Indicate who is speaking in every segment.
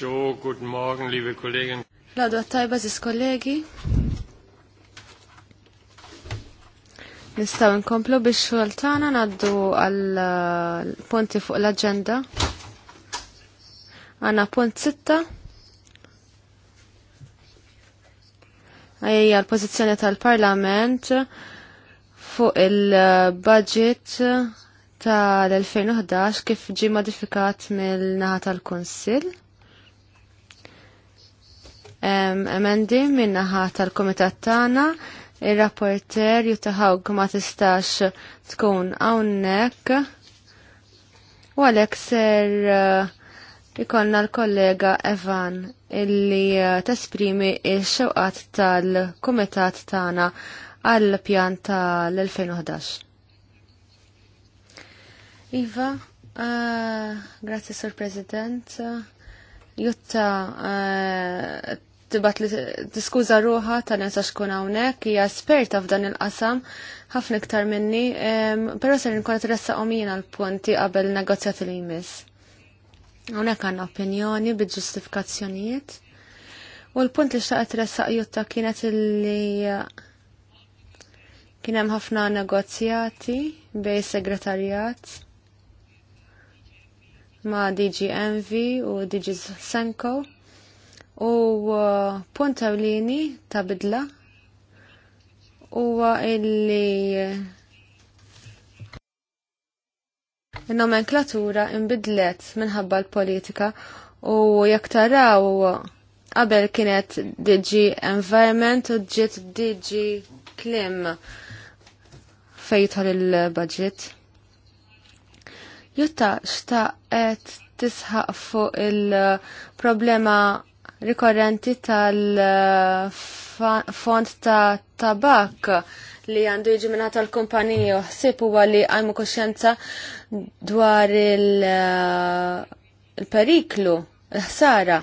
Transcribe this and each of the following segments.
Speaker 1: So, guten Morgen, liebe kollegi.
Speaker 2: Nistaw nkomplu biex tagħna naddu għal uh, punti fuq l-agenda. Għana punt sitta. Għajja l-pozizjoni tal-parlament fuq il-budget tal-2011 kif ġi modifikat mill-naħa tal-Konsil emendi minnaħa tal-komitat tagħna il-rapporter jutaħawg ma tistax tkun għawnek u għalek ser eh, ikonna l-kollega Evan illi eh, tesprimi il-xewqat tal-komitat tana għal-pjan tal-2011. Iva, uh, eh, grazie Sir President. Jutta uh, tibat li tiskuża ruħa tal-nesa xkun hawnhekk hija esperta f'dan il-qasam ħafna iktar minni, però ser nkun tressa omina l-punti qabel negozjat li jmiss. Hawnhekk għandna opinjoni bil ġustifikazzjonijiet U l-punt li xtaqet ressa jutta kienet li kien hemm ħafna negozjati bej segretarjat ma' DG Envy u DG Senko u uh, punt lini ta' bidla u illi il-nomenklatura imbidlet minħabba l-politika u jekk taraw qabel kienet DG Environment u ġiet DG Klim fejtħol il-budget. Jutta qed tisħaq fuq il-problema rikorrenti tal-fond eh, ta' tabak li għandu jiġi minna tal-kumpaniju ħsib huwa li għajmu koxjenza dwar il-periklu, il eh, l-ħsara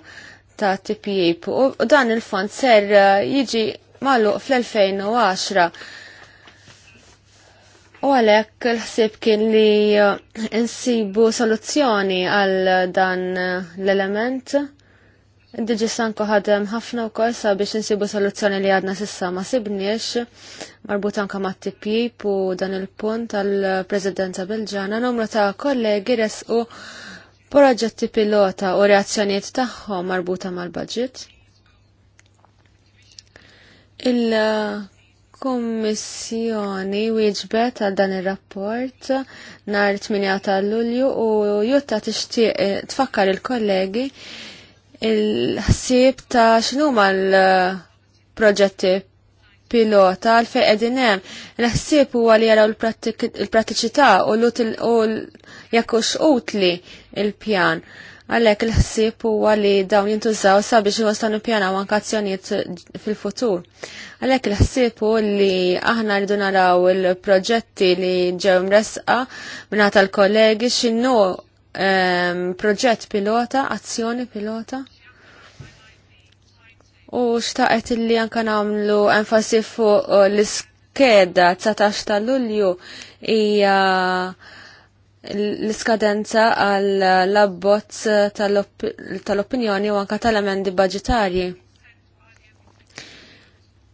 Speaker 2: ta' TPIP u dan il-fond ser eh, jiġi malu fl-2010. U għalek l-ħsib kien li insibu soluzzjoni għal dan l-element Diġi Sanko ħadem ħafna u kol sabiex nsibu soluzzjoni li għadna sissa ma sibniex marbut anka ma t-tipjib u dan il-punt għal presidenza Bilġana, numru ta' kollegi resqu proġetti pilota u reazzjoniet tagħhom marbuta mal-budget. Il-Kommissjoni wieġbet għal dan ir-rapport nhar 8 ta' Lulju u jutta tixtieq eh, tfakkar il-kollegi il kollegi il-ħsieb ta' ma' l-proġetti pilota għal edinem. qegħdin hemm. Il-ħsieb huwa li jaraw il-prattiċità u l jakux hux utli il-pjan. Għalhekk il-ħsieb huwa li dawn jintużaw sabiex iwasslu pjanaw anke għankazzjoniet fil-futur. Għalhekk il-ħsieb hu li aħna rridu naraw il-proġetti li ġew mresqa minna l-kollegi x'innu proġett pilota, azzjoni pilota. U xtaqet li anka namlu enfasi fuq uh, l-iskeda 19 ta' Lulju hija l-iskadenza għall abbozz tal-opinjoni u anka tal-emendi budgetarji.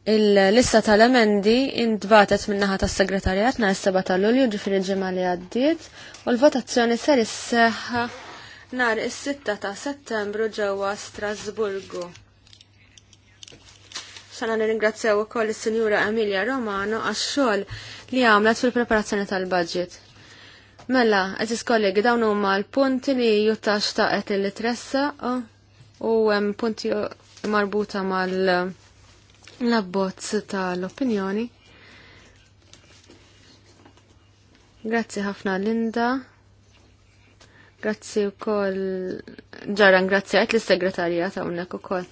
Speaker 2: Il-lista tal-emendi intbatet minnaħa tas segretarjat na' s-seba tal-Lulju ġifiri ġimgħa li għaddiet u l-votazzjoni ser isseħħa nar is-6 ta' settembru ġewwa Strasburgu. Xana nirringrazzjaw ukoll is-Sinjura Emilia Romano għax-xogħol li għamlet fil-preparazzjoni tal-budget. Mela, eżis kollegi dawn huma l-punti li jutax taqet il tressa u hemm punti marbuta mal- l-abbozz tal-opinjoni. Grazzi ħafna Linda. Grazzi u koll ġaran grazzi għajt l segretarija ta' unnek u koll.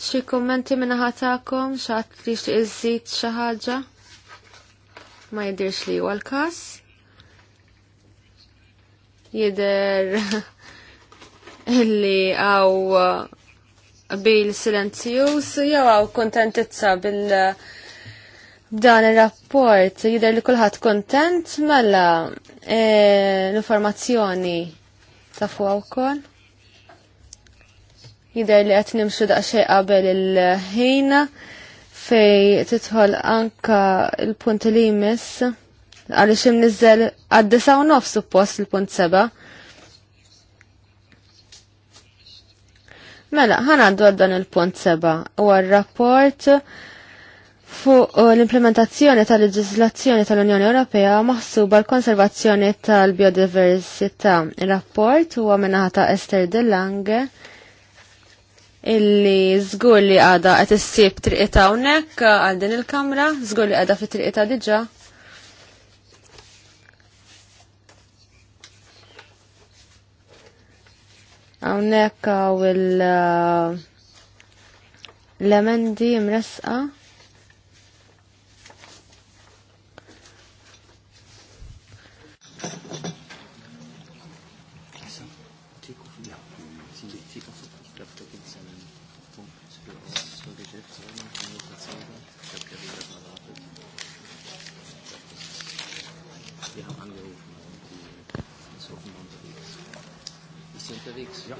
Speaker 2: Xie kommenti minna ħatakom, xaħat li xie izzit xaħġa? Ma jidirx li għal kas. Jider illi għaw bil-silenzjus, jew għaw kontentizza bil- dan il-rapport jider li kullħat kontent mela e, l-informazzjoni ta' fuq wkoll. Jider li qed nimxu daqsxejn qabel il-ħin fej titħol anka il-punt li jmiss għaliex imniżżel nizzel għaddisa u nofsu suppost il-punt seba' Mela, ħan għaddu għaddan il-punt seba u għal-rapport fuq l-implementazzjoni tal-leġislazzjoni tal-Unjoni Ewropea maħsuba l-konservazzjoni tal-biodiversità. Il-rapport huwa minnaħa ta' Esther De Lange illi żgur li għada qed issib triqita hawnhekk għal din il-kamra, żgur li għada fit triqita diġà. Hawnhekk għaw il- uh, l mresqa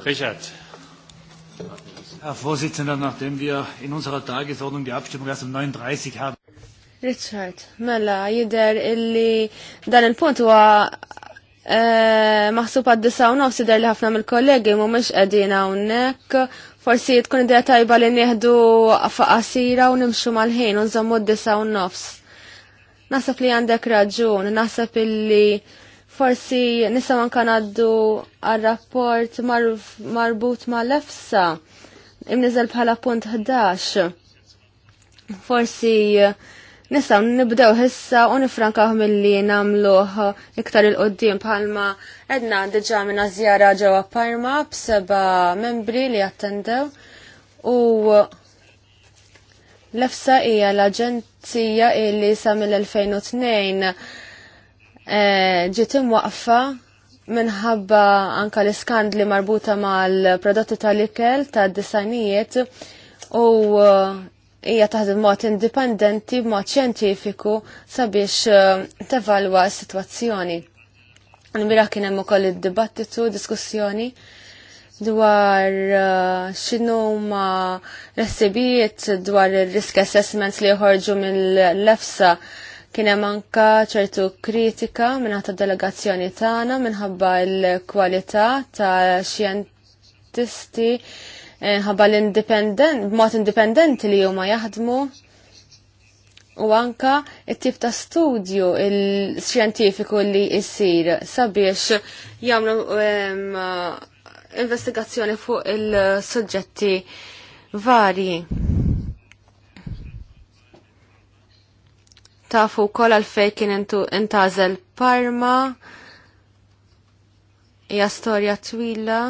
Speaker 3: Richard.
Speaker 1: Herr Vorsitzender, nachdem wir in unserer Tagesordnung die Abstimmung erst um 39 haben.
Speaker 2: Richard, mela, jider illi dan il-punt huwa e, maħsub għad disa u nofs jider li ħafna mill-kollegi mhumiex qegħdin hawnhekk. Forsi tkun idea tajba li nieħdu faqasira u nimxu mal-ħin u nżommu d-disa u nofs. Naħseb li għandek raġun, naħseb illi Forsi nisa anka naddu għal-rapport marbut ma' lefsa imnizel bħala punt 11. Forsi eh, nisaw nibdew hissa u nifrankaw mill-li namluħ iktar il-qoddim bħalma edna diġa minna zjara ġewa Parma b'seba membri li attendew u l-efsa hija l-aġenzija illi sa mill-2002 Eh, ġiet imwaqfa minħabba anka l-iskandli marbuta mal-prodotti tal-ikel tad disajnijiet u eh, hija taħdem mod indipendenti, b'mod xjentifiku sabiex eh, tevalwa s-sitwazzjoni. Nbira kien hemm ukoll id-dibattitu, diskussjoni dwar xinu ma resibijiet dwar ir-risk assessments li jħorġu mill-lefsa Kien hemm anka ċertu kritika minn ta' delegazzjoni tagħna minħabba l-kwalità ta' xjentisti ħabba l-indipendent b'mod indipendenti li huma jaħdmu u anka it-tip ta' studju il-xjentifiku li jissir sabiex jagħmlu investigazzjoni fuq il-suġġetti varji. tafu kol għalfej kien intazel Parma, hija storja twila.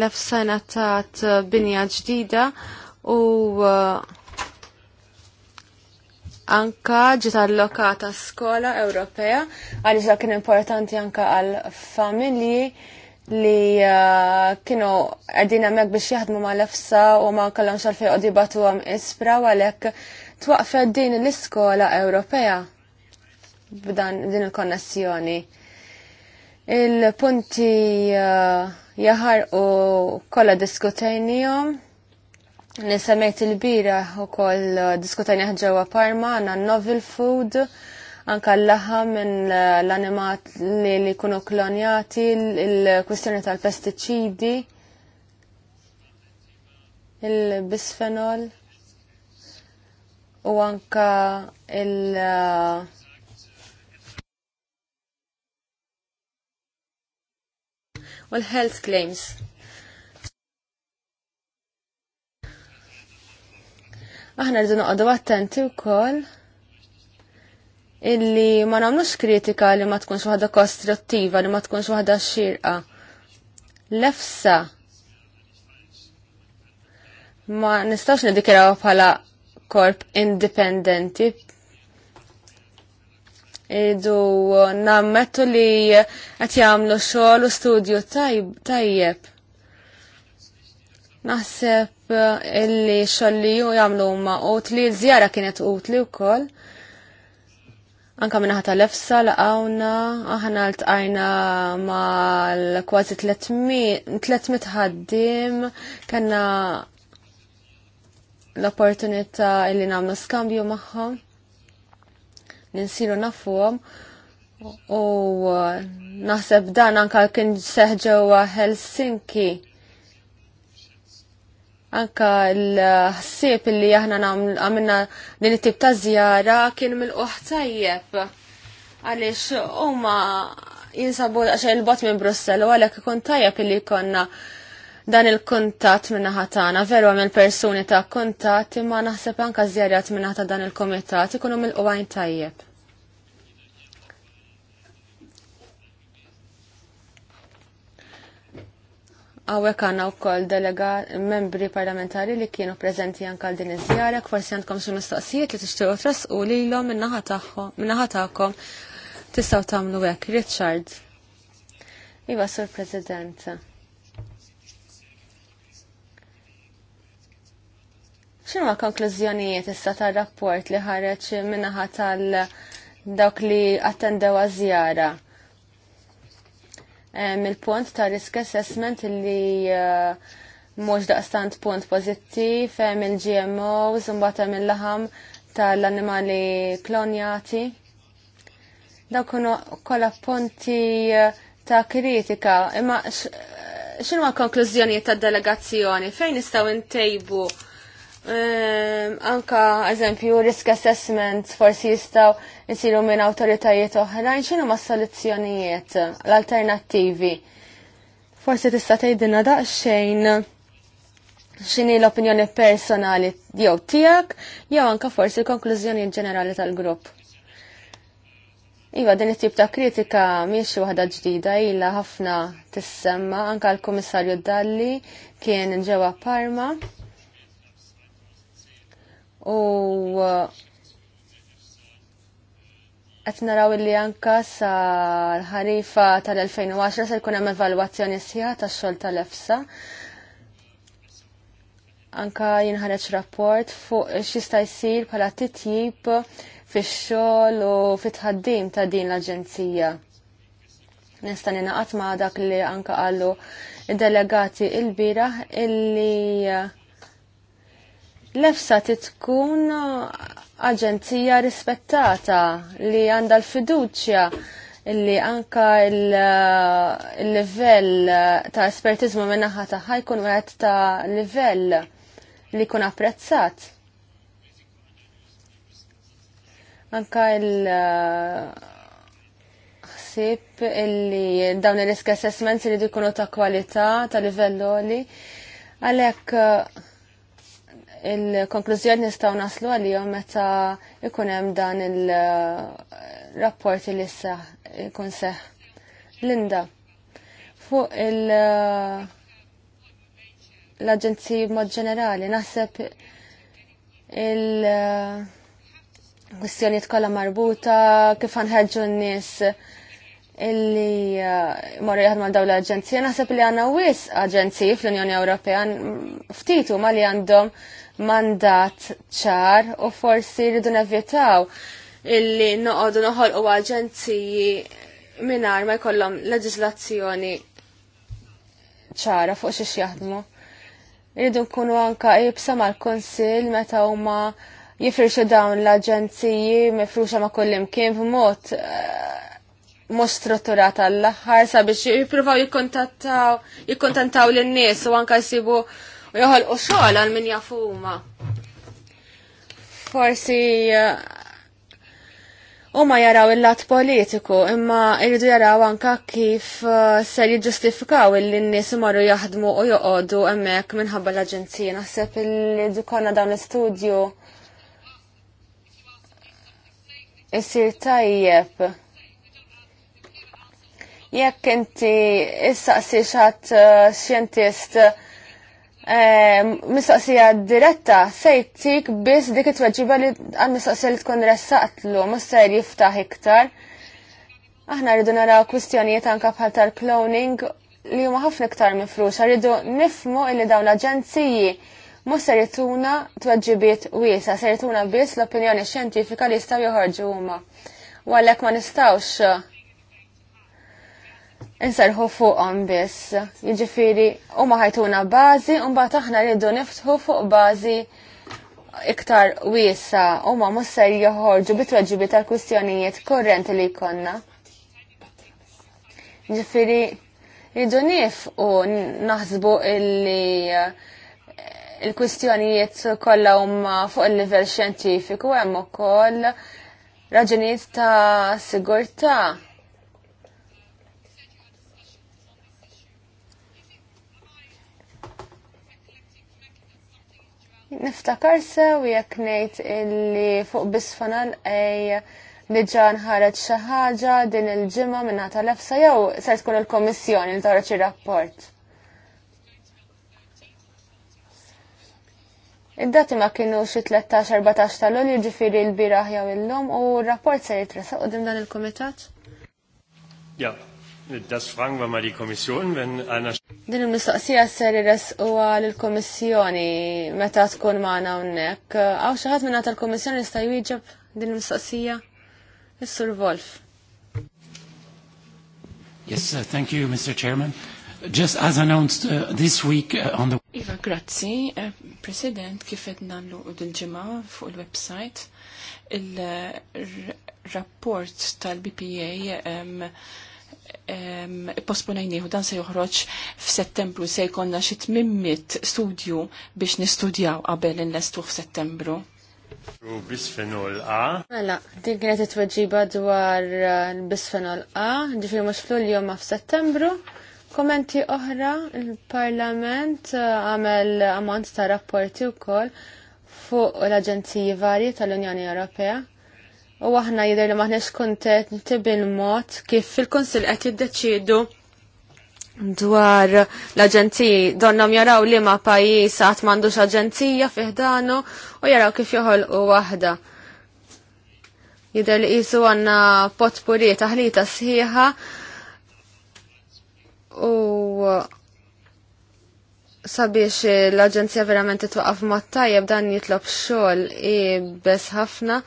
Speaker 2: Lef sena tat uh, binja ġdida u uh, anka l allokata skola Ewropea għaliex kien importanti anka għal familji li uh, kienu għedin għamek biex jaħdmu ma' lefsa u ma' kallam u dibatu għam ispra għalek twaqfet din l-iskola Ewropea b'dan din il-konnessjoni. Il-punti uh, jahar u kolla diskutajnijom li semmejt il-bira u koll uh, diskutajni ġewa Parma għanna novel food anka l-laħa minn eh, l-animat li li kunu klonjati, il-kwistjoni tal-pesticidi, il-bisfenol u anka il- eh, u l-health claims. Aħna rridu noqogħdu attenti wkoll illi ma nagħmlux kritika li ma tkunx waħda kostruttiva, li ma tkunx waħda xirqa. Lefsa ma nistax nidikiraw bħala korp indipendenti. Idu nammettu li qed jagħmlu xogħol u studju tajjeb. Naħseb illi xogħol li jagħmlu huma utli, l zjara kienet utli wkoll. Anka minna ħata lefsa laqawna, aħna l-tqajna ma kważi 300 ħaddim, kanna l-opportunità illi namna skambju maħħom, ninsiru nafuhom u naħseb dan anka kien seħġewa Helsinki Anka l-ħsieb li aħna għamilna din it-tip ta' zjara kien mill-qoħ tajjeb għaliex huma jinsabu għaxa il-bot minn Brussel u għalek ikun tajjeb li konna dan il kontat minna ħatana, veru għamil personi ta' kontat, imma naħseb anka zjarjat minna ta' dan il-komitat ikunu mill qoħ tajjeb. Għawek għanna u koll delega membri parlamentari li kienu prezenti għan din iż forsi għandkom xi mistoqsijiet li tixtiequ tras u li l-om minnaħa tagħkom tistgħu tagħmlu hekk. Richard. Iva, Sur President. ċinu ma konklużjonijiet issa tal-rapport li ħareċ minnaħa tal-dawk li attendew għazjara? Eh, mill-punt ta' risk assessment li eh, mhux daqstant punt pożittiv eh, mill-GMOs imbagħad il laħam tal-annimali klonjati. Dawk kienu kollha punti ta' kritika, imma x'inhu konklużjonijiet tad delegazzjoni? Fejn jistgħu intejbu? anka, eżempju, risk assessment forsi jistgħu? isiru minn awtoritajiet oħrajn x'inhu ma' soluzzjonijiet l-alternattivi. Forsi tista' tgħidilna daqsxejn x'inhi l-opinjoni personali jew tiegħek jew anke forsi l-konklużjoni ġenerali tal-grupp. Iva, din it-tip ta' kritika miex waħda ġdida ilha ħafna tissemma anke l-Kummissarju Dalli kien ġewwa Parma. U Qed naraw li anka sa l-ħarifa tal-2010 se jkun hemm evalwazzjoni sħiħa tax-xogħol tal-EFSA. Anka jinħareġ rapport fuq x'jista' jsir bħala titjib fix-xogħol u fit-tħaddim ta' din l-aġenzija. Nista' ninaqat ma' dak li anka qalu id-delegati il il illi l-EFSA titkun aġenzija rispettata li għandha l-fiduċja li anka uh, il-livell uh, ta' espertizmu minnaħa taħħa jkun għed ta' livell li kun apprezzat. Anka il- uh, ħsib illi dawn il-risk assessments li jkunu ta' kwalità, ta' livell li għalhekk il-konklużjoni nistaw naslu għalihom meta ikun hemm dan il-rapport li issa ikun seħ. Linda, fuq il- l-Aġenziji mod ġenerali, naħseb il-kwistjonijiet kollha marbuta, kif ħanħerġu n-nies illi uh, morru jaħdmu għal dawn l-aġenzija, naħseb li għandna wis aġenziji fl-Unjoni Ewropea ftitu ma li għandhom mandat ċar u forsi rridu nevjetaw illi noqogħdu u aġenziji mingħajr ma jkollhom leġiżlazzjoni ċara fuq xiex jaħdmu. Irridu nkunu anka jibsa mal-konsil meta huma jifrixu dawn l-aġenziji mifruxa ma' kollim kien b'mod eh, mhux strutturata l-aħħar sabiex jippruvaw jikkontattaw jikkontattaw lin-nies u anka jsibu u xogħol għal min jafu huma. Forsi eh, huma jaraw il-lat politiku, imma jridu jaraw anka kif eh, ser jiġġustifikaw illi n-nies imorru jaħdmu u joqogħdu hemmhekk minħabba l-aġenzija. Naħseb illi dukonna dawn l-istudju isir tajjeb jekk inti issaqsi xat eh, xjentist uh, Ehm, mistoqsija diretta se biss dik it-tweġiba li għal mistoqsija li tkun ressaqtlu, muster jiftaħ iktar. Aħna rridu nara kwistjonijiet anka bħal tal-cloning li huma ħafna iktar mifrux, rridu nifmu illi dawn l-aġenziji mhux se jituna tweġibiet wiesa, se jituna biss l-opinjoni xjentifika li jistgħu joħorġu huma. U għalhekk ma nistgħux nsarħu fuqhom biss. Jiġifieri huma ħajtuna bażi u mbagħad aħna rridu niftħu fuq bażi iktar wiesa huma ma musser joħorġu bit tal-kwistjonijiet korrenti li jkollna. Ġifieri rridu nif u naħsbu illi eh, il-kwistjonijiet kollha huma fuq il-livell xjentifiku hemm ukoll raġunijiet ta' sigurtà Niftakar sew jekk ngħid illi fuq bisfanal ej diġà nħareġ xi ħaġa din il-ġimgħa minn tal-efsa jew se tkun il-Kommissjoni li toħroġ ir-rapport. Id-dati ma kienu xi 13-14 ta' lulju ġifieri l-biraħ jew illum u r-rapport se jitresaq qudiem dan il-kumitat?
Speaker 1: Ja, Das fragen wir mal die Kommission, wenn einer...
Speaker 2: Din il-mistoqsija s-seri u għal il komissjoni meta tkun maħna unnek. Għaw xaħat minna tal-Komissjoni jista' jwieġeb din il-mistoqsija? is Wolf.
Speaker 3: Yes, uh, thank you, Mr. Chairman. Just as announced uh, this week uh, on the...
Speaker 4: Iva, grazzi. Uh, President, kifet nallu u dil ġima fuq il-website il-rapport tal-BPA um, posponajnieħu dan se joħroġ f'Settembru se jkollna xi tmimmit studju biex nistudjaw qabel innestu f'Settembru.
Speaker 1: U bisfenol A.
Speaker 2: Mela, din kienet it-tweġiba dwar eh, bisfenol A, ġifiri mux fl jom ma f'Settembru. Kommenti oħra, il-Parlament eh, għamel ammont ta' rapporti wkoll fuq l-Aġenziji varji tal-Unjoni Ewropea U aħna jidher li maħnex kontenti bil-mod kif il-Konsil qed jiddeċiedu dwar l-aġenziji. Donnom jaraw li ma pajjiż qatt m'għandux aġenzija fiħdanu u jaraw kif joħolqu waħda. Jidher li qisu għandna potpuri taħlita sħiħa u sabiex eh, l-Aġenzija verament titwaqaf mat tajjeb dan jitlob i bes ħafna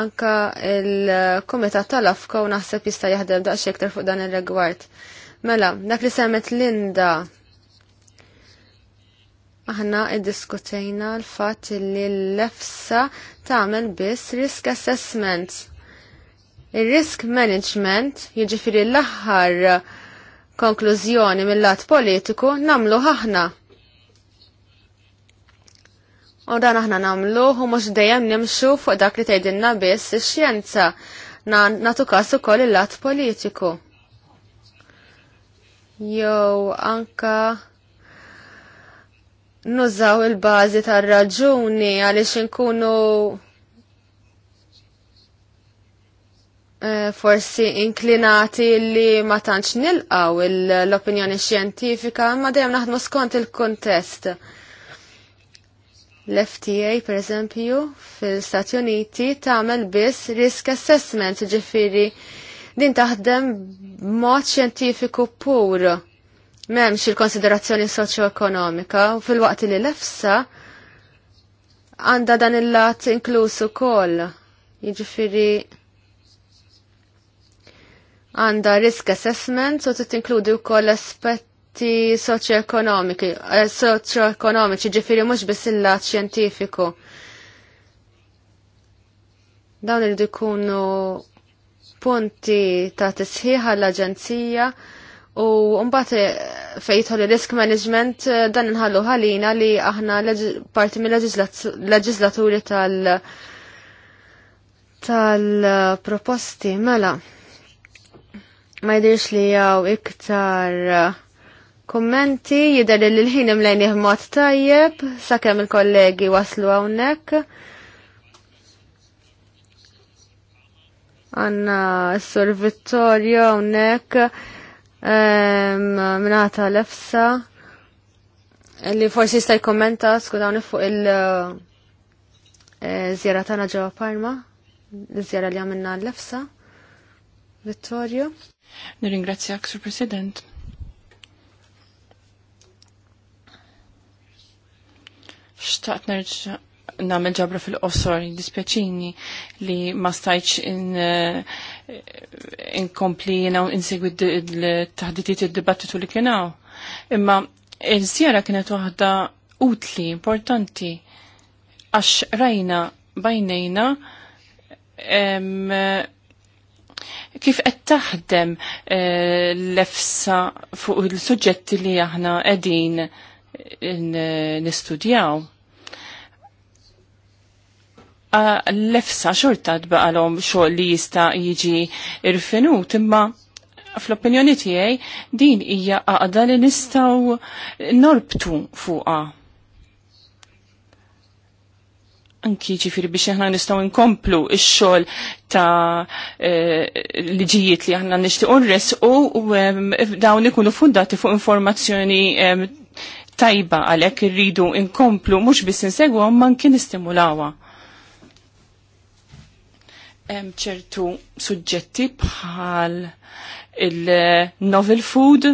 Speaker 2: anka il-Kumitat tal-Afko naħseb jista' jaħdem daqs iktar fuq dan ir-rigward. Mela, dak li semmet Linda aħna iddiskutejna l-fatt li l-lefsa tagħmel biss risk assessment. Il-risk management, jiġifieri l-aħħar konklużjoni mill-lat politiku namlu ħahna. U dan aħna namlu u mhux dejjem nimxu fuq dak li tgħidilna biss ix-xjenza nagħtu kasu ukoll il-lat politiku. Jew anka nużaw il-bażi tar-raġuni għaliex inkunu eh, forsi inklinati li ma tantx nilqaw l-opinjoni xjentifika, ma dejjem naħdmu skont il-kuntest. il il kuntest L-FTA, per eżempju, fil-Stati Uniti tagħmel biss risk assessment, ġifiri din taħdem mod xjentifiku pur. M'hemmx il-konsiderazzjoni soċjoekonomika u fil-waqt li l-EFSA għandha dan il-lat inkluż ukoll. Jiġifieri għandha risk assessment u so tinkludi wkoll aspett aspetti soċjoekonomiki, eh, soċjoekonomiċi ġifiri mhux biss il-lat xjentifiku. Dawn irid jkunu punti ta' tisħiħa għall-Aġenzija u mbagħad eh, fejtħu li risk management eh, dan inħallu ħalina li aħna parti mill-leġislaturi tal- tal-proposti mela ma jidirx li jaw iktar kommenti, jidher li l-ħin imlejn mod tajjeb, sakemm il-kollegi waslu hawnhekk. Għanna s-sur Vittorio unnek minnata l-efsa li forsi jista' jkommenta skudawni fuq il eh, zjera tana ġewwa Parma, l-żjara li għamilna l-efsa. Vittorio. Nirringrazzjak, Sur President.
Speaker 4: Xtaqt nerġa' namel ġabra fil-qosor, dispjaċini li ma stajċ eh, inkompli in jena insegwi il taħditiet id-dibattitu li kienaw. Imma il-sjera kienet waħda utli, importanti, għax rajna bajnejna kif qed taħdem eh, l-efsa fuq il-suġġetti li aħna qegħdin Eh, nistudjaw. L-efsa xorta tbaqalhom xogħol li jista' jiġi irfinut imma fl-opinjoni tiegħi din hija għaqda li nistgħu norbtu fuqha. Anki ġifiri biex aħna nistgħu nkomplu il xogħol ta' eh, liġijiet li aħna nixtiequ nres u eh, dawn ikunu fundati fuq informazzjoni tajba għalhekk irridu inkomplu mhux biss insegwa ma nkien nistimulawa. Hemm ċertu suġġetti bħal il-novel food,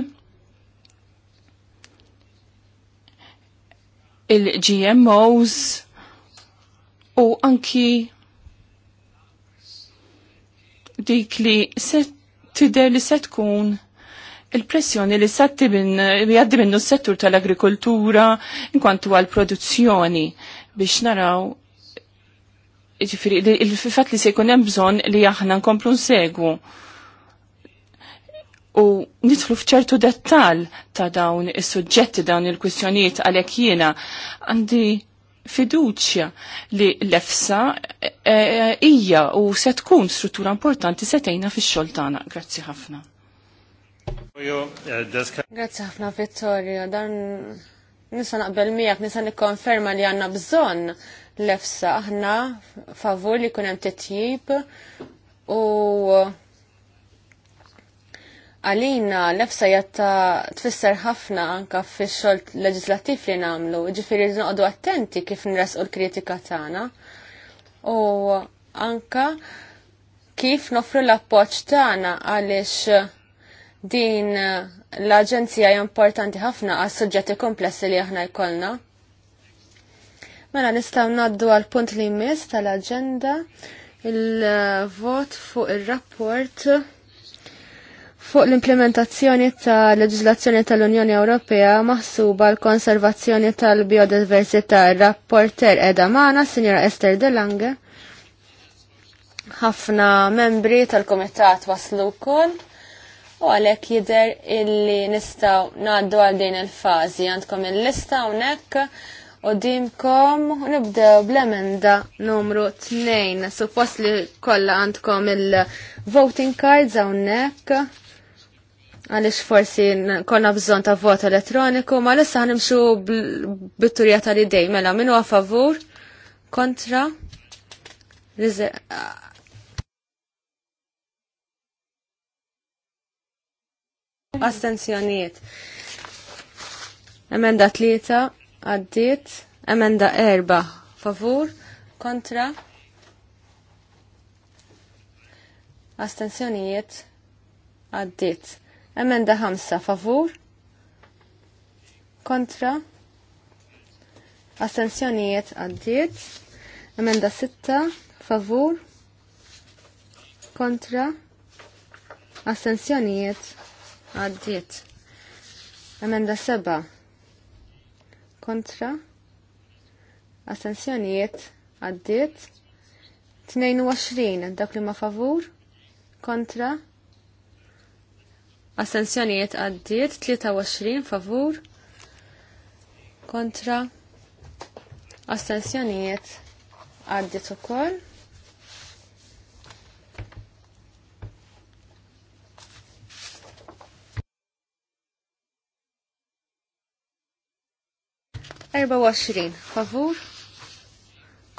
Speaker 4: il-GMOs u anki dik li se tider li se tkun il-pressjoni li satti jaddi minnu s-settur tal-agrikoltura inkwantu għal-produzzjoni biex naraw il-fat li se jkun hemm bżonn li aħna nkomplu nsegwu. U nidħlu f'ċertu dettal ta' dawn is-suġġetti dawn il-kwistjonijiet għalhekk jiena għandi fiduċja li l-efsa eh, eh, hija u se tkun struttura importanti se tgħinha fix-xogħol tagħna. Grazzi ħafna.
Speaker 2: Grazzi ħafna Vittorio, dan nisa naqbel miegħek nisa nikkonferma li għandna bżonn l-efsa aħna favur li jkun hemm titjib u għalina l-efsa jatta tfisser ħafna anka fix-xogħol leġislattiv li nagħmlu, ġifieri noqogħdu attenti kif nresqu l-kritika tagħna u anka kif nofru l-appoġġ tagħna għaliex Din eh, l-Aġenzija hija importanti ħafna għas suġġetti komplessi li aħna jkollna. Mela nistgħu ngħaddu għal punt li jmiss tal-aġenda il-vot fuq ir-rapport fuq l-implementazzjoni ta' leġislazzjoni tal-Unjoni Ewropea maħsuba l-konservazzjoni tal-biodiversità rapporter edha maħna, Sinjora De Delange. ħafna membri tal kumitat waslu wkoll u għalek jider illi nistaw naddu għal din il-fazi. Għandkom il-lista unek u dimkom nibdew bl-emenda numru 2. Suppost li kolla għandkom il-voting cards unek għalix forsi konna bżon ta' vot elettroniku, ma lissa ħanimxu bitturja tal-idej, mela minu għafavur, kontra, Astenzjonijiet. Emenda tlieta għaddiet. Emenda erba favur kontra. Astenzjonijiet għaddiet. Emenda ħamsa favur kontra. Astenzjonijiet għaddiet. Emenda sitta favur kontra. Astenzjonijiet għaddiet. Emenda seba kontra astensjonijiet għaddiet. 22 dak li ma favur kontra Astenzjonijiet għaddiet 23 favur kontra astenzjonijiet
Speaker 5: għaddiet ukoll.
Speaker 2: 24 favur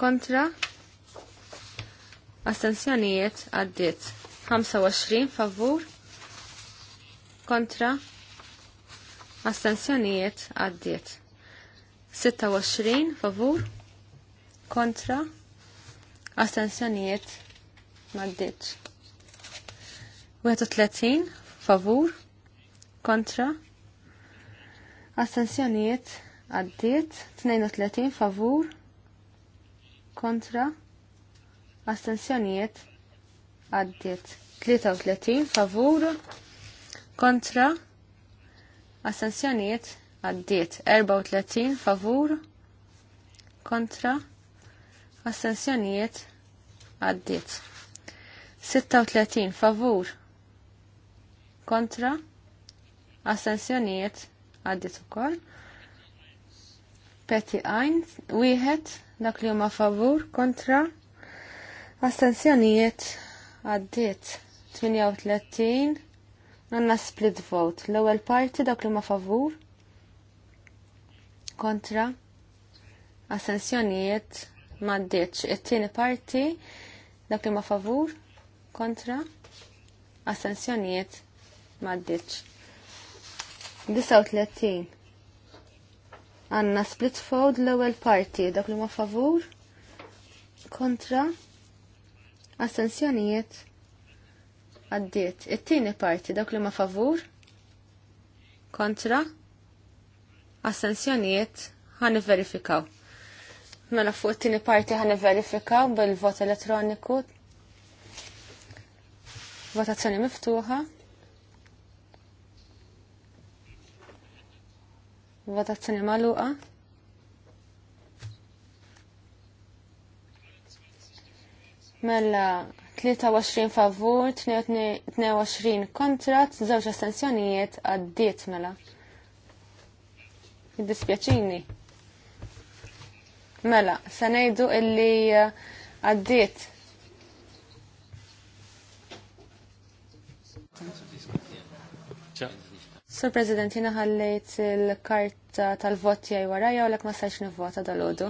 Speaker 2: kontra astensjonijiet għaddit 25 favur kontra astensjonijiet għaddit 26 favur kontra astensjonijiet għaddit 31 favur kontra astensjonijiet għaddiet 32 favur kontra astensjonijiet għaddiet 33 favur kontra astensjonijiet għaddiet 34 favur kontra astensjonijiet għaddiet 36 favur kontra astensjonijiet għaddiet ukoll Peti għajn, wieħed, dak li huma favur, kontra, astensjonijiet għaddiet 38, għanna split vote, l-ewwel parti dak li huma favur, kontra, astensjonijiet m'għaddietx it-tieni parti dak li huma favur, kontra, astensjonijiet m'għaddietx 39 Għanna split fold l-ewwel parti dak li ma favur kontra astensjonijiet għaddiet. It-tieni parti dak li ma favur kontra astensjonijiet ħan verifikaw. Mela fuq it-tieni parti ħan verifikaw bil-vot elettroniku. Votazzjoni miftuħa. Votazzjoni maluqa. Mella 23 favur, 22 kontra, żewġ astensjonijiet għaddiet mela. Dispjaċini. Mela, se ngħidu illi għaddiet Sur President, jina ħallejt il-karta tal-vot jaj warajja u l ma sajx nivvota dal-ħodu.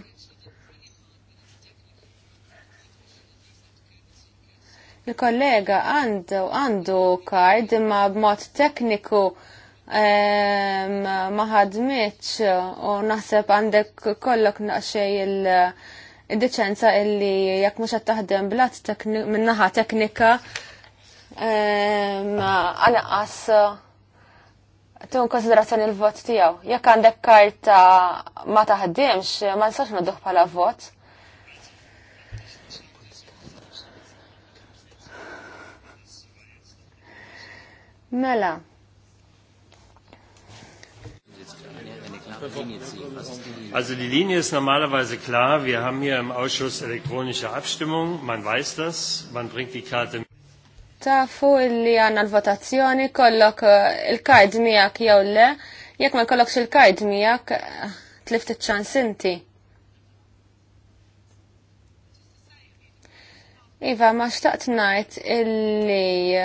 Speaker 2: Il-kollega għandu għandu kard imma b'mod tekniku ma ħadmitx u naħseb għandek kollok naqxej il-deċenza illi jekk mhux qed taħdem blat minnaħa teknika għalqas Tun konsiderazzjoni l-vot tijaw. Jek għandek karta ma taħdimx, ma nsax nadduħ pala vot. Mela.
Speaker 1: Also die Linie ist normalerweise klar. Wir haben hier im Ausschuss elektronische Abstimmung. Man weiß das. Man bringt die Karte mit
Speaker 2: tafu illi għanna l-votazzjoni kollok eh, il-kajd miegħek jew le, jekk ma jkollokx il-kajd miegħek eh, tlift iċ-ċans inti. Iva, ma xtaqt ngħid illi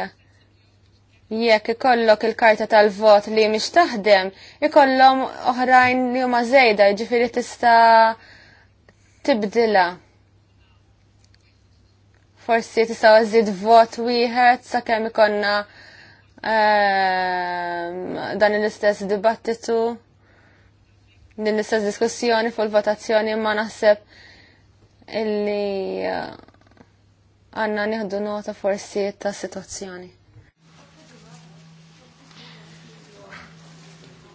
Speaker 2: jekk ikollok il-karta tal-vot li mhix taħdem, ikollhom oħrajn li huma żejda, jiġifieri tista' tibdilha. Forsi tisaw żid vot wieħed sakemm ikonna ehm, dan l-istess dibattitu din l-istess diskussjoni fuq il-votazzjoni ma naħseb illi eh, għanna nieħdu nota forsi ta' situazzjoni.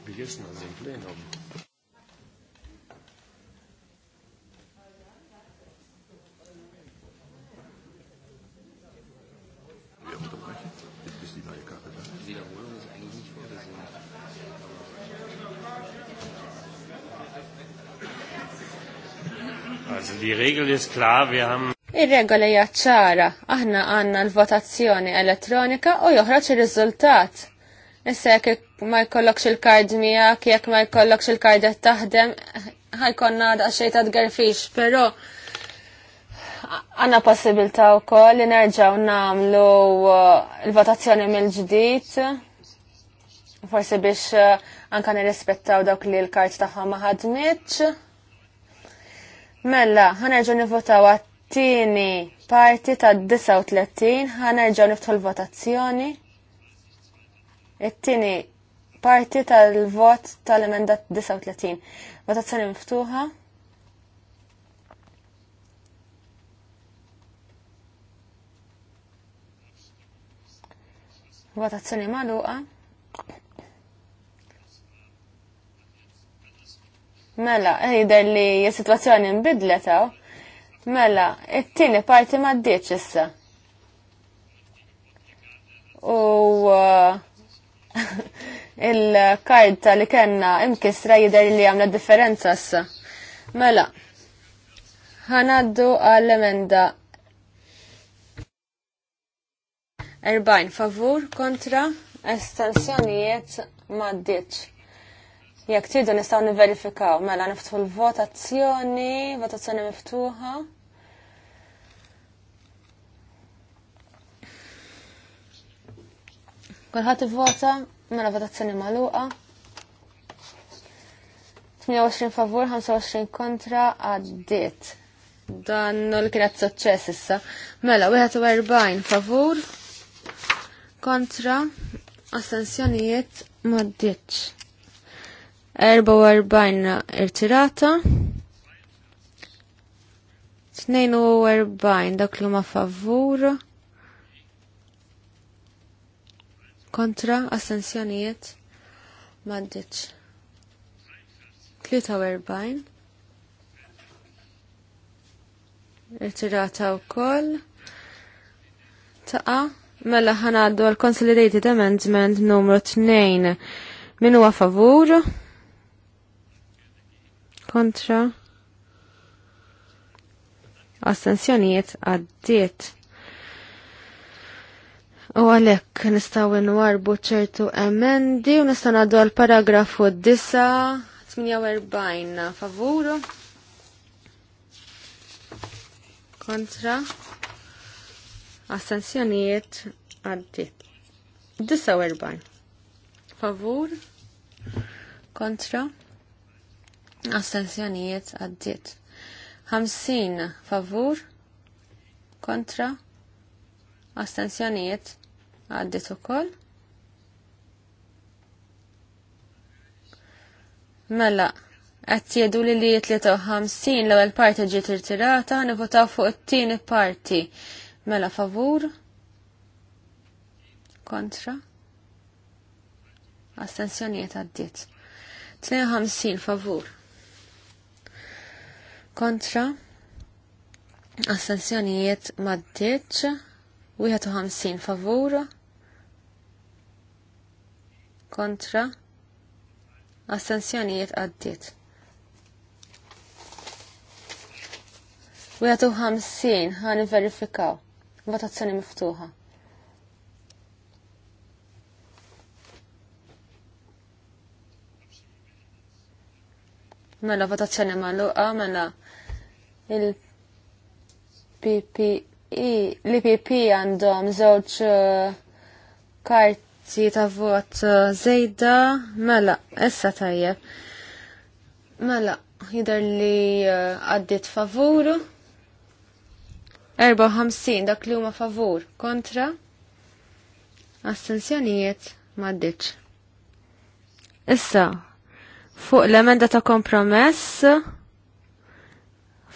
Speaker 1: Bigisna zimplina Also die Regel ist klar, wir haben
Speaker 2: Ir-regola hija ċara, aħna għandna l-votazzjoni elettronika u joħroġ ir-riżultat. Issa jekk ma jkollokx il-kard miegħek, jekk ma jkollokx il-kard qed taħdem, ħajkonna għadha xejn ta' tgerfix, però għandna possibilità wkoll li nerġgħu nagħmlu uh, l-votazzjoni mill-ġdid. Forsi biex uh, anka nirrispettaw dawk li l kard tagħha ma ħadmitx. Mella, ħanerġu nivotaw għattini parti ta' 39, ħanerġu niftħu l-votazzjoni. It-tini parti tal-vot tal-emenda 39. Votazzjoni miftuħa. Votazzjoni maluqa. Mela, jider li situazzjoni nbidlet hawn. Mela, it-tieni parti ma ddiċ issa. U uh, il-karta li kena imkisra jider li għamla differenza issa. Mela, ħanaddu għall-emenda 40 favur kontra estensjonijiet ma ddiċ. Jekk tridu nistgħu niverifikaw mela niftħu l-votazzjoni, votazzjoni miftuħa. Kulħadd ivvota mela votazzjoni magħluqa. 28 favur, 25 kontra għaddit. Dan li kienet suċċess issa. Mela, 41 favur kontra astensjonijiet maddiċ. 44 irtirata. 42 dak li huma favur. Kontra assenzjonijiet maddiċ. 43 irtirata u koll. Taqa, mela ħanaddu għal Consolidated Amendment numru 2. Minu għafavur? favur? kontra astensjonijiet għaddiet. U għalek nistaw nwarbu ċertu emendi u nistaw għaddu għal paragrafu 9.48 favuru kontra astensjonijiet għaddiet. 9.48 favur kontra Astenzjonijiet għaddiet. 50 favur kontra astenzjonijiet għaddit ukoll. Mela, qed jgħidu li li 53 l-ewwel parti ġiet irtirata nivotaw fuq it-tieni parti. Mela favur kontra astenzjonijiet għaddiet. 52 favur kontra astensjonijiet maddiċ 51 favur kontra astensjonijiet għaddit. 51 Ħani verifikaw votazzjoni miftuħa. Mela votazzjoni maluqa, mela l pp e, għandhom żewġ uh, karti ta' vot uh, zejda, mela, issa tajjeb. Mela, jider li uh, għaddit favuru. 54 dak li huma favur kontra astensjonijiet m'għaddiċ. Issa, fuq l-emenda ta' kompromess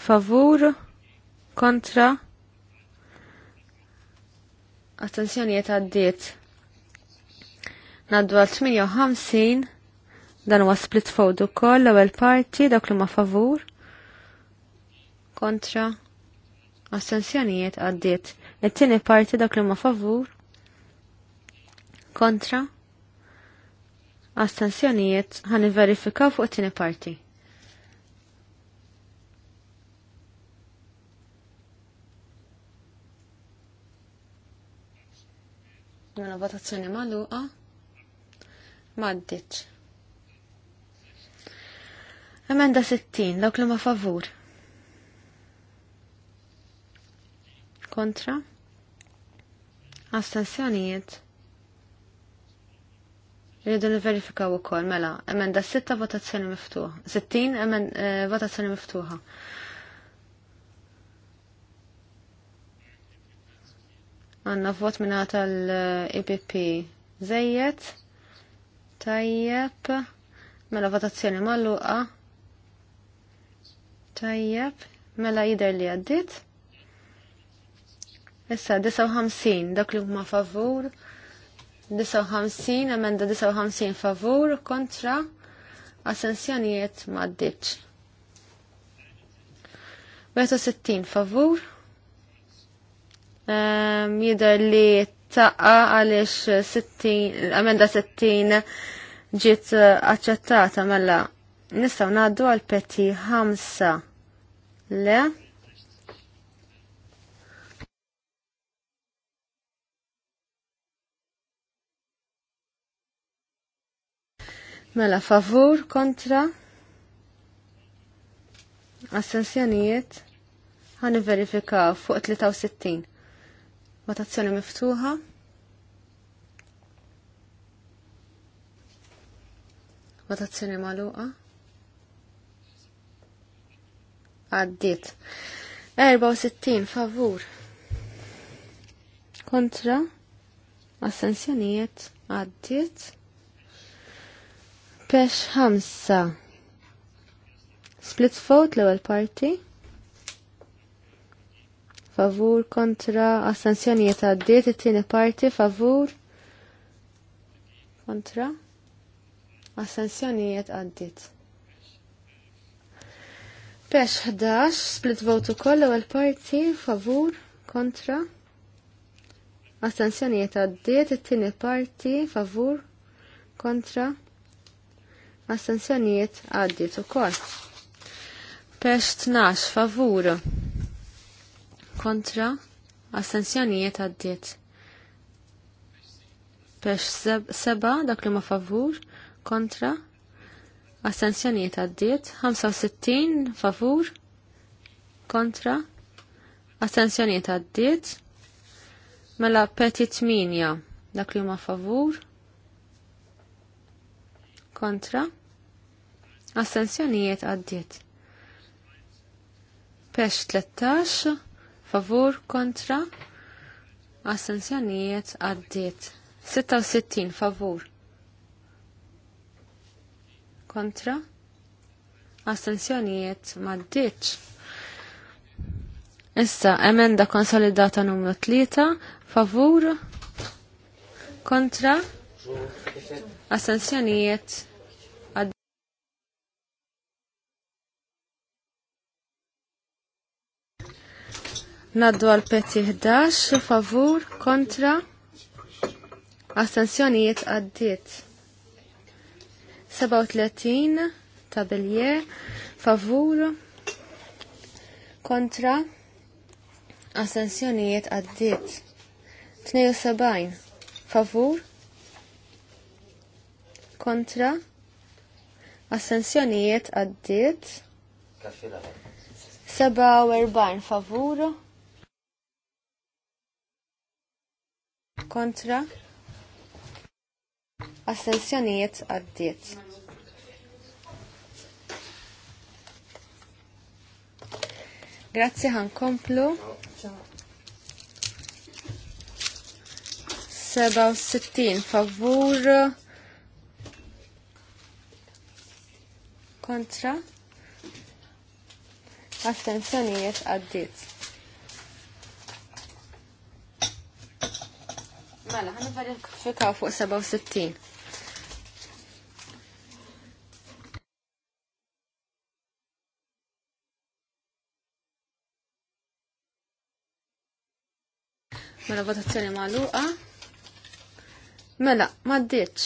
Speaker 2: favur kontra attenzjonijiet għaddiet. Naddu għal 58 dan huwa split vote ukoll l-ewwel parti dak li ma favur kontra astensjonijiet għaddiet. It-tieni parti dak li ma favur kontra astensjonijiet ħan verifikaw fuq it-tieni parti. Mela votazzjoni magħluqa. Maddiċ. Emenda 60, dawk li ma favur. Kontra. Astensjonijiet. Rridu niverifikaw ukoll mela, emenda 6 votazzjoni miftuħa. 60 emen, eh, votazzjoni miftuħa. Għanna vot minna tal-IPP. Eh, e zejjet, Tajjeb. Mela votazzjoni malluqa. Tajjeb. Mela jider li għaddit. Issa 59 dak li huma favur. 59 emenda 59 favur kontra asensjonijiet maddiċ. Veto 60 favur Ehm, jidher li taqqa għaliex 60 l-amenda 60 ġiet eh, aċċettata mela nistgħu ngħaddu għal peti 5 le Mela, favur, kontra, assenzjonijiet, għan verifika fuq 63. Votazzjoni miftuħa. Votazzjoni maluqa. Għaddit. 64 favur. Kontra. Assenzjonijiet. Għaddit. Pesh ħamsa. Split vote l-ewel party favur kontra astensjonijiet għaddiet, it-tieni parti favur kontra astensjonijiet għaddiet. Pesh 11, split vote ukoll ewwel parti favur kontra astensjonijiet għaddiet, it-tieni parti favur kontra astensjonijiet għaddiet ukoll. Pesh 12 favur kontra assenzjonijiet għaddiet. Pex seba dak li ma favur kontra astensjonijiet għaddiet. 65 favur kontra assenzjonijiet għaddiet. Mela petit minja, dak li ma favur kontra astensjonijiet għaddiet. Pesh 13 favur kontra assenzjonijiet għaddiet 66 favur kontra assenzjonijiet maddiċ issa emenda konsolidata numru 3 favur kontra assenzjonijiet Naddu għal peti 11, favur, kontra, astensjonijiet għaddiet. 37, tabelje, favur, kontra, astensjonijiet għaddiet. 72, favur, kontra, astensjonijiet għaddiet. 47 favuru, kontra astensjonijiet għaddiet. Grazzi għan komplu. 67 favur kontra astensjonijiet għaddiet.
Speaker 5: Mela, ħan verifikaw
Speaker 2: fuq 67. Mela votazzjoni magħluqa. Mela, m'għaddiċ.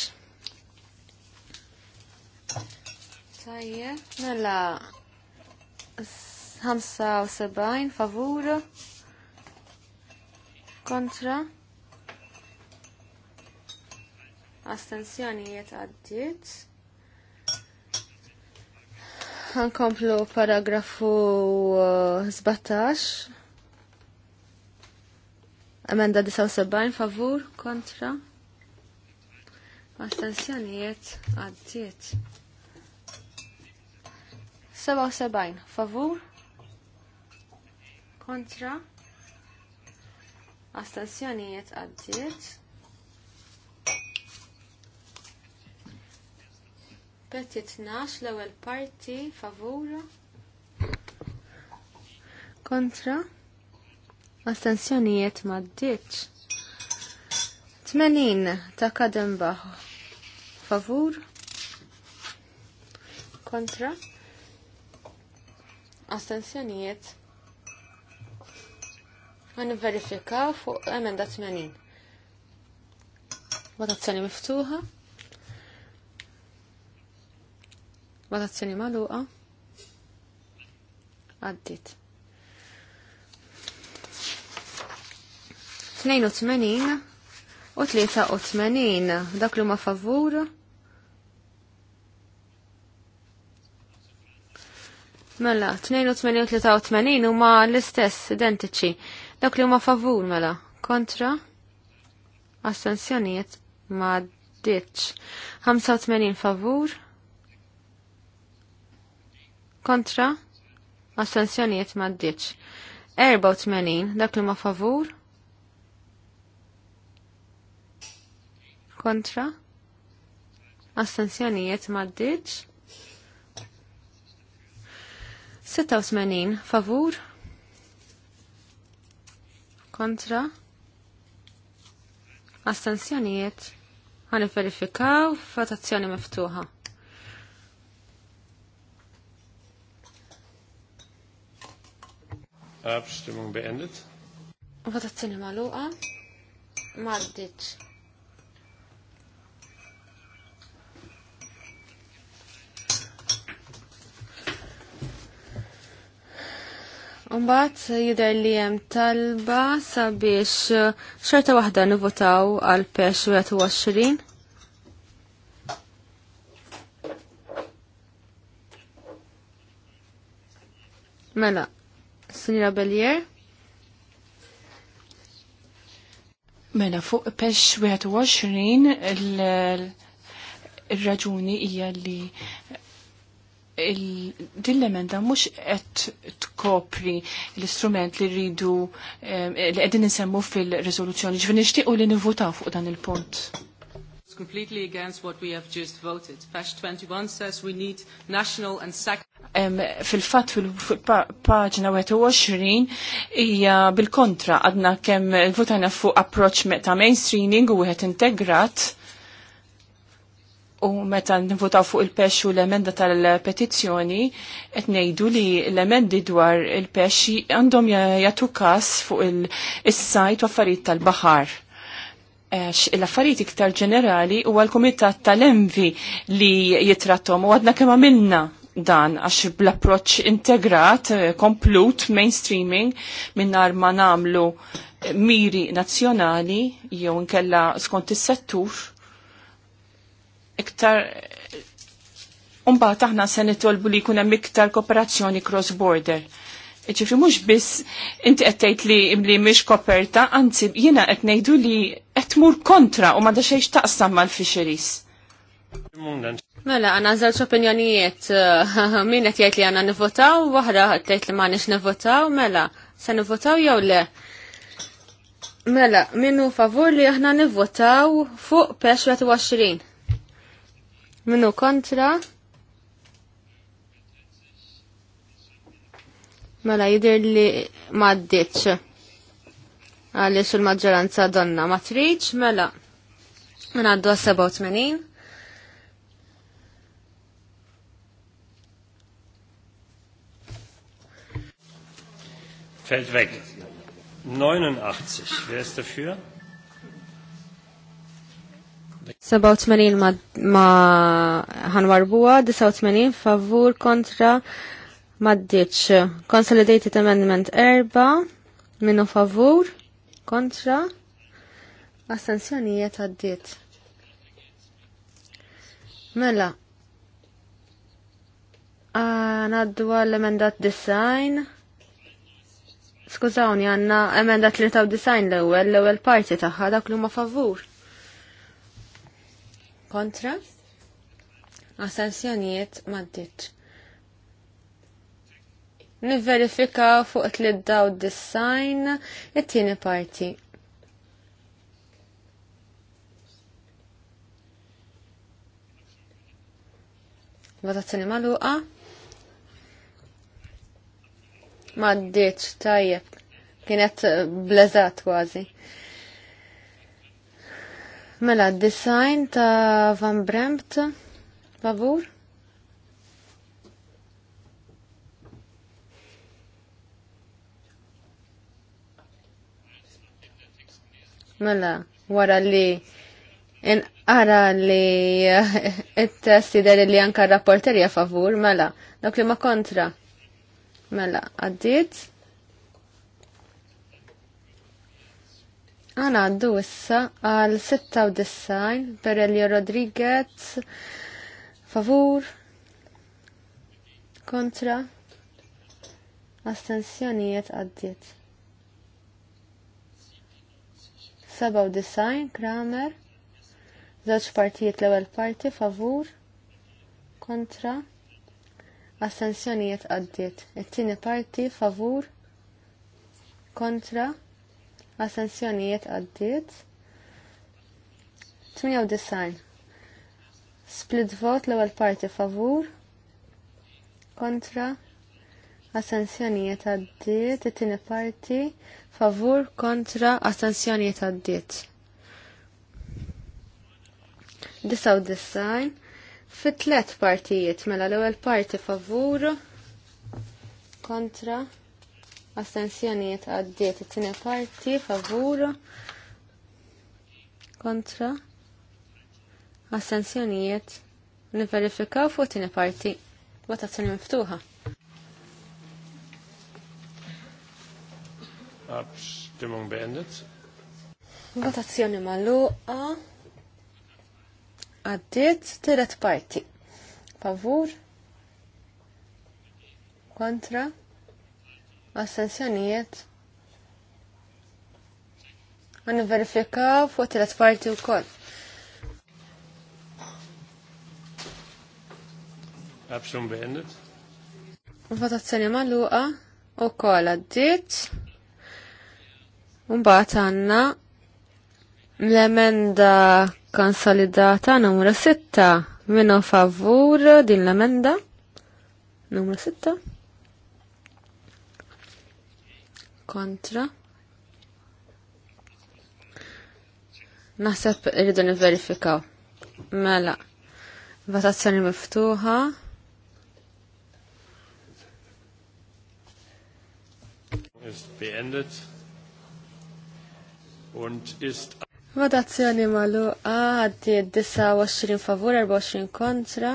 Speaker 2: Tajje, mela 75 favur kontra astensjonijiet għaddiet. Għankomplu paragrafu 17. Amenda 79 favur kontra astensjonijiet għaddit. 77 favur kontra astensjonijiet għaddit. aspetti 12 l-ewwel parti favura? kontra astensjonijiet maddiċ. 80 ta' baħu. favur kontra astensjonijiet għan verifikaw fuq emenda 80. Votazzjoni miftuħa. Votazzjoni maluqa. Għaddit. 82 u 83 dak li ma favur. Mela, 82 u 83 huma l-istess identiċi. Dak li huma favur mela. Kontra? Astensjonijiet ma ditx. 85 favur kontra astensjonijiet maddiċ. 84 dak li ma favur kontra astensjonijiet maddiċ. 86 favur kontra astensjonijiet għan verifikaw votazzjoni miftuħa.
Speaker 1: Abstimmung beendet.
Speaker 2: Votazzjoni maluqa. Maddiċ. Umbat jider li jem talba sabiex xorta wahda nivotaw għal pex 20. Mela, Sunira Bellier. Mela fuq pex 21
Speaker 4: il-raġuni hija li din l-emenda mhux qed tkopri l-istrument li rridu eh, li qegħdin insemmu fil-riżoluzzjoni ġifieri nixtiequ li nivvutaw fuq dan il-punt completely against what we have just voted. Page 21 says we need national and sector. fil-fat fil-paġna 21 hija bil-kontra għadna kemm votajna fuq approach ta' mainstreaming u wieħed integrat u meta nvotaw fuq il-pex u l-emenda tal-petizzjoni qed ngħidu li l-emendi dwar il-pex għandhom jagħtu kas fuq il-sajt u affarijiet tal-baħar l-affarijiet iktar ġenerali u għal-Kumitat tal-Envi li jitratom u għadna kemm għamilna dan għax bl-approċ integrat, eh, komplut, mainstreaming, minnar ma namlu eh, miri nazjonali, jew nkella skont is-settur, iktar eh, Umbat aħna se nitolbu li jkun hemm iktar kooperazzjoni cross-border ċifri mux biss inti għettajt li li mish koperta, anzi jina għettnejdu li għetmur kontra u ma da taqsam mal-fisheries.
Speaker 2: Mela, għana zewċ opinjonijiet, min għet jgħet li għana nivotaw, wahra għet li ma nix nivotaw, mela, se nivotaw jew le? Mela, minnu favur li aħna nivotaw fuq 25. Minnu kontra? Mela jidir li maddiċ għalix il-maġġoranza donna ma triċ, mela minn mela, għaddu 87.
Speaker 1: Fällt weg. 89. Wer ist dafür?
Speaker 2: 87 ma, ma ħanwarbuwa, 89 favur kontra maddiċ Consolidated Amendment 4 minu favur kontra astensjonijiet għaddit. Mela, għanaddu għal emendat design. Skużawni, għanna emendat li taw design l-ewel, l-ewel parti taħħa dak l-huma favur. Kontra? Astensjonijiet maddiċ niverifika fuq it daw design it-tieni parti. Votazzjoni maluqa. Ma ddiċ tajjeb. Kienet eh, blezat kważi. Mela, design ta' Van Bremt, favur? Mela, wara li inqara li it-testider li anka a favur, mela, dak li ma kontra. Mela, għaddit. Għana għaddu issa għal 96 per Elio Rodriguez favur kontra astensjonijiet għaddit. design, Kramer żewġ partijiet l-ewwel parti favur kontra ascensjonijiet għaddiet. It-tieni parti favur kontra astensjonijiet għaddiet. design. Split vote l-ewwel parti favur kontra assenzjonijiet għaddiet, it-tieni parti favur kontra assenzjonijiet għaddiet. Disaw design Fit tlet partijiet mela l-ewwel parti favur kontra astensjonijiet għaddiet it-tieni parti favur kontra astensjonijiet niverifikaw fuq it tini parti t-tini miftuħa.
Speaker 1: Abstimmung beendet.
Speaker 2: Votazzjoni magħluqa. Għaddiet tielet parti. Favur. Kontra. Astensjonijiet. Għan verifikaw fuq tielet parti wkoll.
Speaker 1: Abstimmung beendet.
Speaker 2: Votazzjoni magħluqa u kol għaddiet. Mbaħt għanna l-emenda konsolidata numru 6 minu favur din l-emenda numru 6 kontra Naħseb irridu niverifikaw. Mela, votazzjoni miftuħa.
Speaker 1: Is beendet und ist
Speaker 2: Votazzjoni malu għaddi 29 favur 24 kontra.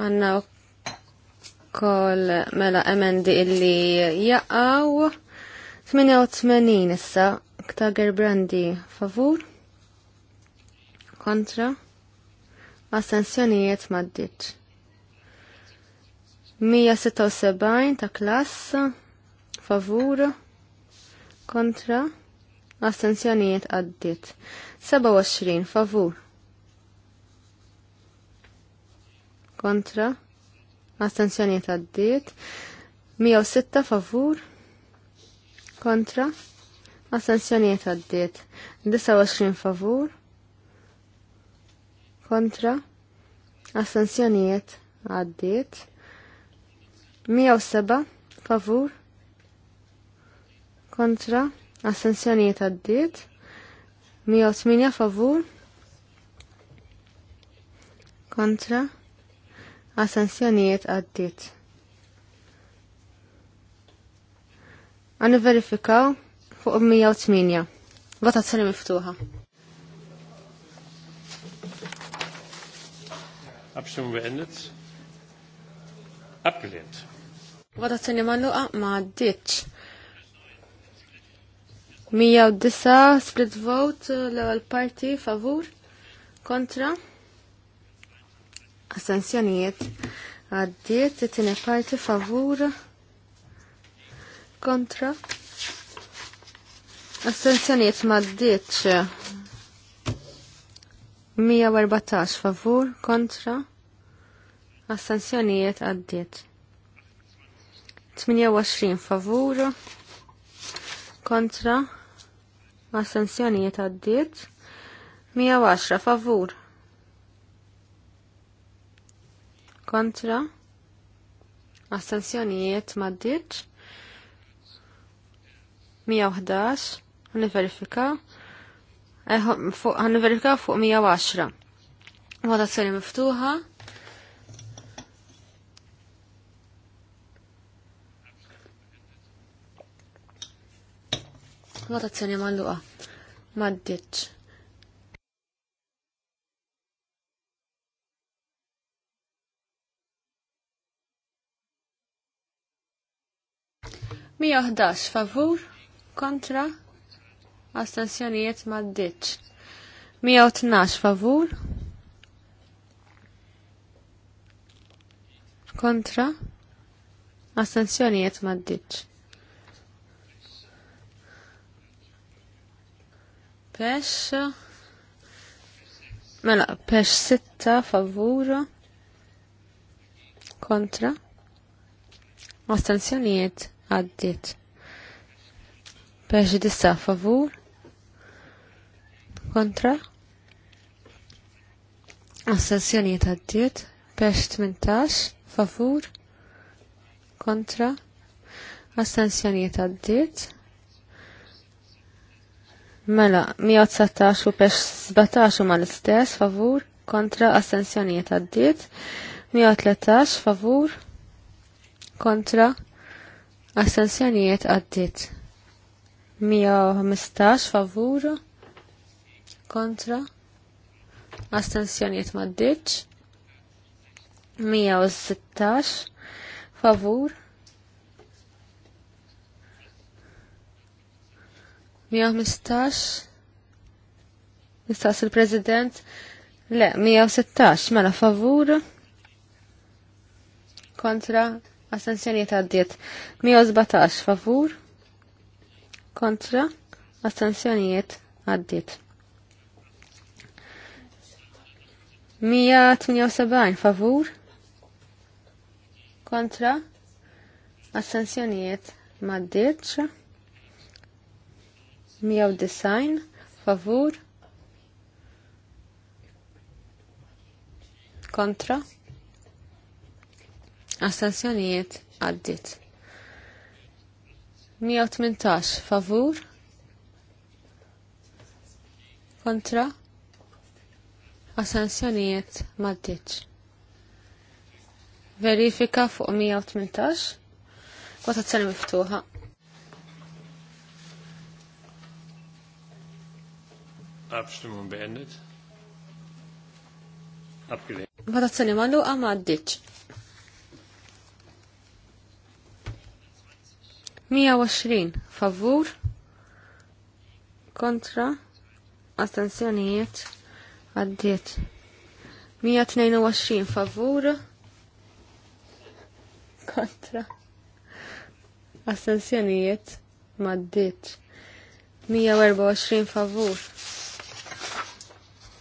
Speaker 2: Għanna u koll mela emendi illi jaqaw 88 issa ktager brandi favur kontra. Assenzjonijiet maddiċ. 176 ta' klass favur kontra astenzjonijiet għaddit 27 favur kontra astenzjonijiet għaddit 106 favur kontra astenzjonijiet għaddit 29 favur kontra astenzjonijiet għaddit 107 favur kontra assenzjonijiet għaddiet 108 favur kontra assenzjonijiet għaddiet għan verifikaw fuq 108 votazzjoni miftuħa
Speaker 1: Abstimmung beendet. Abgelehnt.
Speaker 2: Votazzjoni magħluqa ma għaddiċ. 109 split vote l-ewwel parti favur kontra assenzjonijiet għaddiet it-tieni parti favur kontra astensjonijiet ma għaddiċ 114 favur kontra assenzjonijiet għaddiet. 28 favur kontra astensjonijiet għaddiet 110 favur kontra astensjonijiet maddiet 111 għaniverifika eh, għaniverifika fuq 110 votazzjoni miftuħa votazzjoni malluqa. Maddiċ. Mija ħdax favur kontra astensjonijiet maddiċ. Mija tnax favur kontra astensjonijiet maddiċ. Pesh. Mela, pesh sitta favur kontra. Astenzjonijiet għaddit. Pesh dissa favur kontra. Astenzjonijiet għaddit. Pesh 18 favur kontra. Astenzjonijiet għaddit. Mela, 119 u pex 17 ma l-istess, favur, kontra astensjonijiet għaddit, 113 favur, kontra astensjonijiet għaddit, 115 favur, kontra astensjonijiet maddiċ, 116 favur, 115 Nistaqs il-President Le, 116 Mela favur Kontra Astenzjoniet għaddiet 117 favur Kontra Astenzjonijiet għaddiet 178 favur Kontra astenzjonijiet maddiċ 190 favur kontra astensjonijiet għaddit 118 favur kontra astensjonijiet maddiċ verifika fuq 118 kota t votazzjoni miftuħa
Speaker 1: Abstimmung beendet. Abgelehnt.
Speaker 2: Votazzjoni magħluqa ma 120 favur kontra astensjonijiet għaddiet 122 favur kontra astensjonijiet maddiet 124 favur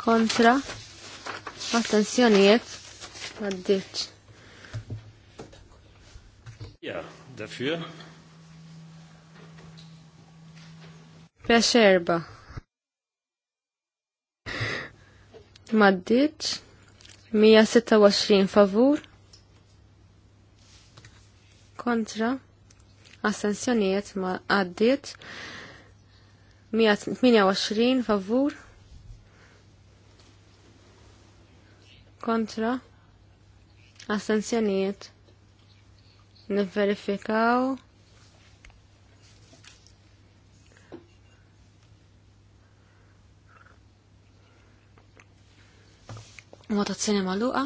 Speaker 2: kontra attenzjonijiet għaddiċ.
Speaker 1: Ja, dafür.
Speaker 2: Peċerba. Maddiċ. 126 favur. Kontra. Assenzjonijiet ma għaddiċ. 128 favur kontra astenzjonijiet nivverifikaw Votazzjoni maluqa.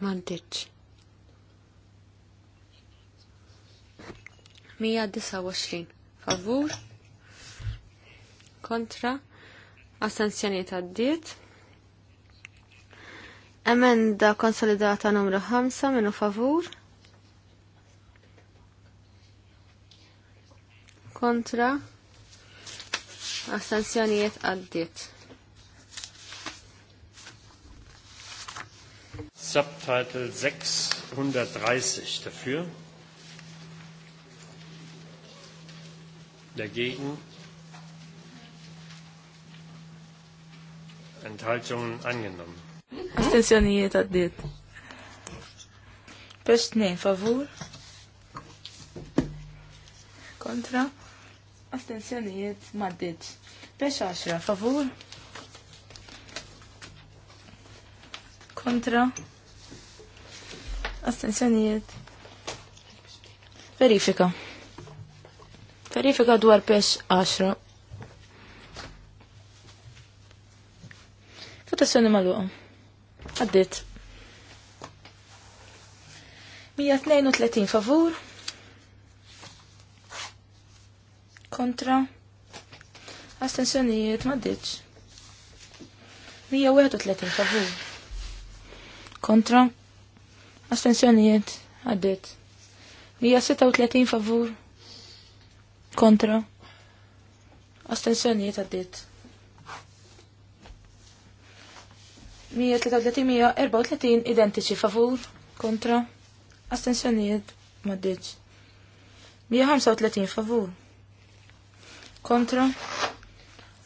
Speaker 2: Mandiċ. washin. favur kontra Astenzjoniet diet Emenda konsolidata numru 5 minu favur. Kontra. Astenzjoniet għaddiet.
Speaker 1: Subtitle 630 dafür. Dagegen Enthaltungen angenommen.
Speaker 5: Astenzjonijiet għaddit. Pest nej, favur. Kontra. Astenzjonijiet maddit. Pest 10, favur. Kontra. Astenzjonijiet. Verifika. Verifika dwar pest 10. Votazzjoni maluqa. Għaddit. 132 favur. Kontra. Astensjonijiet ditx. 131 favur. Kontra. Astensjonijiet għaddit. 136 favur. Kontra. Astensjonijiet għaddit. 133-134 identiċi favur kontra astensjonijiet maddiċ. 135 favur kontra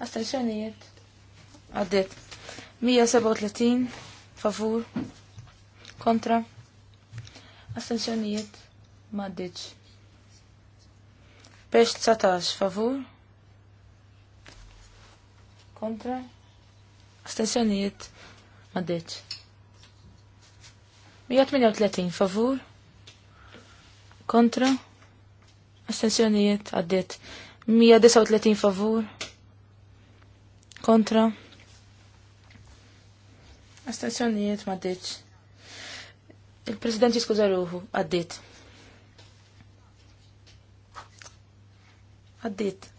Speaker 5: astensjonijiet għaddit. 137 favur kontra astensjonijiet maddiċ. Pesh 19 favur kontra astensjonijiet maddiċ Għaddit. 138 favur. Kontra. Astensjonijiet għaddit. 139 favur. Kontra. Astensjonijiet ma Il-President jiskuża ruħu, għaddit. Għaddit.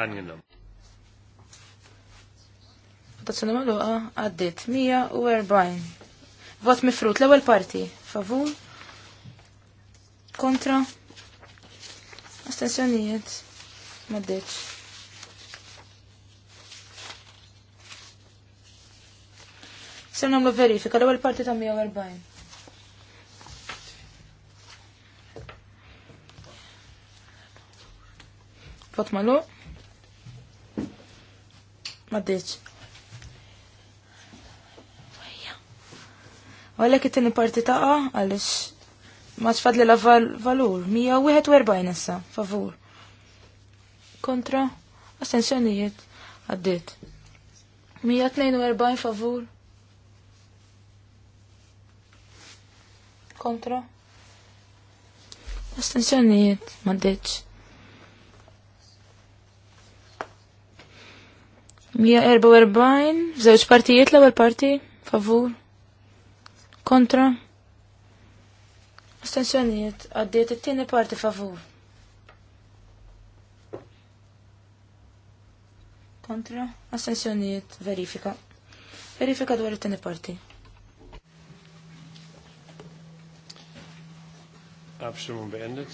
Speaker 5: angenommen. Votazzjoni magħluqa għaddit 140. Vot mifrut l-ewwel parti. Favur. Kontra. Astensjonijiet. M'għaddietx. Ser nagħmlu verifika l-ewwel parti ta' 140. Vot magħluq. Maddiċ. Għalek it-tini parti taqa, għalix maċfad li la val valur, 141 issa, favur. Kontra, astensjonijiet, għaddit. 142 favur. Kontra. Astensjonijiet, maddeċ. 144 f'żewġ partijiet l-ewwel parti favur kontra astensjonijiet għaddiet it-tieni parti favur kontra astensjonijiet verifika verifika dwar it-tieni parti
Speaker 1: Abstimmung beendet.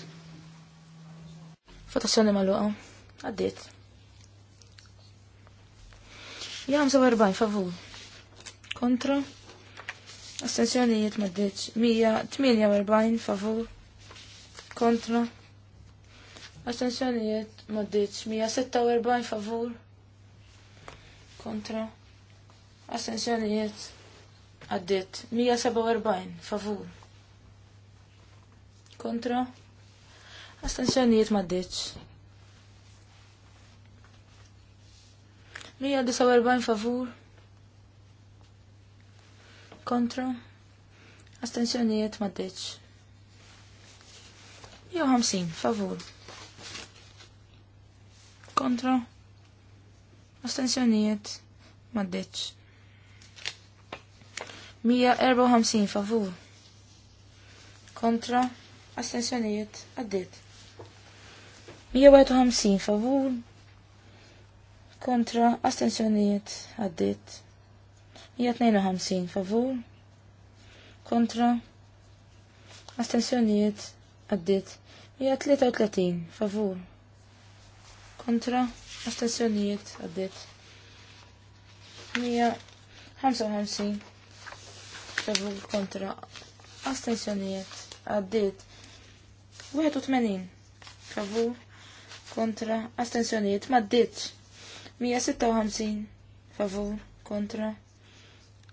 Speaker 5: Votazzjoni maluqa. Għaddiet. 145 favur. Kontra. Astenzjonijiet maddeċ. 148 favur. Kontra. Astenzjonijiet maddeċ. 146 favur. Kontra. Astenzjonijiet għaddit 147 favur. Kontra. Astenzjonijiet maddeċ. 149 favur kontra astensjonijiet ma deċ. 150 favur kontra astensjonijiet ma deċ. 154 favur kontra astensjonijiet għaddit. 151 favur kontra astensjonijiet għaddit. 52 favur kontra astensjonijiet għaddit. 33 favur kontra astensjonijiet għaddit. 155 favur kontra astensjonijiet għaddit. 81 favur kontra astensjonijiet maddit. 156 favur kontra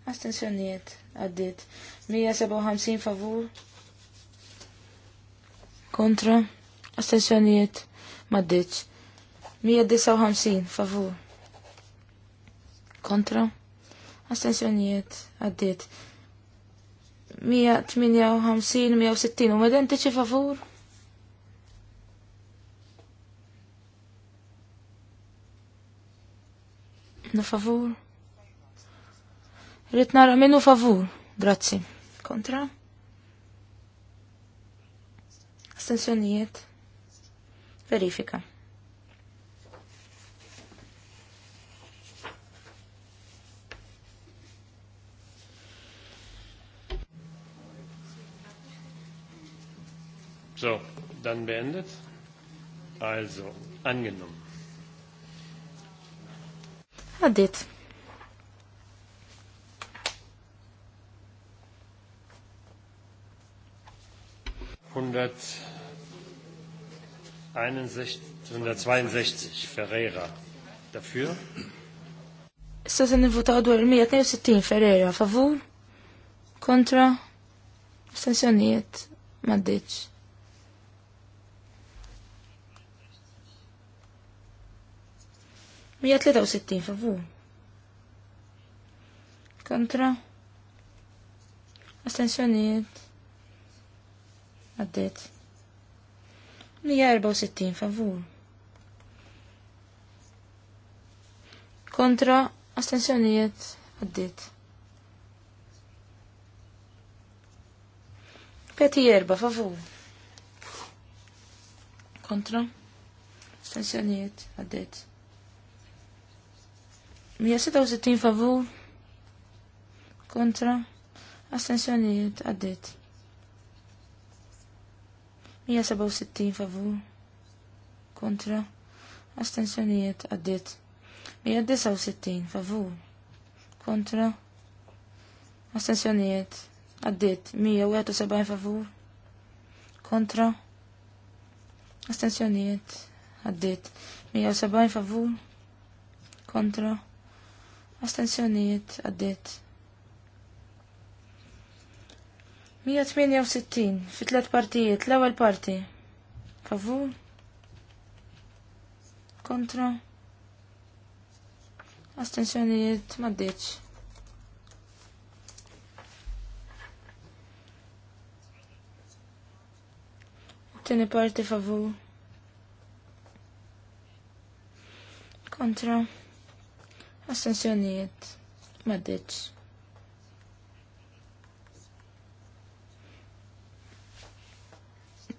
Speaker 5: astensjonijiet għaddit 157 favur kontra astensjonijiet maddit. 159 favur kontra astensjonijiet għaddit 158 160 u medentiċi favur minu favur. Rrit nara minu favur. Grazzi. Kontra. Astensjonijiet. Verifika.
Speaker 1: So, dann beendet. Also, angenommen. Għaddit. Hundert 162 Ferreira. Dafür?
Speaker 5: Issa se nivvutaw dwar 162 Ferreira, favur? Kontra? Astensjonijiet? Maddiċ. 163 favur. Kontra. Astensjoniet. Għaddit. 164 favur. Kontra. Astensjoniet. Għaddit. Peti erba favur. Kontra. Astensjoniet. Għaddit. 166 favur kontra astensjonijiet għaddit. 167 favur kontra astensjonijiet għaddit. 169 favur kontra astensjonijiet għaddit. 171 favur kontra astensjonijiet għaddit. 170 favur kontra Astensjonijiet għaddiet. 168 fit tlet partijiet, l-ewwel parti. Favur. Kontra. Astensjonijiet maddiċ. Tini parti favu? Kontra. Assenzjonijiet. Maddiċ.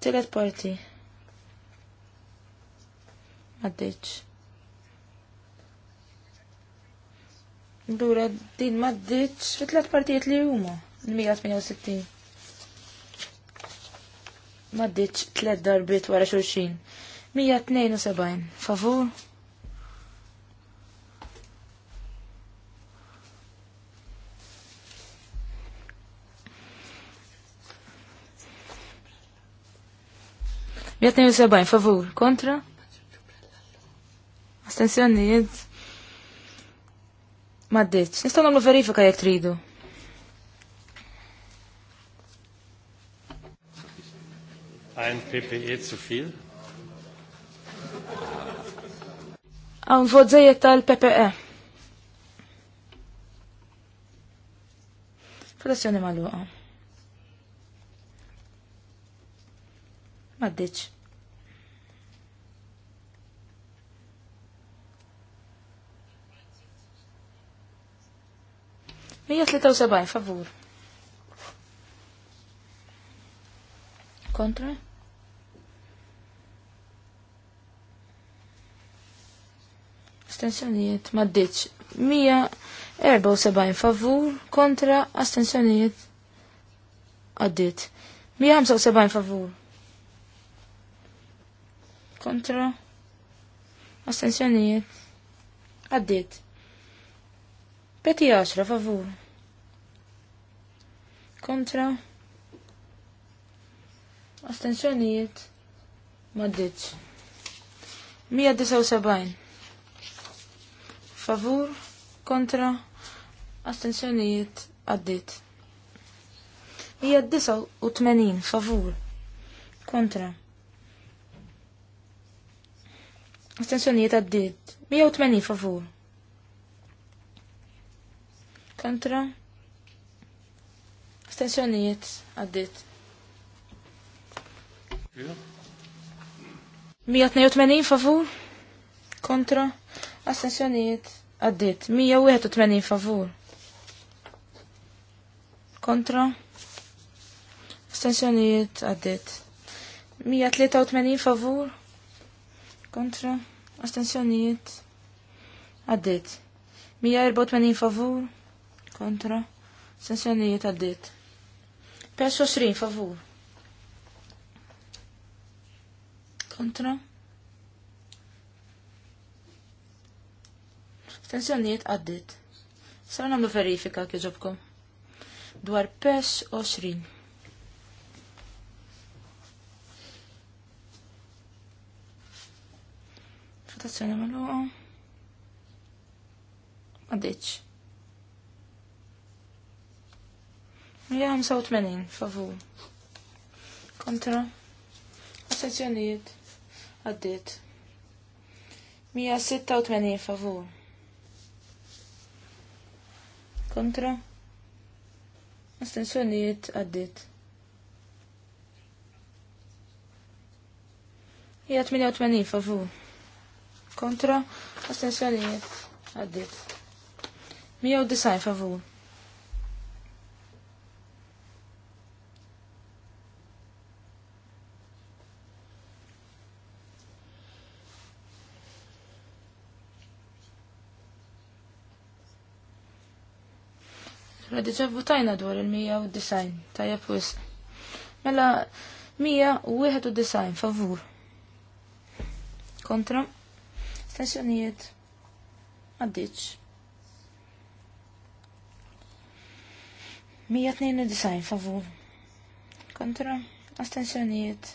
Speaker 5: Tillet parti. Maddiċ. Dura din maddiċ fit tlet partijiet li huma. Il-168. Maddiċ tlet darbiet wara xulxin. 172. Favur. 172 favur kontra. Astensjonijiet. Maddiċ. Nistaw namlu verifika jek tridu.
Speaker 1: Ein PPE zu viel?
Speaker 5: Għan vot tal-PPE. Votazzjoni maluqa. Maddiċ. 173 favur. Kontra? Astensjonijiet maddiċ. 174 favur kontra astensjonijiet għaddit. 175 favur. Kontra astensjonijiet għaddit. Peti 10 favur. Kontra. Astenzjonijiet. Maddiċ. 179. Favur. Kontra. Astenzjonijiet. Addit. 189. Favur. Kontra. Astenzjonijiet Mija 180 favur kontra astensjonijiet għaddit. 182 favur kontra astensjonijiet għaddit. 181 favur kontra astensjonijiet għaddit. 183 favur kontra astensjonijiet għaddit. 184 favur kontra sensjonijiet għaddit. Pes srin, favur. Kontra. Stenzjonijiet għaddit. Sar namlu verifika kħiġobkom. Dwar pes 20. Votazzjoni maluqa. Għaddit. 185 favur. Kontra. Astenzjonijiet. Għaddit. 186 favur. Kontra. Astenzjonijiet għaddit. 88, favur. Kontra. Astenzjonijiet għaddit. 190 favur. Ma diġa tajna dwar il t-design tajja pwis. Mela, design favur. Kontra. Stazzjonijiet. Għaddiċ. 192, favur. Kontra. Astensjonijiet.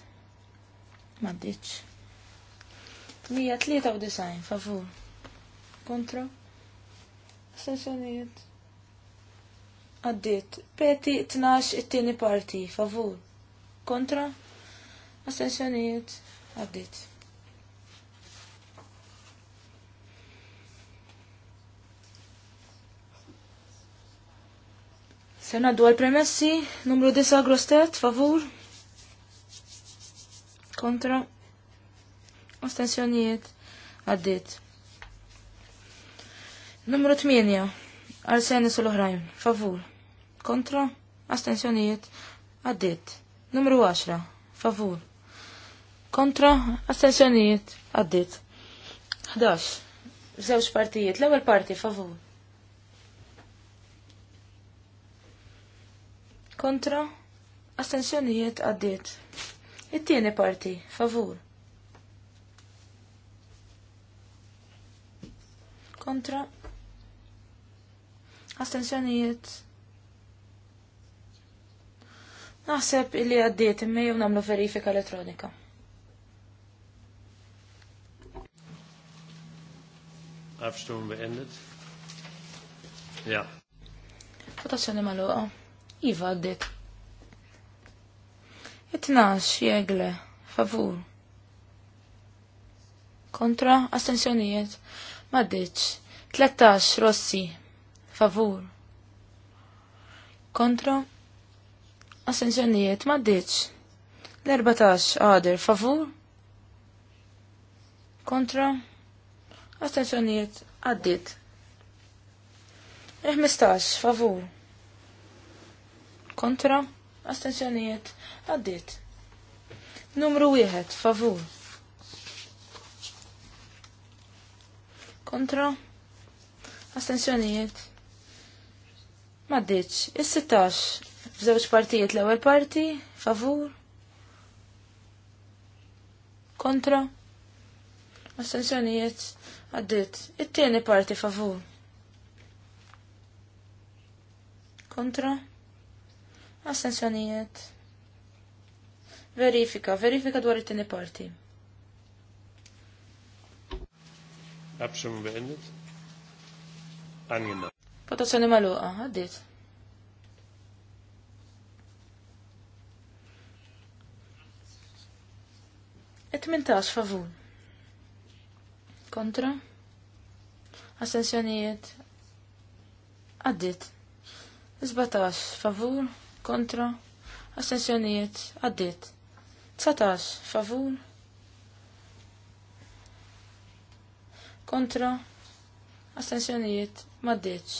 Speaker 5: Maddiċ. 193, favur. Kontra. Astensjonijiet. Għaddit. Peti 12 it-tieni parti. Favur. Kontra. Astensjonijiet. Għaddit. Sena dwar premessi. Numru disa grostet. Favur. Kontra. Astensjonijiet. Għaddit. Numru 8. għal u l-oħrajn. Favur kontra, astensjonijiet, għaddit. Numru 10, favur, kontra, astensjonijiet, għaddit. 11, żewġ partijiet, l-ewwel parti, favur. Kontra, Astenzjonijiet? għaddit. It-tieni parti, favur. Kontra, astensjonijiet, Naħseb illi għaddiet imma u nagħmlu verifika elettronika.
Speaker 1: Abstum beendet? Ja.
Speaker 5: Votazzjoni maluqa. Iva għaddiet. Itnax jegle, favur. Kontra, astensjonijiet. Maddiċ. 13 Rossi, favur. Kontra, Assenzjonijiet ma ddiċ. L-14 għader favur. Kontra. Assenzjonijiet għaddit. Il-15 favur. Kontra. Astenzjonijiet għaddit. Numru 1 favur. Kontra. Astenzjonijiet. Maddiċ. Il-16 F'żewġ partijiet l-ewwel parti, favur. Kontra. Astensjonijiet għaddit. It-tieni parti favur. Kontra. Astensjonijiet. Verifika, verifika dwar it-tieni parti.
Speaker 1: Abxum beendet. Għanjina.
Speaker 5: Potazzjoni maluqa, għaddit. Etmintas favur. Kontra. Astensjonijiet għaddit. 17 favur. Kontra. Astensjonijiet għaddit. 19 favur. Kontra. Astensjonijiet maddiċ.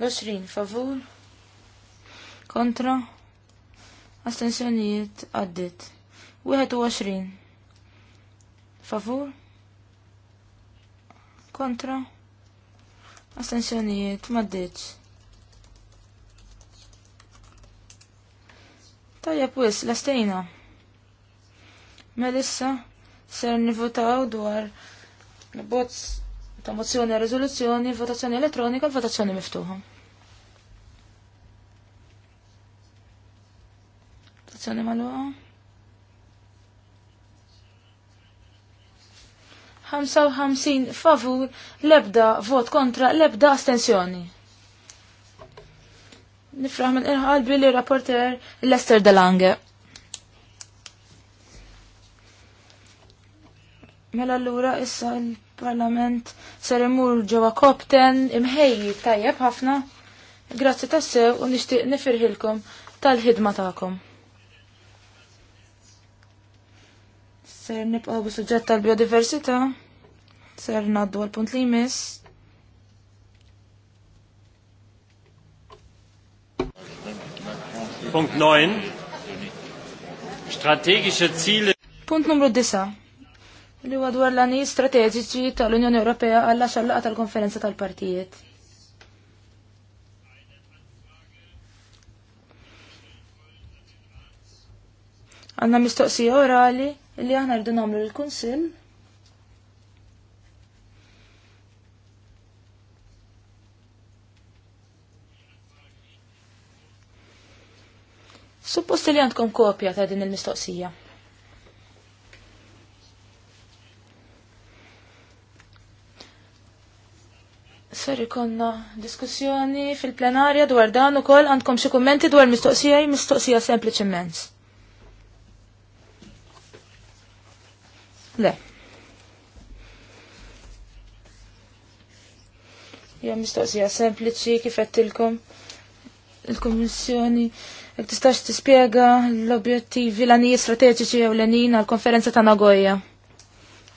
Speaker 5: L-20 favur. Kontra. Astensjonijiet għaddit. 21 favur kontra astensjonijiet Maddeċ Tajja pwis, l-astejna. Melissa, ser nivotaw dwar bozz ta' mozzjoni rezoluzzjoni, votazzjoni elettronika, votazzjoni miftuħa. Votazzjoni maluħa 55 favur, lebda vot kontra, lebda astensjoni. Nifraħ minn irħalbi billi rapporter Lester Delange. Mela l ura issa l-parlament ser imur ġewa kopten imħejji tajjeb ħafna. Grazzi tassew u nishtiq nifirħilkom tal-ħidma ta'kom. Ser nibqaw bi suġġett tal-biodiversita. Ser naddu għal-punt li jmiss.
Speaker 1: Punkt 9. Strategische Ziele.
Speaker 5: Punt numru 9. Li huwa dwar l-għani strateġiċi tal-Unjoni Ewropea għall xallaqa tal-konferenza tal-partijiet. Għanna mistoqsija orali li għanna rridu nagħmlu l-Kunsill. Suppost li għandkom kopja ta' din il-mistoqsija. Ser ikonna diskussjoni fil-plenarja dwar dan ukoll għandkom xi kummenti dwar mistoqsija mistoqsija sempliċiment. Le. Ja mistoqsija sempliċi kif qedtilkom il-Kummissjoni jek tistax tispjega l-objettivi l-għanija strateġiċi u l-għanija għal-konferenza ta' Nagoya.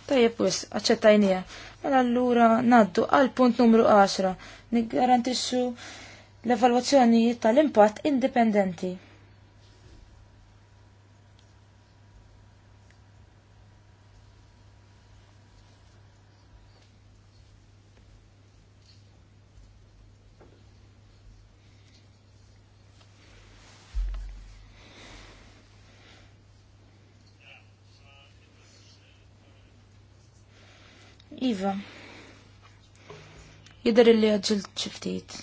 Speaker 5: Tajjeb wis, għacċettajnija. Mela allura naddu għal punt numru 10. Niggarantixxu l-evalwazzjonijiet tal-impatt indipendenti. Iva. Jidher li għagġilt ċiftit.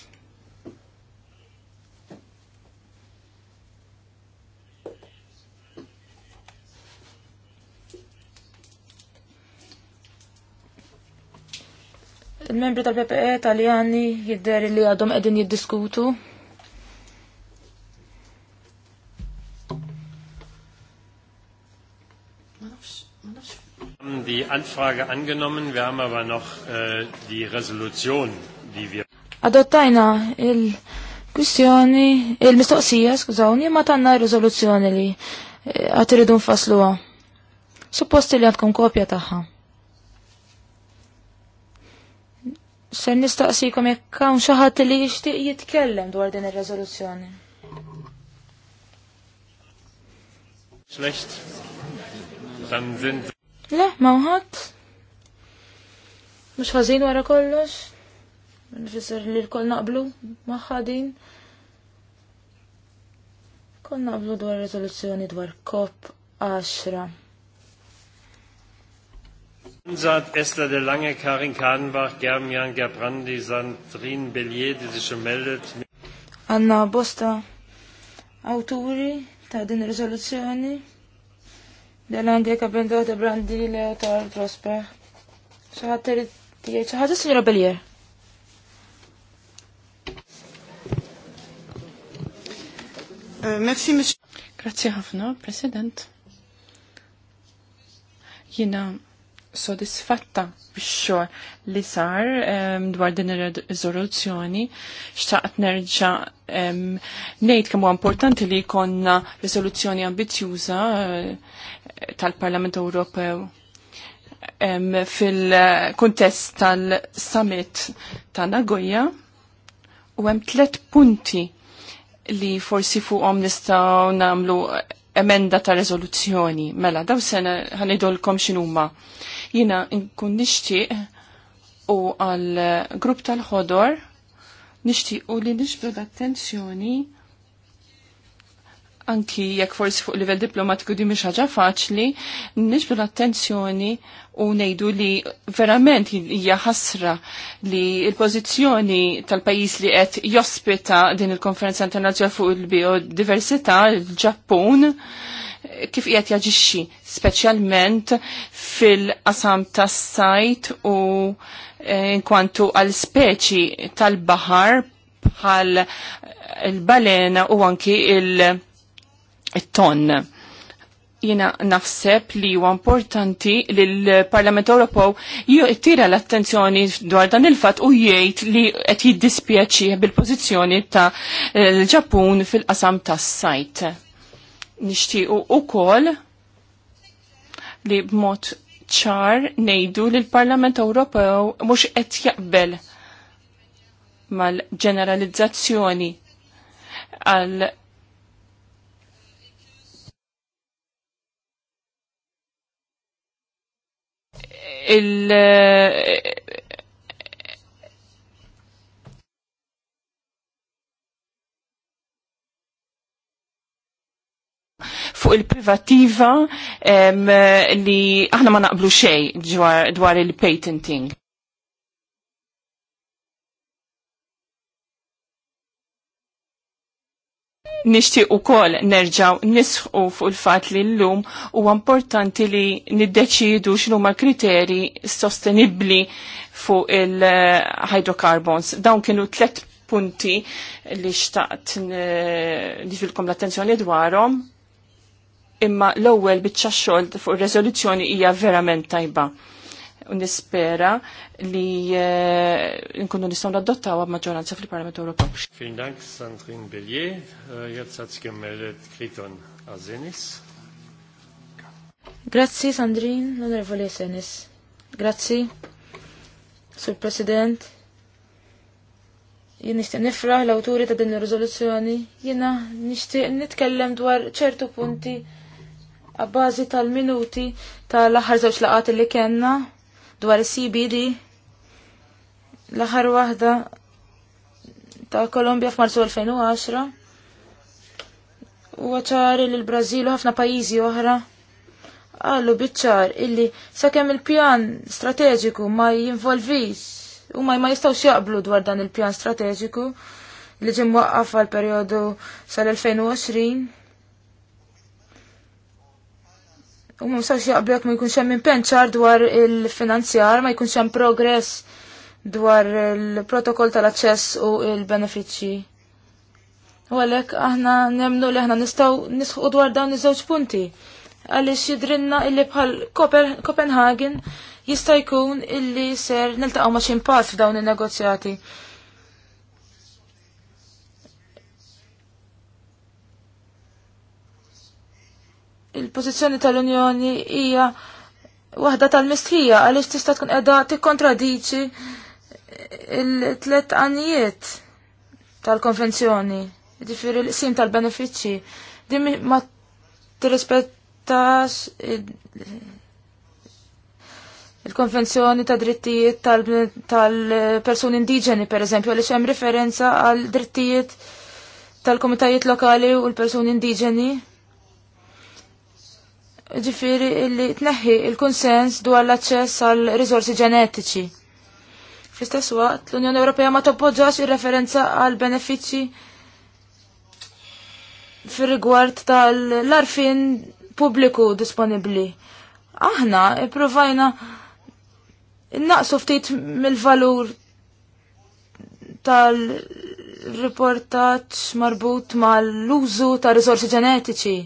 Speaker 5: Il-membri tal-PPE taljani jidder li għadhom qegħdin jiddiskutu
Speaker 1: Anfrage angenommen, wir haben aber noch äh, die Resolution, die wir...
Speaker 5: Adottajna il-kwistjoni, il-mistoqsija, skużawni, ma tanna il-rezoluzzjoni li eh, għatiridun fasluwa. Supposti li għandkom kopja taħħa. Ser nistaqsikom jekk hawn xi ħadd li jixtieq jitkellem dwar din ir-reżoluzzjoni.
Speaker 1: Schlecht. Dann sind
Speaker 5: Le, mawħat. Mux ħazin wara kollox. Nifisser li l-koll naqblu maħħadin. Koll naqblu dwar rezoluzzjoni dwar kop 10.
Speaker 1: Unsat Esther de Lange, Karin Kadenbach, Gerben Jan Gerbrandi, Sandrine Bellier, die sich schon meldet.
Speaker 5: Anna Bosta, Autori ta' din rezoluzzjoni Delandi kabendota brandi leotar prospe. ċaħat territ tijaj, ċaħat s-signora Belier. Eh, merci, monsieur. Grazie ħafna, President.
Speaker 4: Jina, sodisfatta bix-xogħol li sar um, dwar din ir rezoluzzjoni Xtaqt nerġa' um, ngħid kemm huwa importanti li jkollna rezoluzzjoni ambizjuża uh, eh, tal-Parlament Ewropew um, fil-kuntest tal-summit ta' Nagoya u hemm tliet punti li forsi fuqhom nistgħu nagħmlu emenda ta' rezoluzzjoni. Mela, daw sena ħanidolkom xinuma. Jina nkun nixtieq u għal grupp tal-ħodor nishtiq u li nixbdu l-attenzjoni anki jekk forsi fuq livell diplomatiku di mhix ħaġa faċli, nixbu l-attenzjoni u ngħidu li verament hija ħasra li l-pożizzjoni tal-pajjiż li qed jospita din il-Konferenza Internazzjonali fuq il-Biodiversità, il-Ġappun, kif qiegħed jaġixxi speċjalment fil-qasam tas-sajt u eh, inkwantu għal speċi tal-baħar bħal il-balena u anki il- it-ton. Jena naħseb li huwa importanti li l-Parlament Ewropew jittira l-attenzjoni dwar dan il-fatt u jgħid li qed jiddispjaċi bil-pożizzjoni ta' l-Ġapun fil-qasam tas-sajt. Nixtiequ ukoll li b'mod ċar nejdu li l-Parlament Ewropew mhux qed jaqbel mal-ġeneralizzazzjoni għal il- fuq il-privativa li aħna ma naqblu xej dwar il-patenting. nishtiq u kol nerġaw nisħu fuq il-fat li l-lum u importanti li niddeċidu xinu ma kriteri sostenibli fuq il-hydrocarbons. Dawn kienu tlet punti li xtaqt nifilkom l-attenzjoni dwarom imma l-ewwel biċċa xogħol fuq ir-reżoluzzjoni hija verament tajba u nispera li eh, nkunu nistgħu nadottaw maġġoranza fil-Parlament Ewropew.
Speaker 1: Fin Dank Sandrine Bellier. Äh, jetzt hat Kriton Azenis.
Speaker 5: Grazzi Sandrine, l-Onorevoli Azenis. Grazzi, Sur President. Jien nixtieq nifra l-awturi ta' din ir-riżoluzzjoni. Jiena nixtieq nitkellem dwar ċertu punti għabbażi tal-minuti tal-aħħar żewġ laqat li kellna dwar cbd l-aħħar waħda ta' Kolombja f'Marzu 2010 u ċar li l-Brażil u ħafna pajjiżi oħra għallu biċċar illi sakemm il-pjan strateġiku ma jinvolvix u ma, ma jistawx jaqblu dwar dan il-pjan strateġiku li ġim waqqaf għal periodu sal-2020 U ma msax jaqblek ma jkunx hemm impenċar dwar il-finanzjar, ma jkunx hemm progress dwar il-protokoll tal-aċċess u il-benefiċċji. U għalhekk aħna nemnu li aħna nistgħu nisħu dwar dawn iż-żewġ punti. Għaliex jidrinna illi bħal Copenhagen jista' jkun illi ser niltaqgħu ma' xi impass f'dawn in-negozjati. il-pożizzjoni tal-Unjoni hija waħda tal-mistħija għaliex tista' tkun qiegħda tikkontradiċi il-tlet għanijiet tal-konvenzjoni, jiġifieri l-qsim tal-benefiċċji, din ma tirrispettax il-konvenzjoni ta' drittijiet tal-persuni indiġeni, per eżempju, għaliex hemm referenza għal drittijiet tal-komitajiet lokali u l-persuni indiġeni ġifiri illi tneħħi il-konsens dwar l-aċċess għal risorsi ġenetiċi. Fl-istess waqt, l-Unjoni Ewropea ma toppoġġax ir-referenza għal benefiċċji fir-rigward tal-arfin pubbliku disponibbli. Aħna ipprovajna naqsu ftit mill-valur tal-riportaġġ marbut mal-użu ta' risorsi ġenetiċi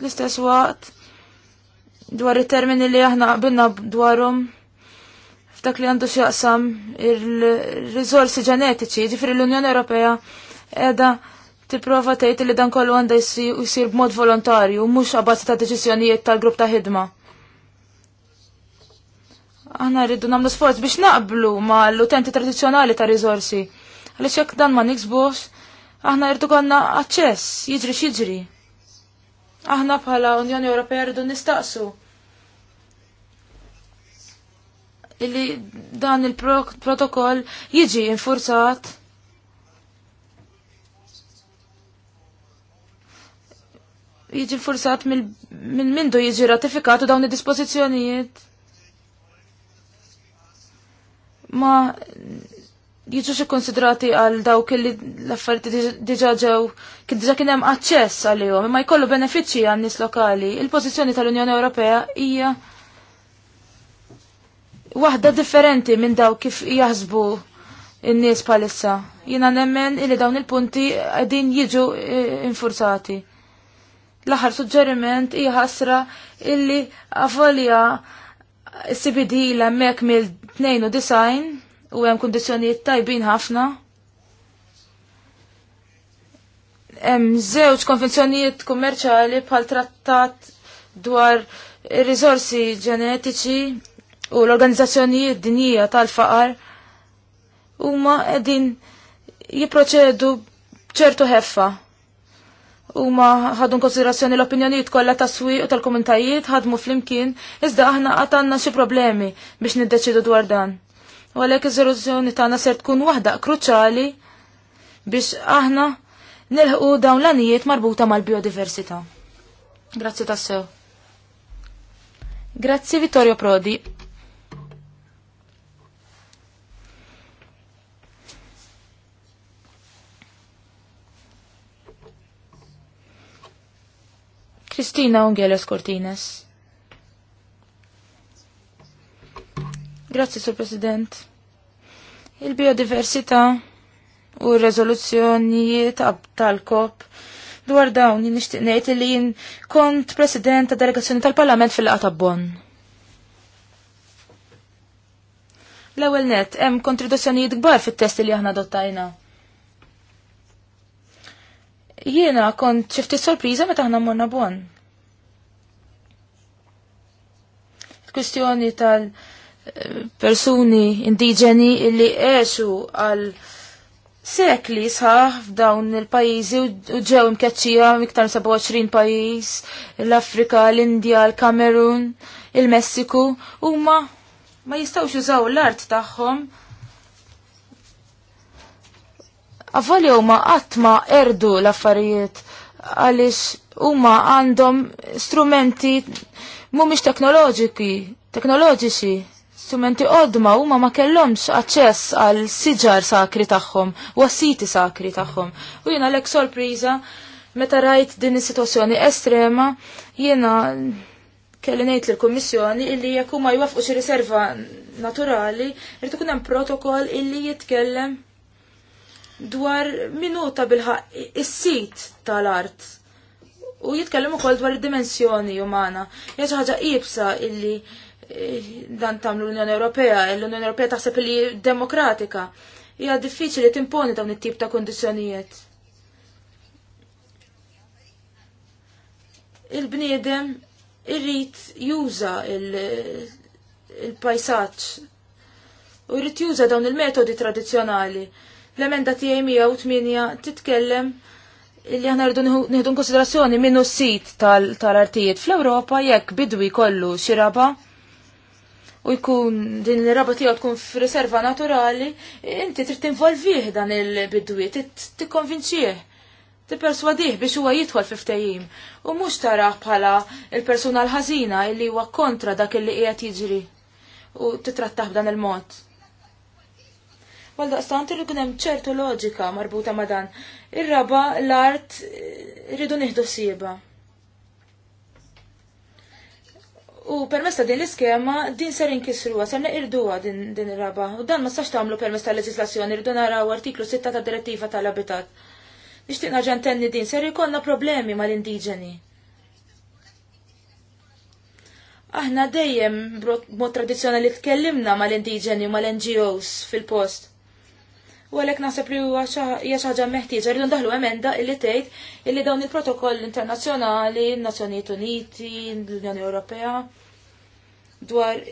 Speaker 5: l-istess waqt dwar it-termini li aħna qbilna dwarhom f'dak li għandu x'jaqsam ir rizorsi ġenetiċi, ġifri l-Unjoni Ewropea qiegħda tipprova tgħid li dan kollu għandha jsir b'mod volontarju, mhux għabbażi ta' deċiżjonijiet tal-grupp ta' ħidma. Aħna rridu nagħmlu sforz biex naqblu ma' l-utenti tradizzjonali ta' rizorsi. Għaliex jekk dan ma niksbux, aħna rridu għandna aċċess, jiġri x'jiġri. Aħna bħala Unjoni Ewropea rridu nistaqsu illi dan il-protokoll jiġi infurzat jiġi infurzat minn mindu jiġi ratifikatu dawn id-dispożizzjonijiet ma xe konsidrati għal dawk li l-affarijiet diġa ġew kien diġa kien hemm aċċess għalihom imma jkollu benefiċċji għan nies lokali. Il-pożizzjoni tal-Unjoni Ewropea hija waħda differenti minn daw kif jaħsbu n-nies palissa. Jiena nemmen illi dawn il-punti qegħdin jiġu eh, infurzati. L-aħħar suġġeriment hija ħasra illi avolja CBD l-hemmhekk mill-92 u hemm kundizzjonijiet tajbin ħafna. Hemm żewġ konvenzjonijiet kummerċjali bħal trattat dwar ir-riżorsi ġenetiċi u l-organizzazzjonijiet dinjija tal-faqar huma qegħdin jipproċedu ċertu heffa. Huma ħadu konsiderazzjoni l-opinjonijiet kollha tas-swieq u tal-komunitajiet ħadmu flimkien iżda aħna għatanna xi problemi biex niddeċidu dwar dan. U għalhekk iż tana tagħna ser tkun waħda kruċali biex aħna nilħqu dawn l-anijiet marbuta mal-biodiversità. Grazzi tassew. Grazzi Vittorio Prodi. Kristina Ungelos Cortines. Grazzi, Sur President. Il-biodiversità u r-rezoluzzjonijiet tal-kop dwar dawn nixtieq ngħid li jien kont President ta' delegazzjoni tal-Parlament fil-laqgħa Bonn. L-ewwel net hemm kontribuzzjonijiet kbar fit-test li aħna adottajna. Jiena kont ċifti ftit sorpriża meta aħna morna Bonn. Il-kwistjoni tal- persuni indiġeni illi għexu għal sekli sħaħ f'dawn il-pajizi u ġew imkeċċija miktar 27 pajiz, l-Afrika, l-Indja, l-Kamerun, il-Messiku, u ma ma jistawx użaw l-art tagħhom. Avali huma qatt ma erdu l-affarijiet għaliex huma għandhom strumenti mhumiex teknoloġiki, teknoloġiċi strumenti qodma huma ma kellhomx aċċess għal siġar sakri tagħhom, għas-siti sakri tagħhom. U jiena lek sorpriża meta rajt din is-sitwazzjoni estrema jiena kelli ngħid lill-Kummissjoni illi jekk huma jwafqu xi riserva naturali, irid ikun hemm protokoll illi jitkellem dwar minuta bil-ħaq is-sit tal-art u jitkellem ukoll dwar id-dimensjoni umana. Hija xi ħaġa qibsa illi dan tam l-Unjoni Ewropea, l-Unjoni Ewropea taħseb li demokratika. Hija diffiċli timponi dawn it-tip ta' kondizzjonijiet. Il-bniedem irrid juża il-pajsaġġ u jrid juża dawn il-metodi tradizzjonali. L-emenda tiegħi tminja titkellem li aħna rridu nieħdu konsiderazzjoni minnu sit tal-artijiet fl-Ewropa jekk bidwi kollu xi raba' u jkun din l raba tiegħu tkun f'riserva naturali, inti trid tinvolvih dan il-bidwiet, tikkonvinċih, tipperswadih biex huwa jidħol fiftejjim u mhux tarah bħala il-persuna l-ħażina illi huwa kontra dak illi qiegħed jiġri u titrattah b'dan il-mod. Għal daqstant irridu hemm ċertu loġika marbuta ma' dan. Ir-raba l-art irridu nieħdu sieba. U permess ta' din l-iskema, din ser inkisruwa, ser neqirduha din, din ir-raba. U dan ma sax tagħmlu permess l leġislazzjoni, irdu naraw artiklu 6 ta' direttiva tal-abitat. Nixtieq naġan tenni din, ser jkollna problemi mal-indiġeni. Aħna dejjem mod tradizzjonali tkellimna mal-indiġeni u mal-NGOs fil-post u għalek naħseb li huwa hija xi ħaġa meħtieġa rridu ndaħlu emenda illi tgħid illi dawn il-protokoll internazzjonali, n-Nazzjonijiet Uniti, l-Unjoni Ewropea dwar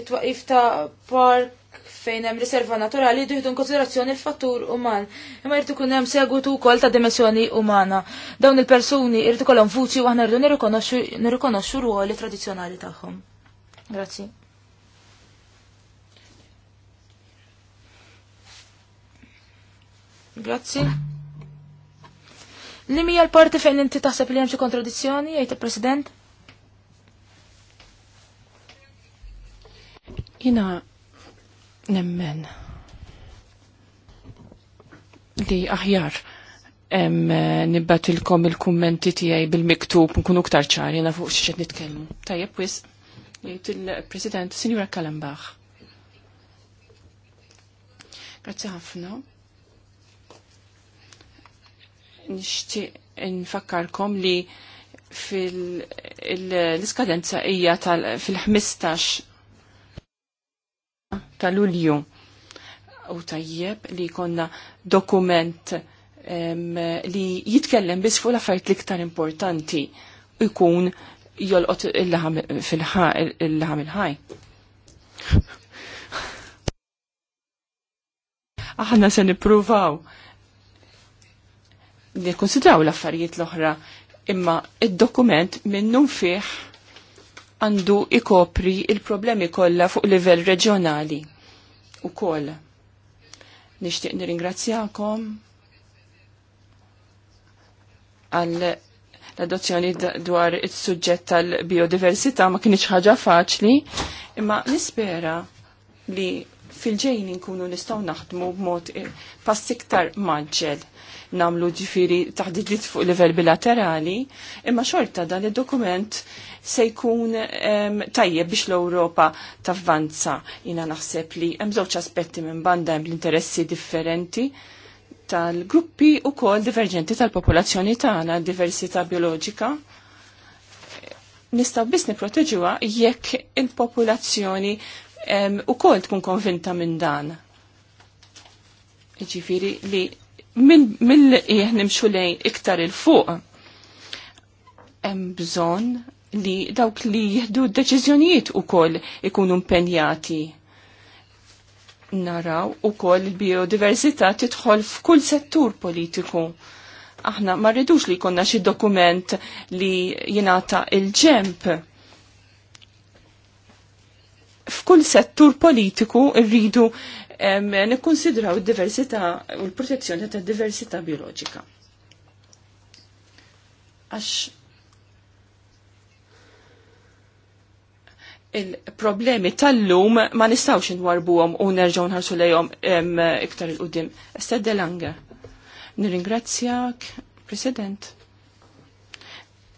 Speaker 5: it-twaqif ta' park fejn hemm riserva naturali jieħdu konsiderazzjoni l-fattur uman. Imma jrid ikun hemm segwitu wkoll ta' dimensjoni umana. Dawn il-persuni jrid ikollhom vuċi u aħna rridu nirrikonoxxu rwoli tradizzjonali tagħhom. Grazzi. Grazzi. Nimi l-parti fejn inti taħseb li hemm xi kontradizzjoni, jgħid il-President? Jina nemmen
Speaker 4: li aħjar hemm nibbatilkom il-kummenti tiegħi bil-miktub nkunu ktar ċari na fuq x'qed nitkellmu. Tajjeb wis jgħid il-President Sinjura Kallenbach. Grazzi ħafna nixtieq nfakkarkom li fil-iskadenza hija fil-15 tal-Ulju. U tajjeb li konna dokument li jitkellem biss fuq l-affarijiet l-iktar importanti u jkun jolqot il-laħam il-ħaj. Aħna se nippruvaw nikkonsidraw l-affarijiet l-oħra, imma id-dokument minnum fih għandu ikopri il-problemi kollha fuq livell reġjonali u koll. Nishtiq nirringrazzjakom għal l-adozzjoni dwar il suġġett tal-biodiversità ma kienx ħaġa faċli, imma nispera li fil-ġejn inkunu nistgħu naħdmu b'mod eh, passiktar maġġel namlu ġifiri taħdidiet fuq livell bilaterali, imma xorta dan id-dokument se jkun um, tajjeb biex l-Ewropa tavvanza. Jina naħseb li hemm żewġ aspetti minn banda hemm l-interessi differenti tal-gruppi u kol diverġenti tal-popolazzjoni tagħna, diversità bioloġika, nistaw biss niproteġuha jekk il-popolazzjoni u kol tkun konvinta minn dan. Ġifiri li mill eh, nimxu lejn iktar il-fuq hemm bżonn li dawk li jieħdu d-deċiżjonijiet ukoll ikunu impenjati naraw u koll il-biodiversità titħol f'kull settur politiku. Aħna ma rridux li konna xi dokument li jingħata il-ġemp. F'kull settur politiku rridu nikkonsidraw id-diversità u l-protezzjoni ta' diversità bioloġika. Għax il-problemi tal-lum ma nistawx nwarbuhom u nerġgħu nħarsu lejhom iktar il-qudiem. de Lange. Nirringrazzjak, President.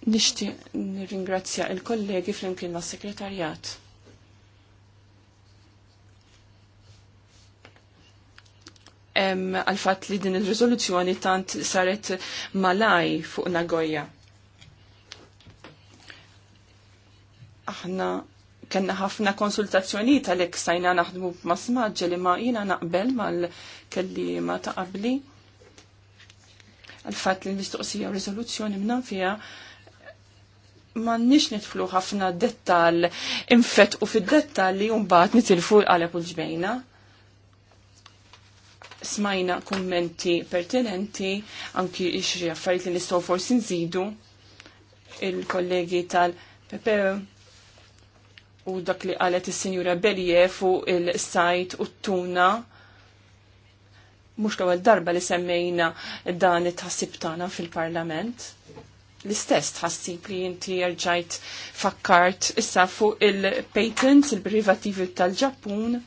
Speaker 4: Nixtieq nirringrazzja il-kollegi flimkien mas-sekretarjat għal-fat li din il rezoluzzjoni tant saret malaj fuq Nagoya. Aħna kena ħafna konsultazzjoni tal-ek sajna naħdmu masmaġġa li ma jina naqbel mal-kelli ma ta' qabli. Għal-fat li l-mistoqsija u rizoluzzjoni minna fija ma nix nitflu ħafna dettal infet u fid-dettal li jumbat nitilfu għal qalep ġbejna smajna kummenti pertinenti, anki xi affarijiet li nistgħu forsi nżidu il-kollegi tal-Pepe u dak li qalet is-Sinjura Belje fuq il-sajt u t-tuna mux l-ewwel darba li semmejna dan it-tħassib tagħna fil-Parlament. L-istess tħassib li inti rġajt fakkart issa fuq il-patents, il-privativi tal-Ġappun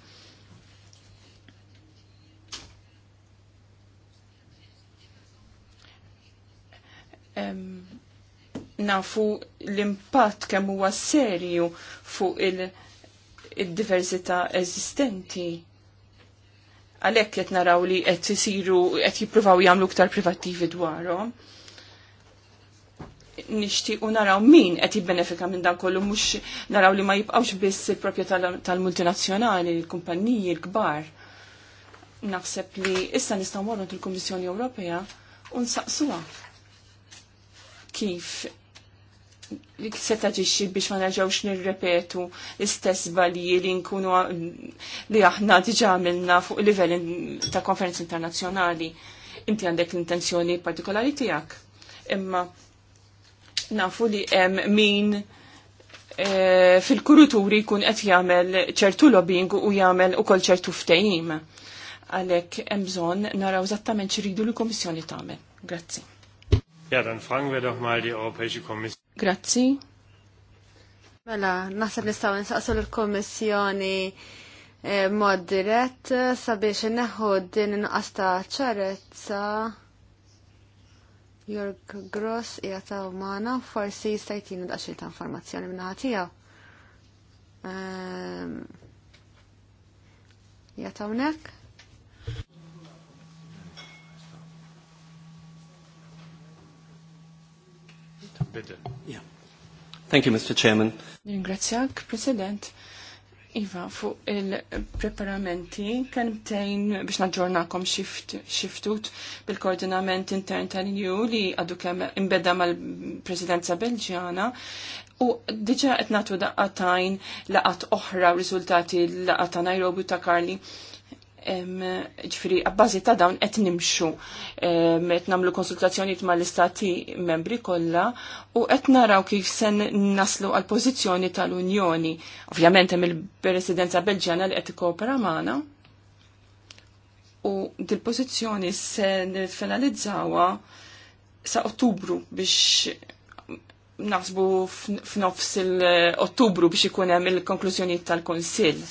Speaker 4: nafu l-impatt kemm huwa serju fuq il-diversità il eżistenti. Għalhekk qed naraw li qed isiru qed jippruvaw jagħmlu iktar privattivi dwarhom u naraw min qed jibbenefika minn dan kollu mhux naraw li ma jibqgħux biss il-proprjetà tal-multinazzjonali, il-kumpanniji l-kbar. Naħseb li issa nistgħu morru il-Kummissjoni Ewropea u nsaqsuha kif li se taġiċi biex ma naġawx nirrepetu l-istess balji li nkunu li aħna diġa għamilna fuq livell ta' konferenzi internazzjonali. Inti għandek l-intenzjoni partikolari tijak. Imma nafu li hemm min e, fil-kuruturi kun qed jagħmel ċertu lobbying u jagħmel ukoll ċertu ftehim. Għalhekk hemm bżonn naraw
Speaker 2: eżattament x'ridu l-Kummissjoni tagħmel. Grazzi.
Speaker 1: Ja, dan fragen wir doch mal die Europäische Kommission.
Speaker 2: Grazie. Mela, naħseb nistaw nsaqsu l-Kommissjoni eh, mod dirett sabiex neħu din n-qasta ċarezza. Jörg Gross jgħata u maħna forsi jistajtinu daċil ta' informazzjoni minna ħatijaw. Um, jgħata unek?
Speaker 1: Yeah. Thank you, Mr. Chairman.
Speaker 4: Ringrazzjak, President. Iva, fuq il-preparamenti, btejn biex naġġornakom xiftut bil-koordinament intern tal ju li għadu kem imbedda mal-presidenza belġjana U diġa qed nagħtu daqqatajn laqat oħra riżultati laqat ta' Nairobi ta' Karli ġifiri, għabbażi ta' dawn qed nimxu, qed namlu konsultazzjonijiet mal-istati membri kollha u qed naraw kif se naslu għal pożizzjoni tal-Unjoni. Ovvjament hemm il-Presidenza Belġjana li qed ikkopera magħna. U dil-pożizzjoni se nifinalizzawa sa' Ottubru biex naħsbu f'nofs il-Ottubru biex ikun hemm il-konklużjonijiet tal-Konsill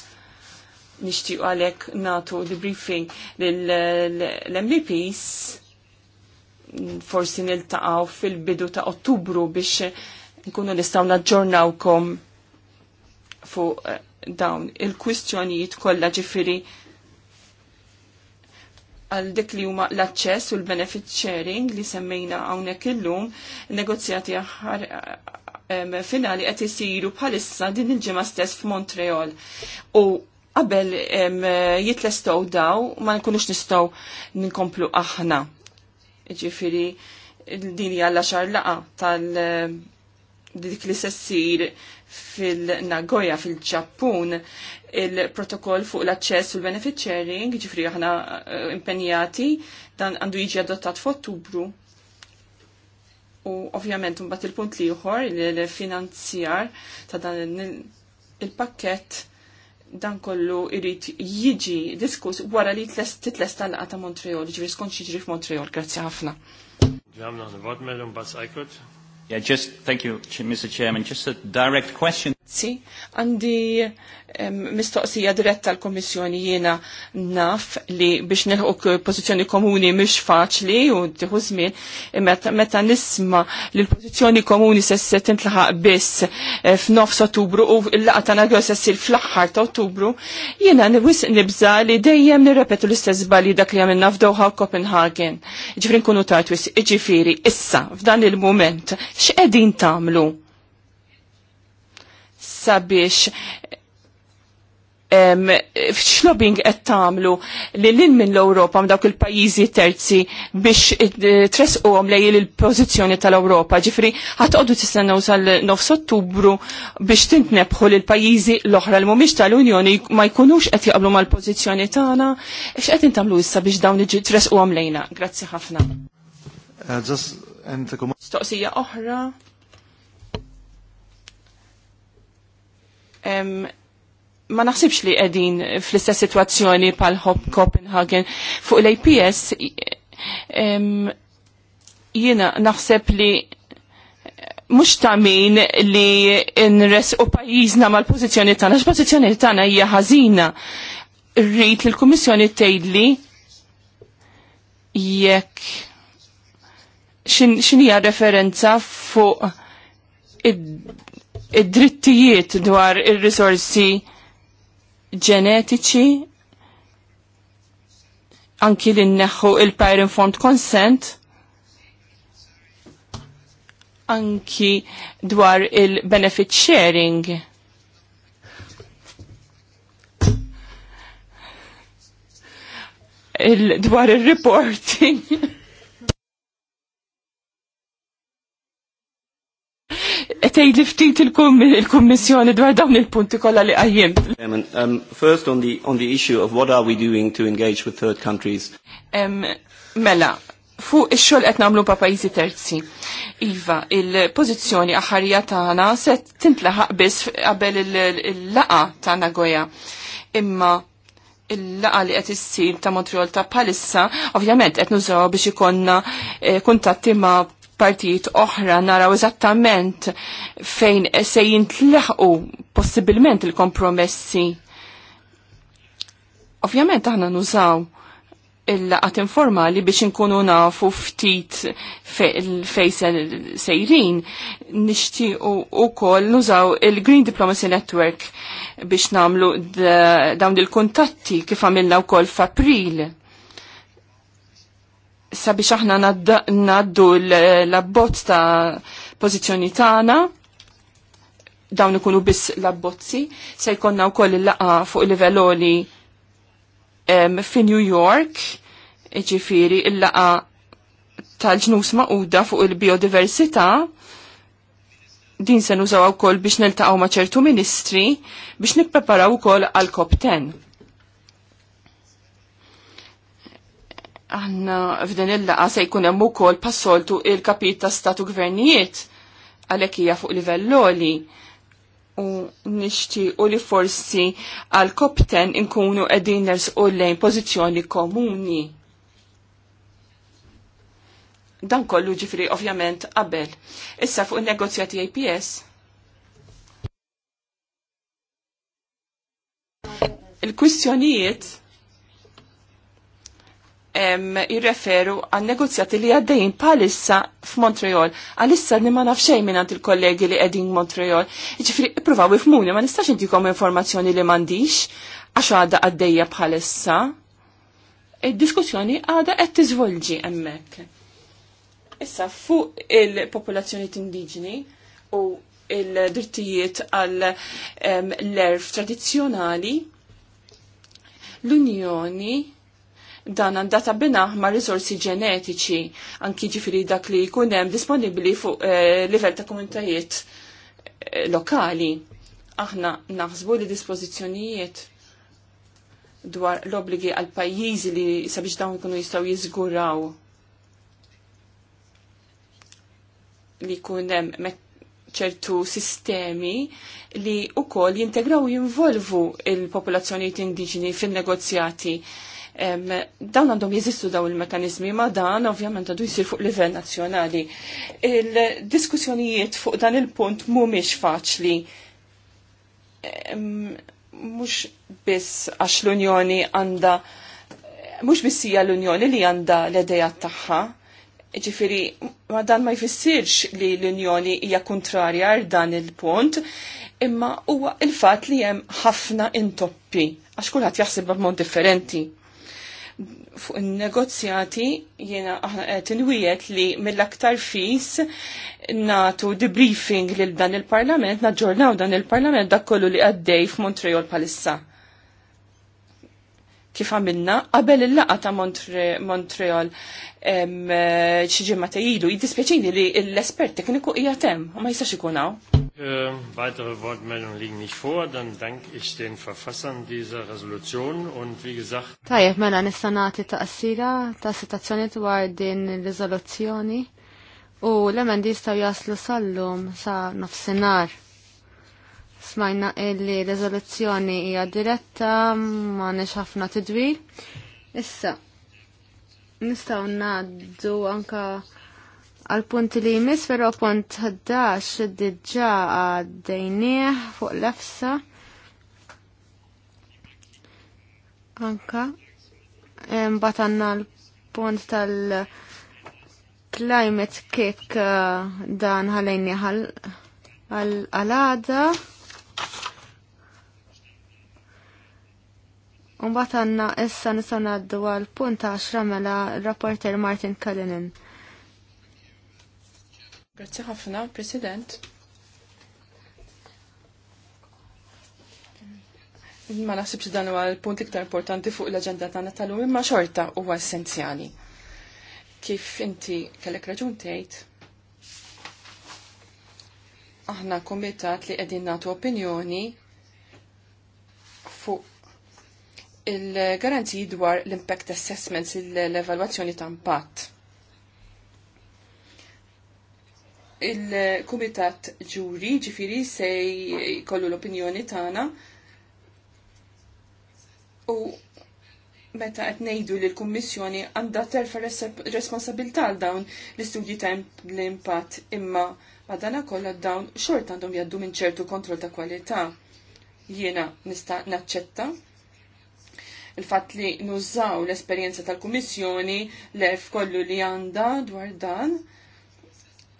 Speaker 4: nishtiq għalek natu debriefing l-MVPs forsi nil-taqaw fil-bidu ta' ottubru biex nkunu nistaw naġġornawkom fuq eh, dawn il-kwistjonijiet kollha ġifiri għal dik li huma l-aċċess u l-benefit sharing li semmejna hawnhekk illum, negozjati aħħar eh, eh, finali qed isiru bħalissa din il-ġimgħa stess f'Montreal. U qabel jitlestow daw ma nkunux nistow ninkomplu aħna. Ġifiri, din hija l axar laqa tal dik li sessir fil-Nagoya fil-Ġappun il-protokoll fuq l-aċċess u l-benefit sharing, ġifri aħna eh, impenjati, dan għandu jiġi adottat f'Ottubru. U ovvjament mbagħad il-punt liħor, il-finanzjar ta' dan il-pakkett dan kollu irrit jiġi diskus wara li titlesta l-laqa ta' Montreal, ġivri skont xiġri f'Montreal, grazzi ħafna.
Speaker 1: Ġamna, n-vot mellum bas Yeah, just, thank you, Mr. Chairman, just a direct question. Sì,
Speaker 4: Għandi mistoqsija diretta l-Komissjoni jiena naf li biex nilħu pozizjoni komuni mhix faċli u tieħu żmien, meta nisma li l-pożizzjoni komuni se se tintlaħaq biss eh, f'nofs Ottubru u l-laqgħa tagħna se ssir fl-aħħar ta' Ottubru, jiena wisq nibża li dejjem nirrepetu l-istess bali dak li għamilna f'Dowha u Copenhagen. Ġifri nkunu tajtwis, ġifiri, issa, f'dan il-moment, x'qegħdin tagħmlu? sabiex f'xlobing qed tagħmlu li lil minn l-Ewropa m'dawk il-pajjiżi terzi biex eh, tresquhom lejn il-pożizzjoni tal-Ewropa. Ġifri ħatqogħdu tistennew sal-9 Ottubru biex tintnebħu lil pajjiżi l-oħra li mhumiex tal-Unjoni ma jkunux qed jaqblu mal-pożizzjoni tagħna. X'qed intamlu issa biex dawn tresquhom lejna. Grazzi ħafna.
Speaker 5: Uh,
Speaker 4: Stoqsija oħra ma naħsibx li qegħdin fl-istess sitwazzjoni pal ħob' Copenhagen fuq l-APS jiena naħseb li mhux ta' min li nres u pajjiżna mal-pożizzjoni tagħna, pozizjoni tagħna hija ħażina. Rrid li l-Kummissjoni tgħidli jekk x'inhija referenza fuq id id-drittijiet dwar il-risorsi ġenetiċi anki li neħu il parent informed consent anki dwar il-benefit sharing il dwar il-reporting tgħid ftit il-Kummissjoni dwar dawn il-punti kollha li għajjem. Um, first on the on the issue of what are we doing to engage with third countries. Um, mela, fuq ix-xogħol qed nagħmlu pa' pajjiżi terzi. Iva, il-pożizzjoni aħarija tagħna se tintlaħaq biss qabel il-laqa ta' Nagoya. Imma il-laqa li qed issir ta' Montreal ta' palissa, ovvjament qed nużaw biex ikonna eh, kuntatti ma' partijiet oħra naraw eżattament fejn se jintlaħqu possibilment il-kompromessi. Ovvjament aħna nużaw il-laqat informali biex nkunu nafu ftit fej sejrin nishtiqu u koll nużaw il-Green Diplomacy Network biex namlu dawn il-kontatti kif għamilna u koll f'April sabiex aħna naddu l-abbozz ta' pozizjoni tagħna dawn ikunu biss l-abbozzi se jkollna wkoll il-laqa fuq livelloli um, fi New York ġifiri il-laqa tal-ġnus maquda fuq il-biodiversità din se nużaw wkoll biex niltaqgħu ma' ċertu ministri biex nippreparaw ukoll għal COP10. Għanna f'din il-laqa se jkun hemm ukoll passoltu il-kapit ta' statu gvernijiet għalhekk hija fuq livell loli u nixti u li forsi għal kopten inkunu qegħdin u lejn pożizzjoni komuni. Dan kollu ġifri ovvjament qabel. Issa fuq il-negozjati APS. Il-kwistjonijiet jirreferu għan negozjati li għaddejn palissa f'Montreal. Għalissa ni ma nafxej minnant il-kollegi li għedin Montreal. Ġifri, provaw ifmuni, ma nistax intikom informazzjoni li mandiċ, għax għadda għaddejja bħalissa. Id-diskussjoni għadha qed tiżvolġi hemmhekk. Issa fuq il-popolazzjoni indiġni u il-drittijiet għal lerf erf tradizzjonali l-Unjoni dan għandata bina ma' risorsi ġenetiċi, anki ġifiri dak li kunem disponibli fuq eh, livell ta' komunitajiet eh, lokali. Aħna naħsbu li dispozizjonijiet dwar l-obligi għal pajjiżi li sabiex dawn kunu jistaw jizguraw li kunem ċertu sistemi li u koll jintegraw jinvolvu il-popolazzjoniet indiġini fil-negozjati Dan għandhom jeżistu daw il-mekanizmi ma dan ovvjament għadu jisir fuq livell nazzjonali. Il-diskussjonijiet fuq dan il-punt mhumiex faċli. Mhux biss għax l-Unjoni għandha mhux biss hija l-Unjoni li għandha l-idea tagħha, ġifiri, ma dan ma jfissirx li l-Unjoni hija kontrarja għal dan il-punt, imma huwa il-fat li hemm ħafna intoppi, għax kulħadd jaħseb b'mod differenti fuq il-negozjati jena aħna qed inwiet li mill-aktar fis natu debriefing lil dan il-Parlament, naġġornaw dan il-Parlament dak kollu li għaddej f'Montreal palissa. Kif għamilna, qabel il-laqa ta' Montreol Montreal xi ġimgħa tgħidu, jiddispjaċini li l-espert tekniku qiegħed hemm, ma jistax
Speaker 1: ikun hawn. Äh, weitere Wortmeldungen liegen nicht vor, dann danke ich den Verfassern dieser Resolution und wie gesagt...
Speaker 2: Tajjeb, mena nistanati ta' assira ta' sitazzjoni dwar din risoluzzjoni u l-emendi staw jaslu sallum sa' nofsinhar. Smajna illi risoluzzjoni hija diretta ma' ħafna tidwil. Issa, nistaw naddu anka għal punt li jmiss però punt 11 diġà għaddejnieh fuq l Anka. mbatanna l-punt tal- climate kick eh, dan ħalejni għal-għalada. Umbat għanna issa nisanaddu għal punt 10 mela rapporter Martin Kalinin.
Speaker 4: Grazzi ħafna, President. Ma naħsibx dan huwa l-punt iktar importanti fuq l-aġenda tagħna tal-lum imma xorta huwa essenzjali. Kif inti kellek raġun tgħid, aħna kumitat li qegħdin nagħtu opinjoni fuq il-garanziji dwar l-impact assessments, l-evalwazzjoni ta' impatt. il-Kumitat Ġuri ġifiri se jkollu l-opinjoni tagħna u meta qed ngħidu li l-Kummissjoni għandha terfa' responsabilità għal dawn l-istudji ta' l-impatt imma madanakollha kollha dawn xort għandhom jgħaddu minn ċertu kontroll ta' kwalità. Jiena nista' naċċetta il-fatt li nużaw l-esperjenza tal-Kummissjoni l-erf kollu li għandha dwar dan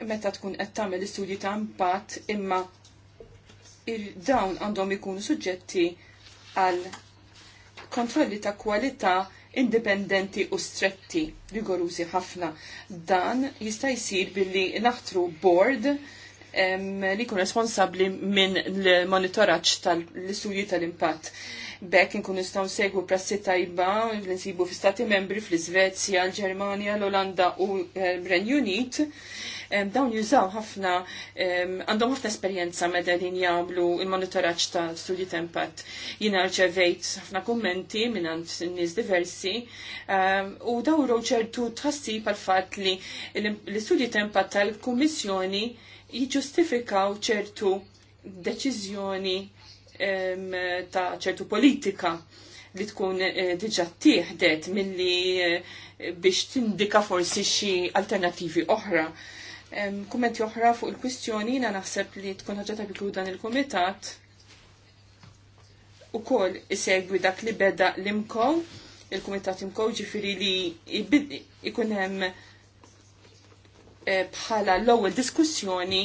Speaker 4: meta tkun qed tagħmel istudji ta' impatt imma dawn għandhom ikunu suġġetti għal kontrolli ta' kwalità indipendenti u stretti, rigorużi ħafna. Dan jista' jsir billi naħtru board em, li kun responsabli minn l monitoraġġ tal-istudji tal-impatt bekk nkun nistgħu segwu prassi tajba li nsibu fi stati membri fl-Iżvezja, l-Ġermanja, l-Olanda u l-Renju eh, Unit. Dawn jużaw ħafna għandhom ħafna esperjenza meta din jagħmlu il-monitoraġġ ta' studji tempat. Jiena rċevejt ħafna kummenti minn nies diversi u dawru ċertu tħassib għal fatt li l-istudji tempat tal-Kummissjoni jiġġustifikaw ċertu deċiżjoni ta' ċertu politika li tkun eh, diġa tieħdet milli eh, biex tindika forsi xi alternativi oħra. Kummenti oħra fuq il-kwistjoni na naħseb li tkun ħaġa ta' dan il-komitat u kol isegwi dak li beda l imkow il-komitat Imkow ġifiri li ikunem eh, bħala l-ewwel diskussjoni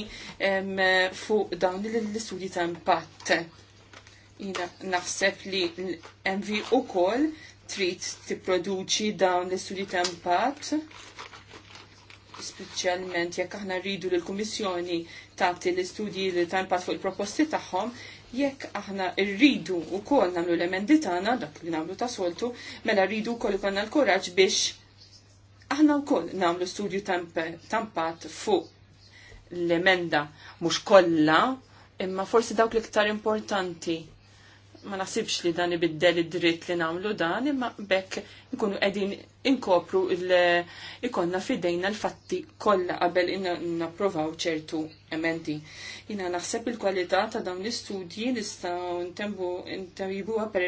Speaker 4: fuq dawn l-istudji ta' impatt jina naħseb li l-MV u kol trid tipproduċi dawn l-istudji tempat specialment speċjalment jekk aħna rridu l kummissjoni tagħti l-istudji li tempat fuq il-proposti tagħhom, jekk aħna rridu wkoll nagħmlu l-emendi tagħna dak li nagħmlu ta' soltu, mela rridu wkoll ikollna l-kuraġġ biex aħna wkoll nagħmlu studju tempat fuq l-emenda mhux kollha, imma forsi dawk l-iktar importanti ma nasibx li dan ibiddel id-dritt li namlu dan, imma bekk nkunu qegħdin inkopru ikonna fidejna l-fatti kollha qabel napprovaw ċertu emendi. Jina naħseb il-kwalità ta' dawn l-istudji nistgħu ntembu ntembuha per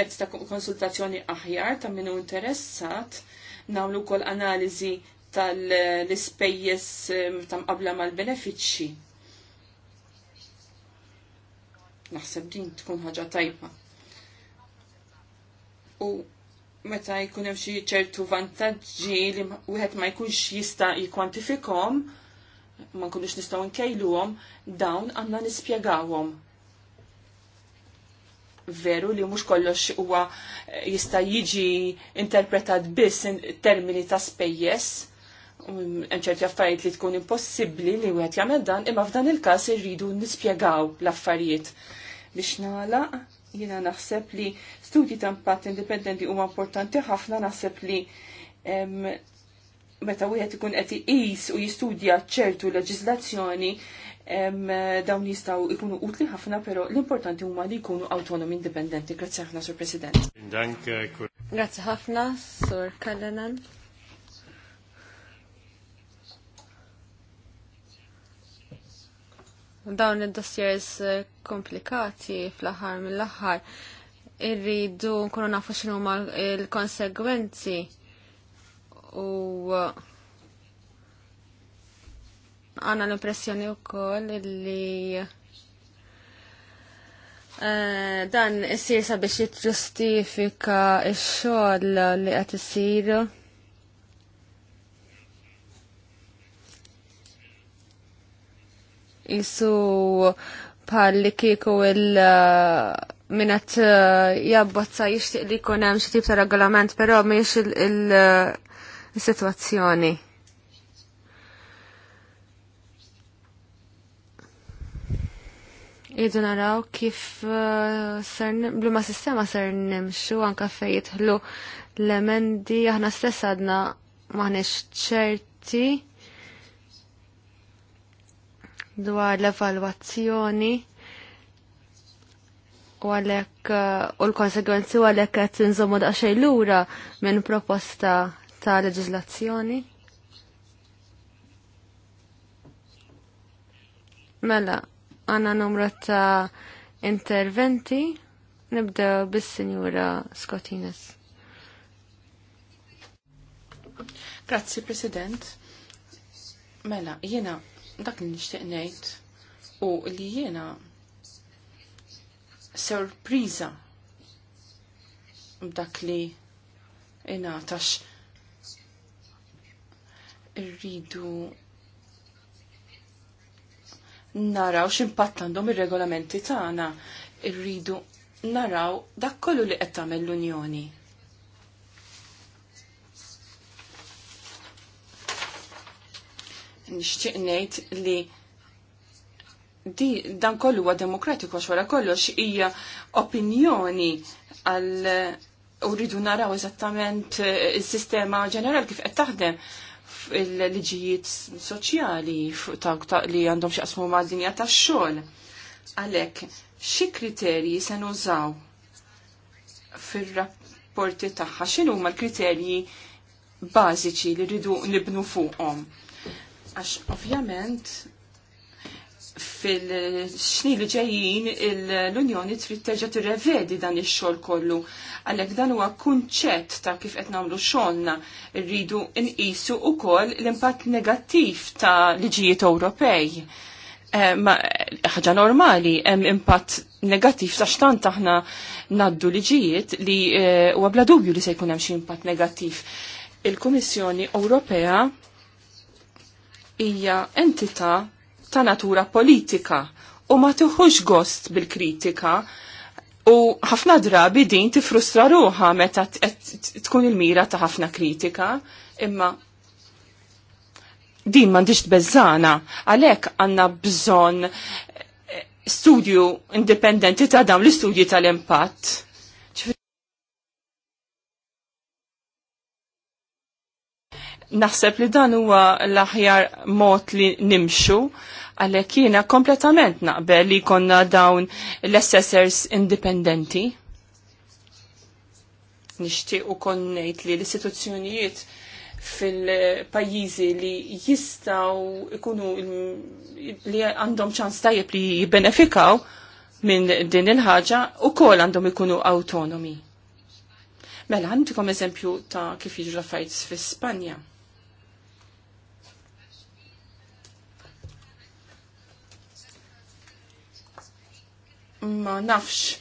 Speaker 4: mezz ta' konsultazzjoni aħjar ta' minnu interessat nagħmlu wkoll analiżi tal-ispejjeż eh, ta' qabla mal-benefiċċji Naħseb din tkun ħaġa tajba. U meta jkun hemm xi ċertu vantaġġi li wieħed ma jkunx jista' jikkwantifikhom, ma nkunux nistgħu nkejluhom, dawn għandna nispjegawhom. Veru li mhux kollox huwa eh, jista' jiġi interpretat biss in termini ta' spejjeż, hemm ċerti affarijiet li tkun impossibbli li wieħed jagħmel dan, imma f'dan il-każ irridu nispjegaw l-affarijiet Biex nalaq, jiena naħseb li studji ta' impatt indipendenti huma importanti ħafna naħseb li meta wieħed ikun qed iqis u jistudja ċertu leġiżlazzjoni dawn jistgħu jkunu utli ħafna, però l-importanti huma li jkunu autonomi indipendenti. Grazzi ħafna,
Speaker 2: Sur
Speaker 1: President.
Speaker 2: Grazzi ħafna, Sur Kallanan. dawn id-dossiers eh, komplikati fl-aħħar mill-aħħar irridu nkunu nafu x'inhu huma l-konsegwenzi u eh, għandna l-impressjoni wkoll li uh, eh, dan issir sabiex jiġġustifika x-xogħol li qed isiru jisu bħal li kieku il- uh, minat uh, jabbozza jishtiq li kun hemm xi tip ta' regolament, però mhijiex il-sitwazzjoni. Uh, Idu naraw kif ser ma sistema ser nimxu anka fejt l-emendi aħna stess għadna maħnex ċerti dwar l-evalwazzjoni u għalek uh, u l-konsegwenzi u għalek għet nżommu daqxej lura minn proposta ta' leġizlazzjoni. Mela, għanna numru ta' interventi, nibda bis senjura Scottinas.
Speaker 4: Grazzi, President. Mela, jena dak li nixtieq ngħid u li jiena sorpriza b'dak li ingħatax irridu naraw x'impatt għandhom ir-regolamenti tagħna, irridu naraw dak kollu li qed tagħmel l-Unjoni nixtieq ngħid li di dan kollu huwa demokratiku għax wara kollox hija opinjoni għal u rridu naraw eżattament eh, is-sistema ġenerali kif qed taħdem il-liġijiet soċjali li għandhom qasmu mad dinja tax xogħol. Għalhekk xi kriterji se nużaw fir-rapporti tagħha x'inhuma l-kriterji bażiċi li rridu nibnu fuqhom. Għax ovvjament fil-xni li ġejjin l-Unjoni trid terġa' tirrevedi dan ix-xogħol kollu. Għalhekk dan huwa kunċett ta' kif qed nagħmlu xogħolna rridu nqisu wkoll l-impatt negattiv ta' liġijiet Ewropej. Eh, ħaġa normali hemm impatt negattiv ta' xtant aħna naddu liġijiet li eh, huwa bla dubju li se jkun hemm xi impatt negattiv. Il-Kummissjoni Ewropea hija entità ta' natura politika u ma tiħux gost bil-kritika u ħafna drabi din tifrustra ruħa meta tkun il-mira ta' ħafna kritika imma din mandiġ bezzana għalhekk għandna bżonn eh, studju indipendenti ta' dawn l-istudji tal-impatt Naħseb li dan huwa l-aħjar mod li nimxu għalhekk jiena kompletament naqbel li konna dawn l-assessors indipendenti. Nixtieq ukoll ngħid li l-istituzzjonijiet fil-pajjiżi li jistaw ikunu li għandhom ċans tajjeb li jibbenefikaw minn din il-ħaġa u kol għandhom ikunu autonomi. Mela, għandikom eżempju ta' kif jiġu l-affajt fi Spanja. ma nafx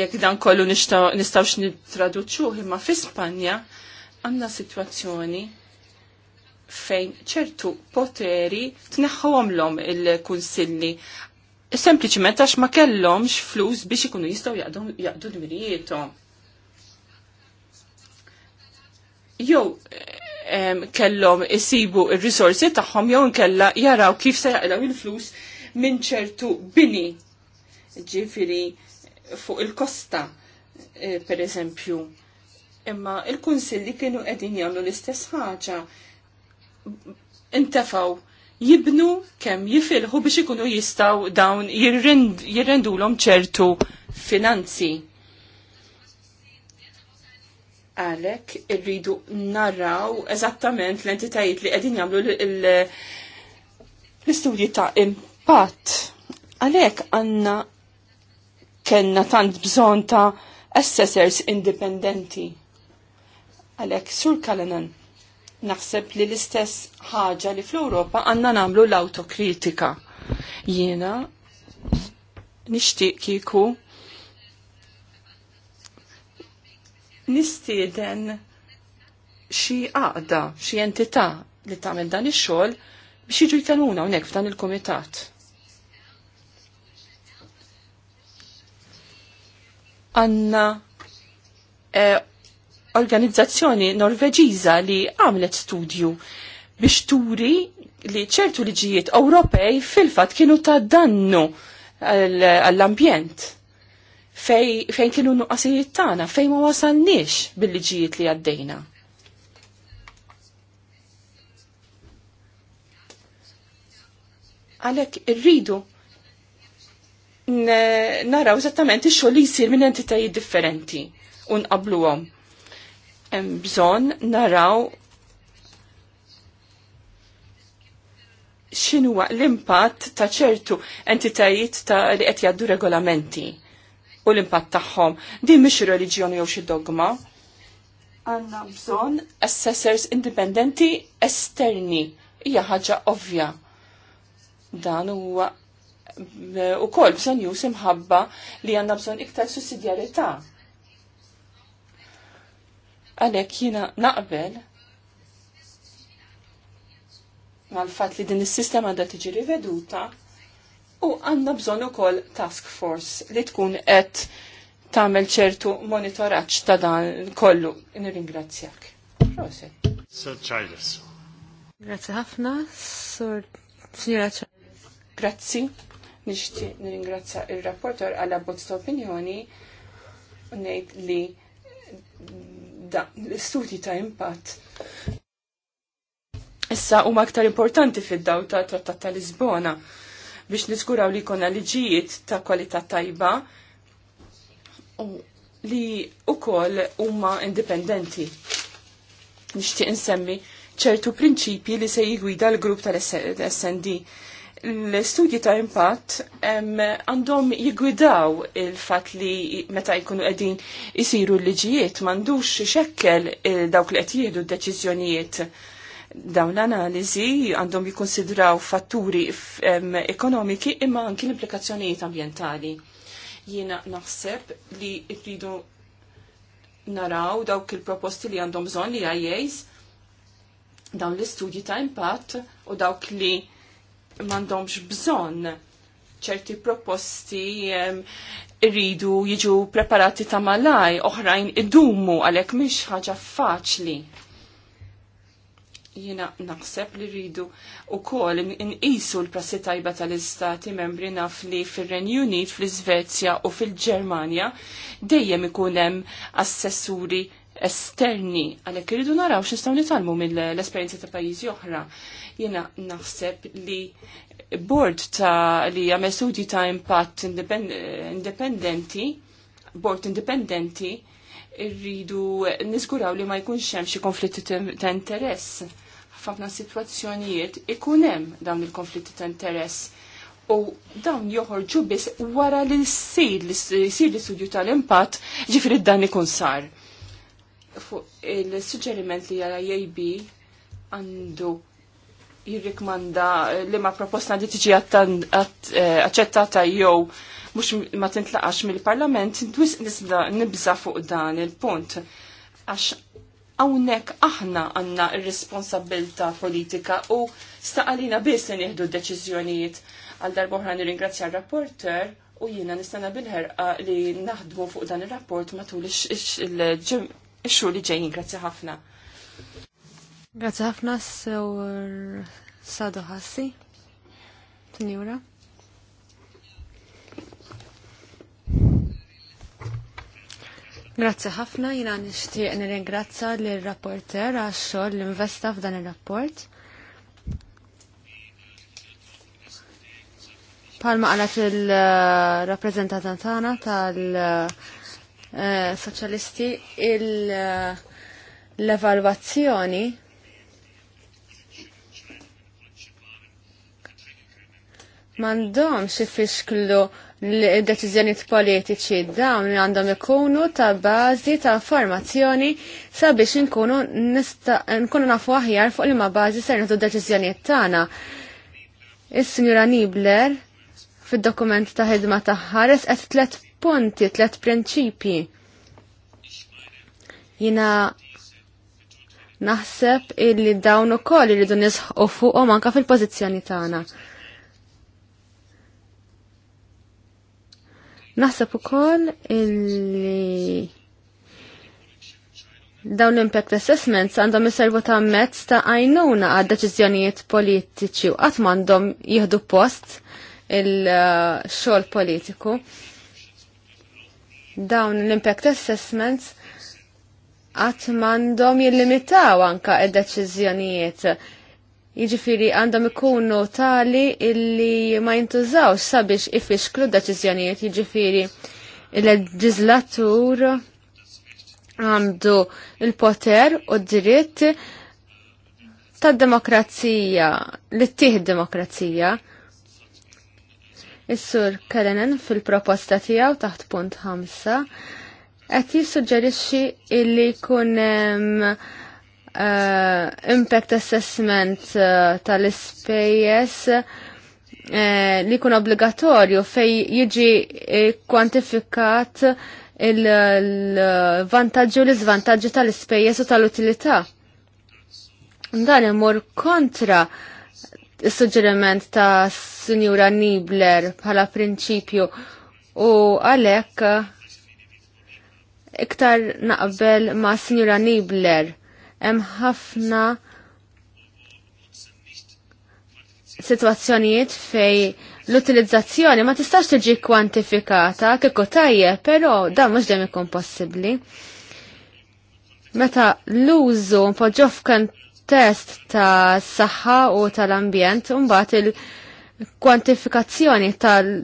Speaker 4: jekk dan kollu nistawx nitraduċu imma fi Spanja għandna sitwazzjoni fejn ċertu poteri tneħħawhom l il-kunsilli sempliċiment għax ma kellhomx flus biex ikunu jistgħu jaqdu dmirietom. Jew kellhom isibu ir-risorsi tagħhom jew nkella jaraw kif se jaqlaw il-flus minn ċertu bini ġifiri fuq il-kosta, eh, per eżempju. Imma il-kunsilli kienu qegħdin jagħmlu l-istess ħaġa. Intefaw jibnu kemm jifilħu biex ikunu jistaw dawn jirrendulhom ċertu finanzi. Għalek irridu narraw eżattament l-entitajiet li għedin jamlu l-istudji ta' impatt. Għalek għanna kenna tant bżon ta' assessors indipendenti. Għalek, sur kalenan, naħseb li l-istess ħaġa li fl-Europa għanna namlu l-autokritika. Jiena, nishtiq kiku, nistieden xi għaqda, xi entità li tagħmel dan ix-xogħol biex jiġu jkanuna hawnhekk f'dan il-kumitat għanna eh, organizzazzjoni norveġiża li għamlet studju biex turi li ċertu liġijiet Ewropej fil-fat kienu ta' dannu għall-ambjent. Fej, fejn kienu nuqqasijiet tagħna, fejn ma wasalniex bil-liġijiet li għaddejna. Għalhekk irridu naraw eżattament ix-xogħol li jsir minn entitajiet differenti u nqabluhom. Hemm bżonn naraw x'inhuwa l-impatt ta' ċertu entitajiet ta' li qed jgħaddu regolamenti u l-impatt tagħhom. Din mhix reliġjoni jew xi dogma. Għandna bżonn assessors indipendenti esterni hija ħaġa ovvja. Dan huwa Eh, u kol bżon jusim imħabba li għanna bżon iktar sussidjarita. Għalek jina naqbel mal-fat li din is-sistema da tiġi riveduta u għanna bżon ukoll task force li tkun qed tagħmel ċertu monitoraġġ ta' dan kollu. Nirringrazzjak. Rose.
Speaker 1: Sir Charles.
Speaker 2: Grazzi ħafna, Sir Signora Charles. Grazzi. Nixtieq
Speaker 4: nirringrazza ir-rapporter għal abbozz ta' opinjoni ngħid li l-istudji ta' impatt issa huma aktar importanti fid-daw ta' Trattat ta' Lisbona biex niskuraw li jkollna liġijiet ta' kwalità tajba u li ukoll huma indipendenti. Nixtieq insemmi ċertu prinċipji li se jigwida l-grupp tal-SND l-studji ta' impatt għandhom jigwidaw il-fat li meta jkunu qegħdin jisiru l-liġijiet m'għandux xekkel eh, dawk li qed jieħdu d-deċiżjonijiet. Dawn l-analiżi għandhom jikkonsidraw fatturi ekonomiki imma anki l-implikazzjonijiet ambjentali. Jiena naħseb li rridu naraw dawk il-proposti li għandhom bżonn li għajjejs dawn l-istudji ta' impatt u dawk li mandomx bżon ċerti proposti rridu jiġu preparati ta' malaj, oħrajn idumu għalek miex ħaġa faċli. Jina naħseb li rridu u kol n-isu l-prassi tajba tal-istati membri naf li fil-Renju Unit, fil-Svezja u fil-Germania dejjem ikunem assessuri esterni, għalek irridu naraw x'nistgħu nitalmu mill esperjenza ta' pajjiżi oħra. Jiena naħseb li bord ta' li għamel studji ta' impatt indipendenti, bord indipendenti, irridu niżguraw li ma jkunx hemm xi konflitti ta' interess. F'ħafna sitwazzjonijiet ikun hemm dawn il-konflitti ta' interess u dawn joħorġu biss wara li ssir li l-istudju tal-impatt ġifri dan ikun sar fuq il-suġġeriment li għala JB għandu jirrikmanda li ma proposta li tiġi accettata eh, jew mux ma tintlaqax mill-parlament, nibza fuq dan il-punt. Għax għawnek aħna għanna responsabilta politika u staqalina biss li nieħdu deċiżjonijiet. Għal darbohra nirringrazzja l-rapporter u jiena nistana bilħerqa li naħdmu fuq dan il-rapport matul ix ġim xur li ġejjin. Grazzi ħafna.
Speaker 2: Grazzi ħafna sewr Sado Hassi. Tinjura. Grazzi ħafna, jina nishtiq nirringrazza l-rapporter għaxxol l-investa f'dan il rapport Palma għalat il rapprezentatantana tal- tal- Eh, soċjalisti eh, l-evalwazzjoni mandom xifixklu l-deċizjoniet politiċi dawn għandhom ikunu ta' bażi ta' informazzjoni sabiex nkunu nkunu nafu aħjar fuq li ma' bażi ser nieħdu deċiżjonijiet tagħna. Is-Sinjura Nibler fid-dokument ta' ħidma ħares resqet tliet punti, tlet prinċipji. Jina naħseb illi dawn ukoll irridu nisħu u anke fil-pożizzjoni tagħna. Naħseb ukoll illi dawn l-impact assessments għandhom jiservu ta' mezz ta' għajnuna għad deċiżjonijiet politiċi u qatt m'għandhom jieħdu post il-xogħol politiku dawn l-impact assessments għat mandom jillimitaw anka id-deċizjonijiet. Jiġifiri għandhom ikunu tali illi ma jintużawx sabiex klu deċizjonijiet, jiġifiri il-leġizlatur għandu il-poter u d-dritt ta' demokrazija, li tih -demokrazija Is-sur Kalenen fil-proposta tiegħu taħt punt 5 qed jissuġġerixxi illi jkun uh, impact assessment uh, tal-ispejjeż uh, li jkun obbligatorju fej jiġi kwantifikat il-vantaġġi u l-iżvantaġġi tal-ispejjeż u tal-utilità. Dan imur kontra il-suġġeriment ta' Sinjura Nibler bħala prinċipju u għalek iktar naqbel ma' Sinjura Nibler hemm ħafna situazzjonijiet fej l-utilizzazzjoni ma tistax tiġi kwantifikata kieku tajje, però da mhux dejjem ikun possibbli. Meta l-użu mpoġġoh test ta' saħħa u tal-ambjent u mbagħad il-kwantifikazzjoni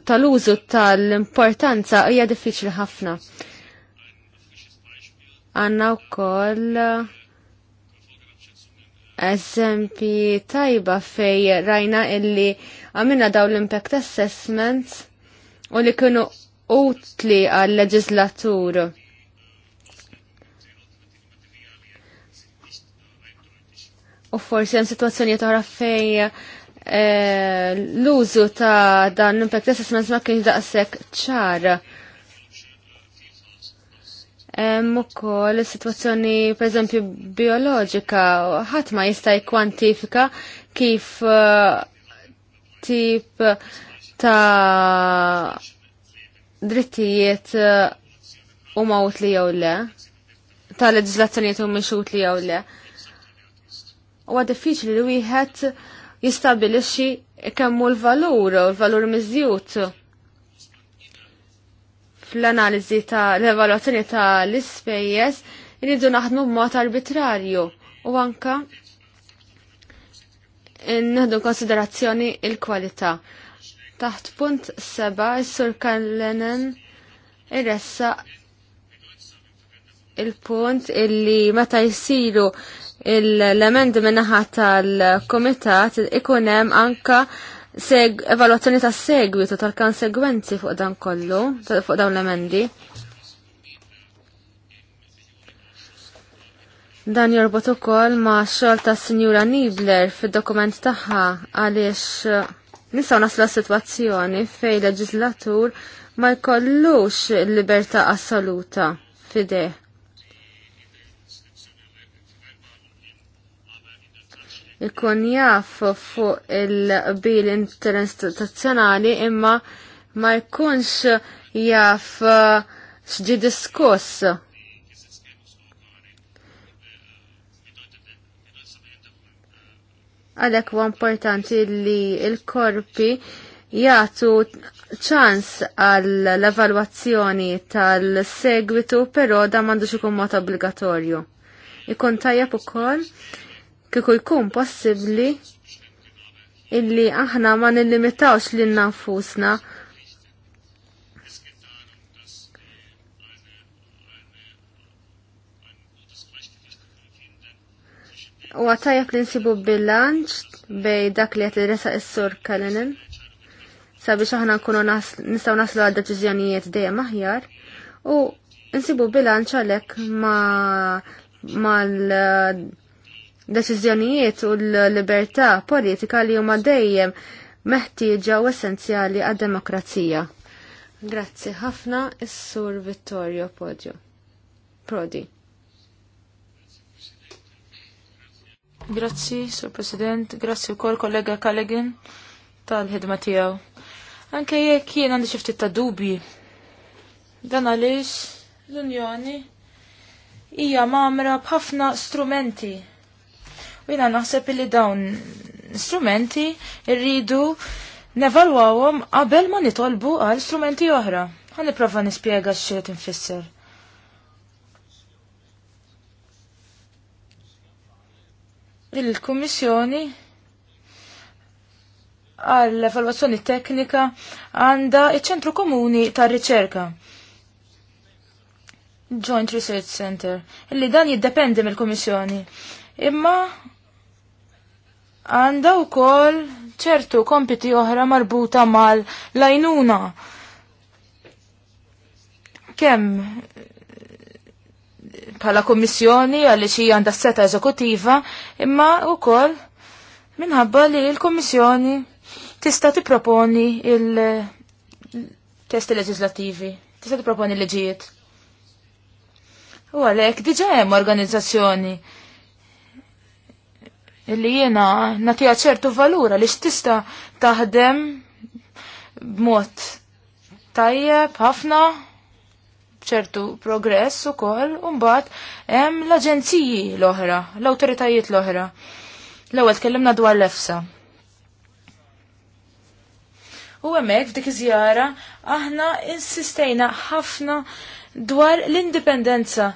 Speaker 2: tal-użu tal-importanza hija diffiċli ħafna. Għanna wkoll eżempji tajba fej rajna illi għamilna daw l-impact assessments u li kienu utli għal-leġislatur U forsi hemm sitwazzjonijiet oħra fej eh, l-użu ta' dan l-impact assessment ma kienx daqshekk ċar. Hemm ukoll sitwazzjoni pereżempju bioloġika ħadd ma jista' jikkwantifika kif eh, tip ta' drittijiet eh, huma utli jew le, ta' leġislazzjonijiet huma utli jew le huwa diffiċli li wieħed jistabilixxi kemm hu l-valur, l-valur miżjud fl-analiżi ta' l-evalwazzjoni ta' l-ispejjeż iridu naħdmu b'mod arbitrarju u anka nħedu konsiderazzjoni il-kwalità. Taħt punt seba' is-Sur Kallenen irressa il-punt illi meta jisiru l-emendi min-naħa tal-komitat ikunem anka seg evalwazzjoni ta' segwitu tal-konsegwenzi fuq dan kollu, fuq dawn l-emendi. Dan jorbot ukoll ma' xogħol ta' Sinjura Nibler fid-dokument tagħha għaliex eh, nistgħu naslu sitwazzjoni fejn leġislatur ma jkollux libertà assoluta fideh. ikun jaf fuq il-bil interinstituzzjonali imma ma jkunx jaf uh, xġi diskuss. Għalek u importanti li il-korpi jgħatu ċans għall-evalwazzjoni tal-segwitu, pero da mandu ikun mod obbligatorju. Ikun tajjeb ukoll Kiku jkun possibbli illi aħna ma nillimitawx lil nafusna U għatajab li nsibu bilanċ bej dak li resa s-sur kalenin. sabiex aħna nkunu nistaw naslu għal deċiżjonijiet dejjem aħjar u nsibu bilanċ għalhekk ma mal deċiżjonijiet u l-libertà politika li huma dejjem meħtieġa u essenzjali għad-demokrazija. Grazzi ħafna is-Sur Vittorio Podio.
Speaker 5: Prodi. Grazzi, Sur President, grazzi u kol kollega Kallegin tal-ħidma tijaw. Anke jekk jien għandi xifti ta' dubi. Dan għaliex l-Unjoni hija mamra b'ħafna strumenti U jina naħseb li dawn strumenti rridu nevalwawom qabel ma nitolbu għal strumenti oħra. Ħan nipprova nispjega x'xejn tinfisser. Il-Kummissjoni għall evalwazzjoni teknika għanda iċ-ċentru komuni ta' riċerka. Joint Research Center, illi dan jiddependi mill kummissjoni imma għandaw wkoll ċertu kompiti oħra marbuta mal-lajnuna. Kemm bħala kommissjoni għalli xi s seta eżekutiva, imma wkoll minħabba li l-kommissjoni tista' tipproponi il-testi leġislativi, tista' tipproponi l-leġijiet. U għalhekk diġà hemm organizzazzjoni illi jiena natija ċertu valura li x'tista' taħdem b'mod tajjeb ħafna ċertu progress ukoll u mbagħad hemm l-aġenziji l-oħra, l-awtoritajiet l-oħra. L-ewwel tkellimna dwar l-EFSA. U hemmhekk f'dik iżjara aħna insistejna ħafna dwar l-indipendenza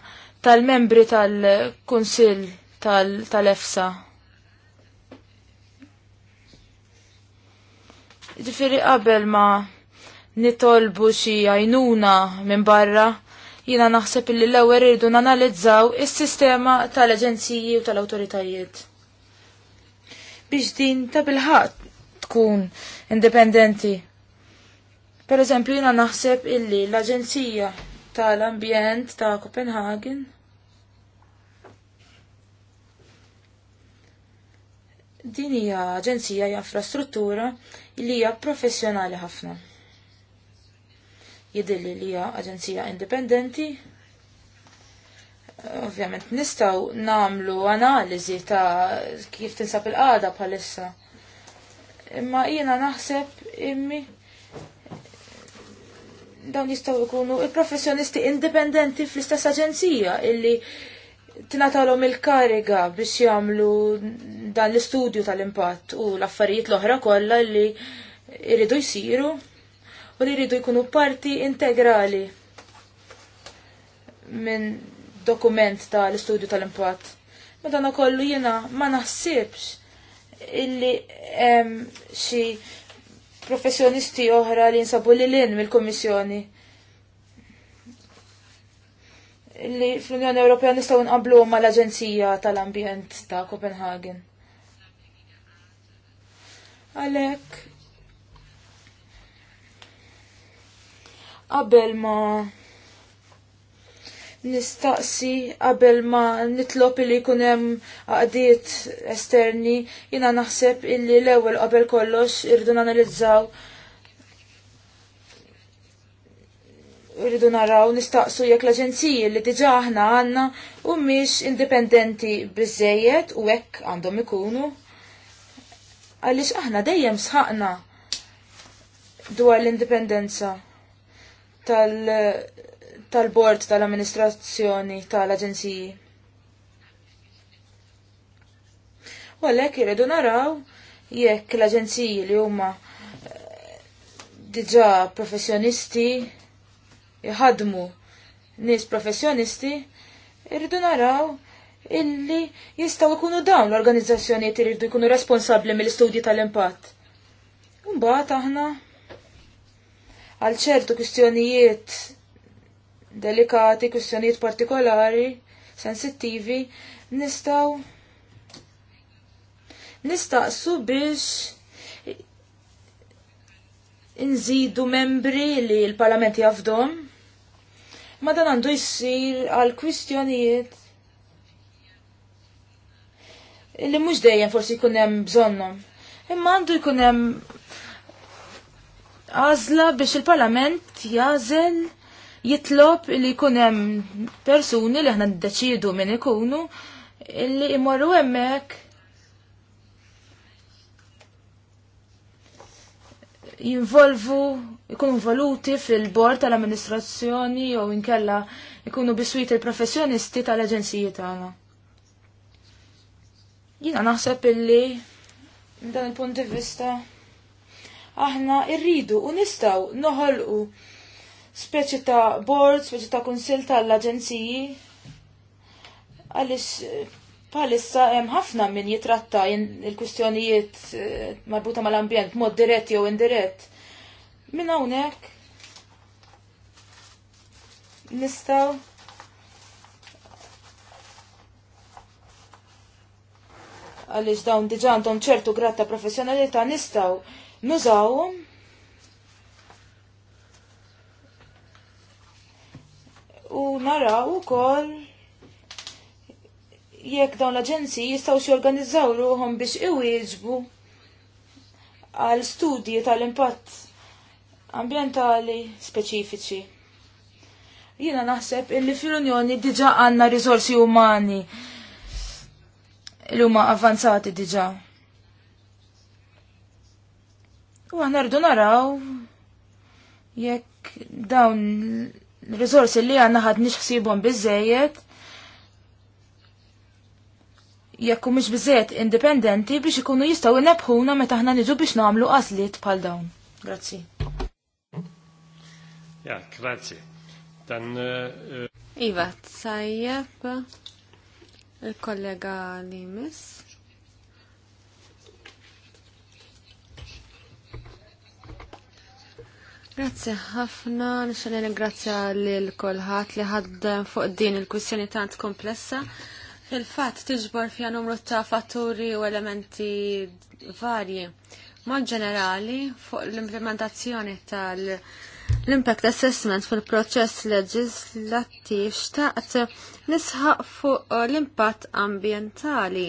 Speaker 5: tal-membri tal-Kunsill tal-EFSA. tal kunsill tal efsa Ġifiri qabel ma nitolbu xi għajnuna minn barra, jina naħseb illi l-ewwel irridu nanalizzaw is-sistema tal-aġenziji u tal-awtoritajiet. Biex din ta' bilħat tkun indipendenti. Per eżempju, jina naħseb illi l-Aġenzija tal-Ambjent ta' Copenhagen din hija aġenzija infrastruttura li hija professjonali ħafna. Jidilli li hija aġenzija indipendenti. Ovvjament nistgħu namlu analiżi ta' kif tinsab il-qada bħalissa. Imma jiena naħseb immi dawn jistgħu jkunu il-professjonisti indipendenti fl-istess aġenzija illi tinatalhom il-kariga biex jagħmlu dan l-istudju tal-impatt u l-affarijiet l-oħra kollha li jridu jsiru u li jridu jkunu parti integrali minn dokument tal-istudju tal-impatt. dan kollu jiena ma naħsibx illi hemm xi professjonisti oħra li jinsabu li l-in mill-Kummissjoni li fl-Unjoni Ewropea nistgħu nqablu mal-Aġenzija tal-Ambjent ta' Copenhagen. Għalhekk qabel ma nistaqsi qabel ma nitlob li jkun hemm esterni jiena naħseb illi l-ewwel qabel kollox irdu nanalizzaw Irridu naraw nistaqsu jekk l-aġenziji li diġa aħna għanna u indipendenti biżejjed u hekk għandhom ikunu. Għaliex aħna dejjem sħaqna dwar l-indipendenza tal-bord tal tal-amministrazzjoni tal-aġenziji. U għalhekk irridu naraw jekk l-aġenziji li huma diġà professjonisti iħadmu nies professjonisti, irridu naraw illi jistaw ikunu dawn l-organizzazzjonijiet irridu jkunu responsabbli mill-istudji tal-impatt. Mbagħad aħna għal ċertu kwistjonijiet delikati, kwistjonijiet partikolari, sensittivi, nistaw nistaqsu biex nżidu membri li l-Parlament jafdom ma dan għandu jissir għal kwistjonijiet li mhux dejjem forsi jkun hemm bżonnhom. Imma għandu jkun hemm għażla biex il-Parlament jażel jitlob li jkun hemm persuni li aħna deċidu minn ikunu illi imorru hemmhekk jinvolvu, jkunu voluti fil-bord tal-amministrazzjoni jew inkella jkunu biswit il-professjonisti tal-aġenziji tagħna. Jina naħseb illi dan il-punt di vista aħna irridu u nistaw noħolqu speċi ta' board, speċi ta' kunsill tal-aġenziji għaliex Palissa hemm ħafna min jitratta il-kwistjonijiet eh, marbuta mal-ambjent mod dirett jew indirett. Min hawnhekk nistgħu għaliex dawn diġà għandhom ċertu grad ta' professjonalità nistgħu nużawhom u naraw ukoll jekk dawn l-aġenzi jistgħu organizzaw ruhom biex iwieġbu għal studji tal-impatt ambientali speċifiċi. Jiena naħseb illi fil-Unjoni diġa għandna rizorsi umani li huma avanzati diġa. U għanna rridu naraw jekk dawn rizorsi li għanna ħad nixħsibon bizzejiet jekk mhux biżiet indipendenti biex ikunu jistgħu inebħuna meta aħna niġu biex nagħmlu qasliet bħal dawn. Grazzi.
Speaker 1: Ja, grazzi. Dan eh, eh,
Speaker 5: Iva, tajjeb
Speaker 2: il-kollega li Grazie ħafna, nixan ringrazzja lil kulħadd li ħaddem fuq din il-kwistjoni tant komplessa fil-fat tiġbor fija numru ta' fatturi u elementi varji. Mod ġenerali, fuq l-implementazzjoni tal-impact assessment fil-proċess leġislattiv xtaqt nisħaq fuq l-impatt ambientali.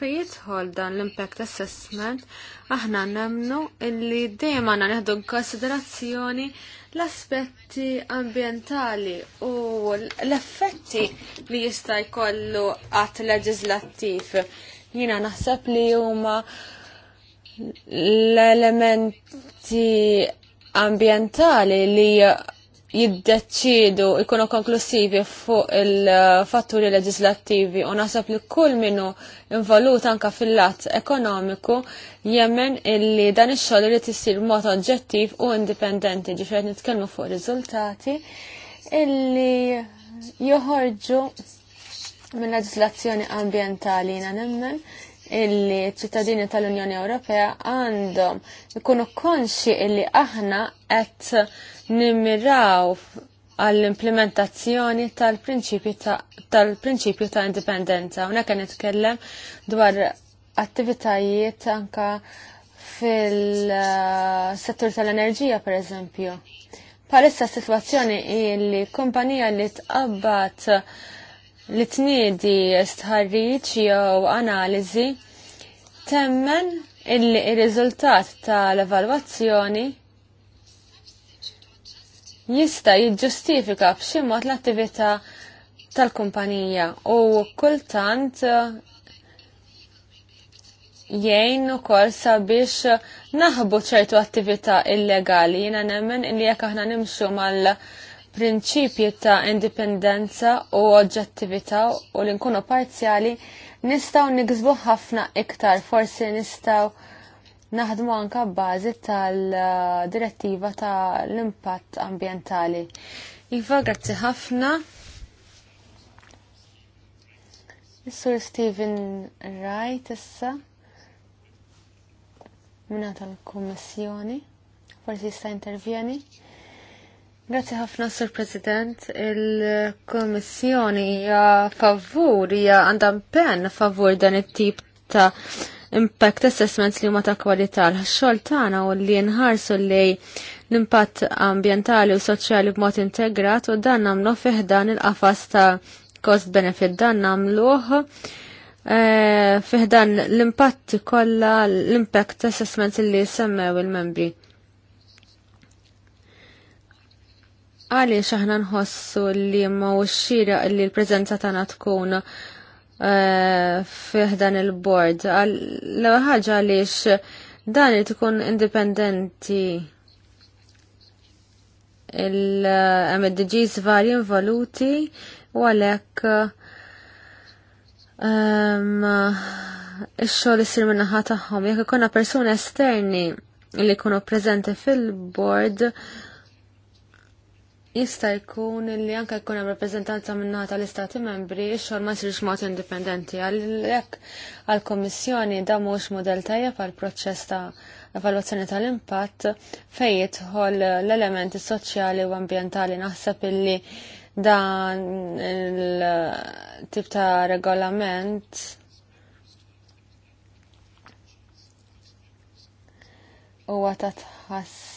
Speaker 2: fej jidħol dan l-impact assessment, aħna nemnu illi dejjem għandna neħdu konsiderazzjoni l-aspetti ambientali u l-effetti li jista' jkollu għat leġislattiv. Jiena naħseb li huma l-elementi ambientali li jiddeċidu ikunu konklusivi fuq il-fatturi leġislattivi u nasab li kull minnu involut anka fil-lat ekonomiku jemmen illi dan ix-xogħol li tisir mod oġġettiv u indipendenti ġifier nitkellmu fuq riżultati illi joħorġu minn leġislazzjoni ambientali jina nemmen illi ċittadini tal-Unjoni Ewropea għandhom ikunu konxi illi aħna qed nimmiraw għall-implementazzjoni tal-prinċipju ta', tal ta indipendenza. Una kan nitkellem dwar attivitajiet anka fil-settur tal-enerġija, per eżempju. Palissa situazzjoni illi kumpanija li tqabbat li tniedi stħarriġ jew analizi temmen illi ir-riżultat tal-evalwazzjoni jista' jiġġustifika b'xi mod l-attività tal-kumpanija u kultant eh, jgħin ukoll sabiex naħbu ċertu attività illegali jiena nemmen illi jekk aħna nimxu mal- prinċipji ta' indipendenza u oġġettività u li nkunu parzjali nistaw nikzbu ħafna iktar, forsi nistaw naħdmu anka bazi tal-direttiva tal-impatt ambientali. Iva, grazzi ħafna. Sur Steven Wright issa minna tal-Kommissjoni, forsi jista' intervjeni. Grazie ħafna, Sur President. il kummissjoni hija favur, hija għandha pen favur dan it-tip ta' impact assessments li huma ta' kwalità. X-xogħol tagħna u li nħarsu li l-impatt ambjentali u soċjali b'mod integrat u dan nagħmlu fih dan il-qafas ta' cost benefit dan nagħmluh eh, fiħdan l-impatt kollha l-impact assessments li semmew il-membri. Għaliex aħna nħossu li mawx xira li l-prezenza tagħna tkun eh, fiħdan il-bord. L-ħagġa għaliex dan li tkun indipendenti il-MDGs varji involuti u għalek ehm, il-xol sir minna ħataħom. Jek ikonna persuni esterni li kunu prezenti fil-board, jista' jkun li anke jkun hemm rappreżentanza minnaħa tal-Istati Membri x-xogħol ma jsirx mod indipendenti għalhekk għall-Kommissjoni da mhux mudell tajjeb għal proċess ta' evalwazzjoni tal-impatt fejn jidħol l-elementi soċjali u ambjentali naħseb illi dan il-tip ta' regolament huwa ta' tħass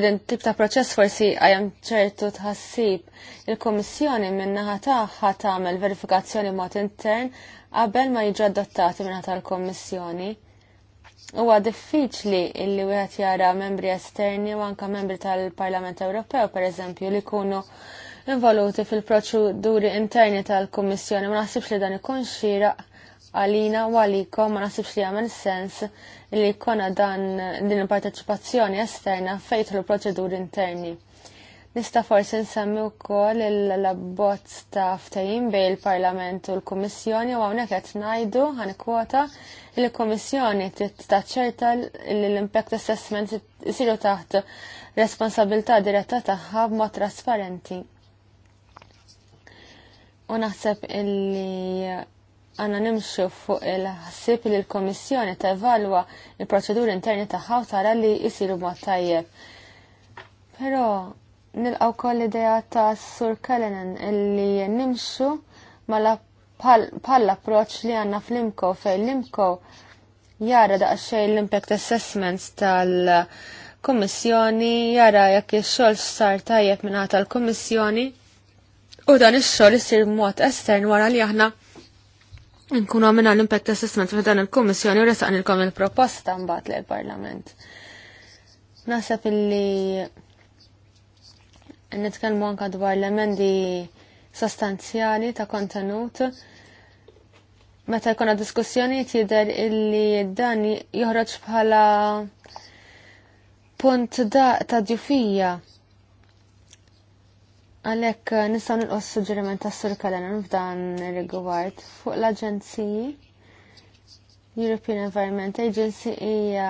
Speaker 2: din tip ta' proċess forsi għajam ċertu tħassib il-Komissjoni minnaħa taħħa tagħmel verifikazzjoni mod intern qabel ma jiġu adottati minnaħa tal-Komissjoni. Huwa diffiċli li wieħed jara membri esterni u anka membri tal-Parlament Ewropew pereżempju li jkunu involuti fil-proċeduri interni tal-Kummissjoni ma naħsibx li dan ikun xieraq għalina u għaliko ma nasibx li għamen sens li jkollna dan din il-parteċipazzjoni esterna l proċeduri interni. Nista' forsi nsemmi wkoll l-abbozz ta' ftajim bejn il-Parlament u l-Kummissjoni u hawnhekk qed ngħidu kwota li l-Kummissjoni taċċerta l-impact assessment isiru taħt responsabilità diretta tagħha b'mod trasparenti. U naħseb illi għanna nimxu fuq il-ħsib li l-Komissjoni tevalwa il-proċeduri interni ta' u tara li jisiru mod tajjeb. Però nilqaw koll idea ta' Sur Kalenen illi nimxu la' pal approċ li għanna fl-imko fej l-imko jara daqsxejn l-impact assessments tal-Komissjoni, jara jekk ix-xogħol sar tajjeb minna tal-Komissjoni u dan ix-xogħol isir mod estern wara li aħna Nkunu għamina l-impact assessment f'dan il-Kommissjoni u resaqnilkom il-proposta mbagħad l parlament Nasab illi nitkellmu anka dwar l-emendi sostanzjali ta' kontenut. Meta jkun diskussjoni jidher illi dan joħroġ bħala punt da ta' ġufija Għalek eh, nistaw nil-qos suġġeriment ta' Sur Kalanen f'dan rigward fuq l-Aġenziji European Environment Agency hija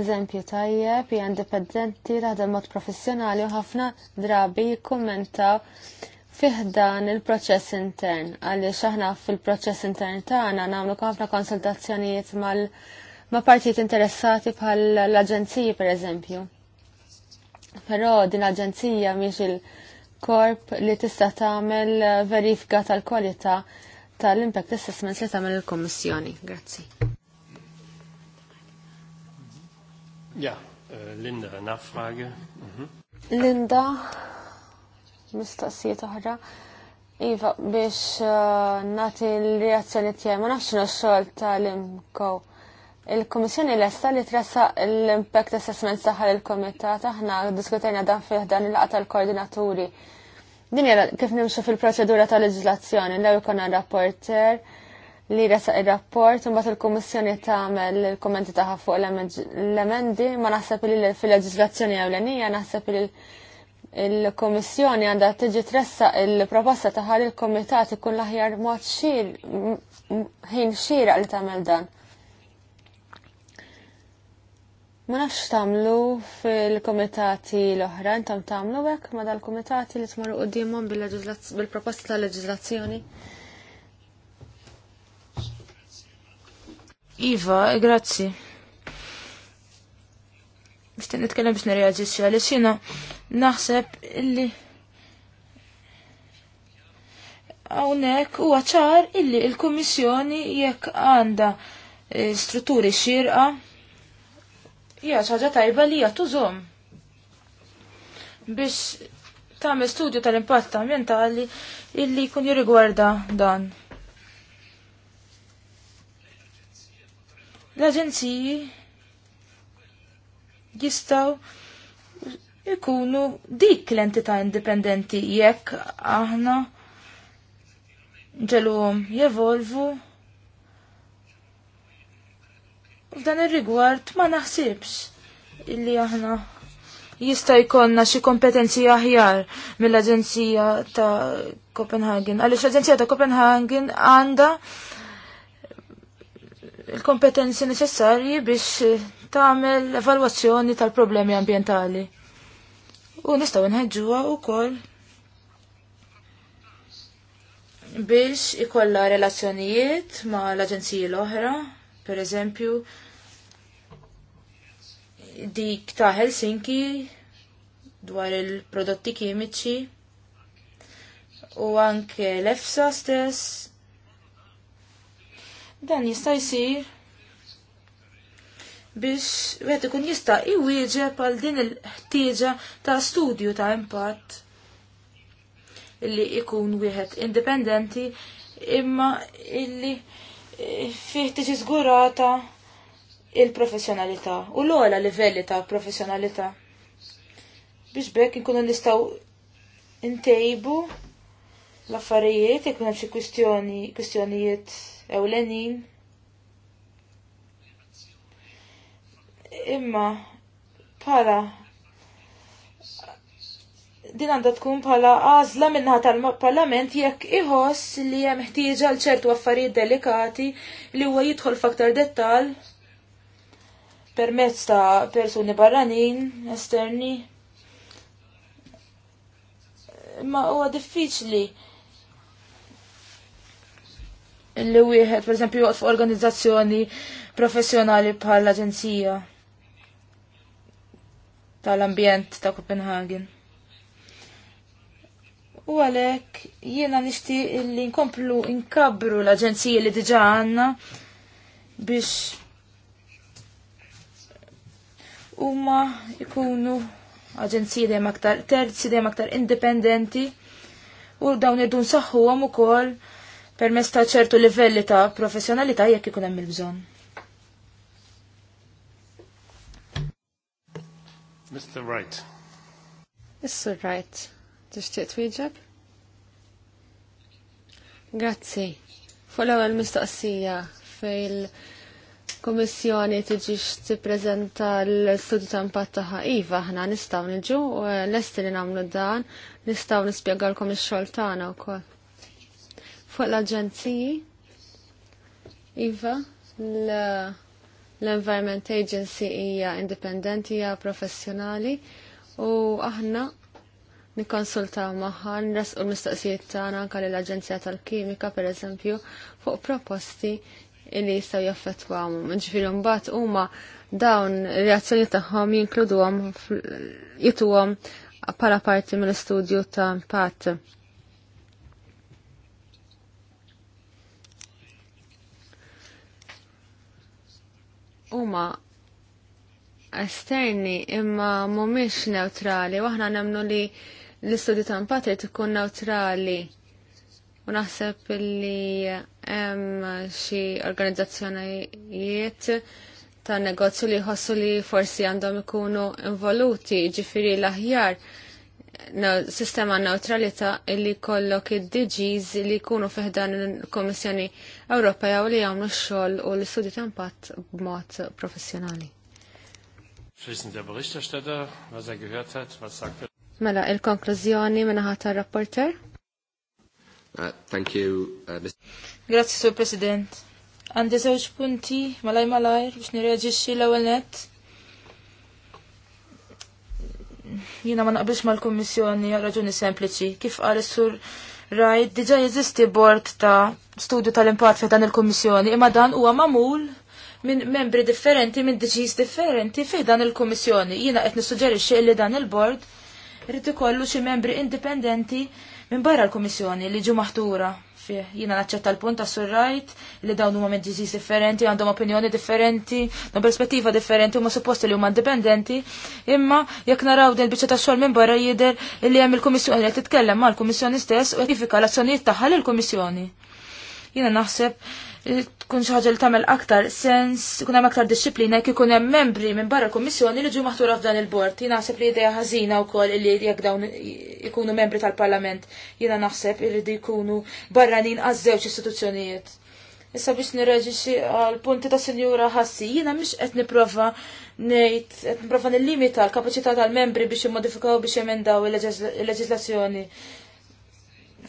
Speaker 2: eżempju tajjeb, hija indipendenti, taħdem mod professjonali u ħafna drabi jikkummentaw dan il-proċess intern għaliex aħna fil-proċess intern tagħna nagħmlu ħafna konsultazzjonijiet mal ma' partijiet interessati bħal l-aġenziji pereżempju. Però din l-aġenzija miex il- korp li tista' tagħmel verifika tal-kwalità tal-impact assessment li tagħmel il-Kommissjoni. Grazzi.
Speaker 1: Ja, eh, Linda, nafrage. Mhm.
Speaker 2: Linda, mistaqsijiet oħra. Iva, biex eh, nati l-reazzjoni tiegħi ma nafx xogħol tal-imkow Il-Komissjoni l-esta li tressa l-impact assessment saħħa l-Komitat, aħna diskutajna dan fih dan il-laqta l-koordinaturi. Din jara kif nimxu fil-proċedura ta' leġizlazzjoni, l konna rapporter li resa il-rapport, bat il-Kummissjoni tagħmel il-kommenti taħ fuq l-emendi, ma naħseb li fil-leġiżlazzjoni għawlenija, naħseb li il-Komissjoni għandha tiġi tressa il-proposta ta' il-Komitat ikun l-aħjar mod xir ħin xira li tagħmel dan. Ma nafx tamlu fil-komitati l-oħra, intom tamlu hekk ma dal-komitati li tmorru qudiemhom bil-proposta tal leġiżlazzjoni
Speaker 5: Iva, grazzi. Nixtieq nitkellem biex nirreaġixxi għaliex xina naħseb illi hawnhekk huwa ċar illi l-Kummissjoni jekk għandha eh, strutturi xirqa' Ja, ħaġa tajba li hija zom. biex tam studju tal-impatt ambientali illi kun jirrigwarda dan. L-aġenziji jistaw ikunu dik l-entità indipendenti jekk aħna ġelu jevolvu U f'dan ir-rigward ma naħsibx illi aħna jista' jkollna xi kompetenzi aħjar mill-Aġenzija ta' Copenhagen. Għaliex l-Aġenzija ta' Copenhagen għandha il-kompetenzi neċessarji biex tagħmel evalwazzjoni tal-problemi ambjentali. U nistgħu nħeġġuha wkoll biex ikollha relazzjonijiet ma' l-aġenziji l-oħra, per eżempju, dik ta' Helsinki dwar il-prodotti kimiċi u anke l-EFSA stess. Dan jista' jsir biex wieħed ikun jista' iwieġeb għal din il-ħtieġa ta' studju ta' impatt illi ikun wieħed indipendenti imma illi fih tiġi żgurata il-professjonalità u l-ogħla livelli ta' professjonalità. Biex bekk nkunu nistgħu intejbu l-affarijiet jekk hemm xi kwistjoni kwistjonijiet ewlenin. Imma bħala din għandha tkun bħala għażla minnaħa tal-parlament jekk iħoss li hemm ħtieġa l ċertu affarijiet delikati li huwa jidħol f'aktar dettall permezz ta' persuni barranin, esterni. Ma huwa diffiċli li wieħed pereżempju joqgħod fuq organizzazzjoni professjonali bħal l-Aġenzija tal-Ambjent ta' Copenhagen. U għalhekk jiena nixtieq li nkomplu inkabru l-Aġenzija li diġa għandna biex huma jkunu aġenziji dejjem aktar terzi, dejjem aktar indipendenti u dawn irdu nsaħħuhom ukoll permezz ta' ċertu livelli ta' professjonalità jekk ikun hemm il-bżonn.
Speaker 1: Mr. Wright.
Speaker 5: Mr. Wright,
Speaker 2: tixtieq twieġeb? Grazzi. Fuq l-ewwel mistoqsija fejn kummissjoni tiġix tippreżenta l-studju ta' impatt tagħha iva aħna nistgħu niġu eh, lesti li nagħmlu dan, nistgħu lkom ix-xogħol tagħna wkoll. Fuq l-aġenziji iva l-Environment Agency hija indipendenti hija professjonali u aħna nikkonsultaw magħha nresqu l mistoqsijiet tagħna anke lill-Aġenzija tal-Kimika pereżempju fuq proposti illi jistaw jaffetwawhom. Ġifieri mbagħad huma dawn ir-reazzjoni tagħhom jinkluduhom jituhom bħala parti mill-istudju ta' impatt. Huma esterni imma mhumiex neutrali u aħna nemnu li l-istudju ta' impatt irid ikun neutrali u naħseb li xi organizzazzjonijiet ta' negozju li jħossu li forsi għandhom ikunu involuti, ġifiri l-aħjar sistema neutralita illi kollok id-DGs li jkunu fiħdan il-Komissjoni Ewropea u li jagħmlu x-xogħol u l-istudji ta' impatt b'mod professjonali.
Speaker 1: Er er?
Speaker 2: Mela, il-konklużjoni
Speaker 5: minnaħat tar-rapporter?
Speaker 2: Uh, thank you, uh, Mr.
Speaker 5: Grazie, Sur President. Għandi żewġ punti malaj malaj, biex nirreġixxi l-ewwel nett. Jiena ma naqbilx mal-Kummissjoni għal raġuni sempliċi. Kif qal sur rajt, diġà jeżisti bord ta' studju tal impat fejn dan il-Kummissjoni, imma dan huwa mamul minn membri differenti, minn diġiż differenti fi dan il-Kummissjoni. Jiena qed nissuġġerixxi li dan il-bord rrid ikollu xi membri indipendenti minn barra l-Komissjoni li ġu maħtura fih. Jina naċċetta l-punt ta' surrajt li dawn huma meġġiżis differenti, għandhom opinjoni differenti, għandhom perspettiva differenti, huma supposti li huma indipendenti, imma jekk naraw din biċċa ta' xogħol minn barra jidher li hemm il komissjoni qed titkellem mal komissjoni stess u jifika l-azzjonijiet tagħha lill-Kummissjoni. Jina naħseb tkun xi ħaġa li tagħmel aktar sens, ikun hemm aktar disċiplina jekk ikun hemm membri minn barra l-Kummissjoni li ġu maħtura f'dan il-bord. Jien naħseb li idea ħażina wkoll li jekk dawn ikunu membri tal-Parlament, jiena naħseb irridu jkunu barranin għaż-żewġ istituzzjonijiet. Issa biex nirreġixi għal punti ta' sinjura ħassi, jiena mhix qed nipprova ngħid qed nipprova nillimita l-kapaċità tal-membri biex immodifikaw biex emendaw il-leġislazzjoni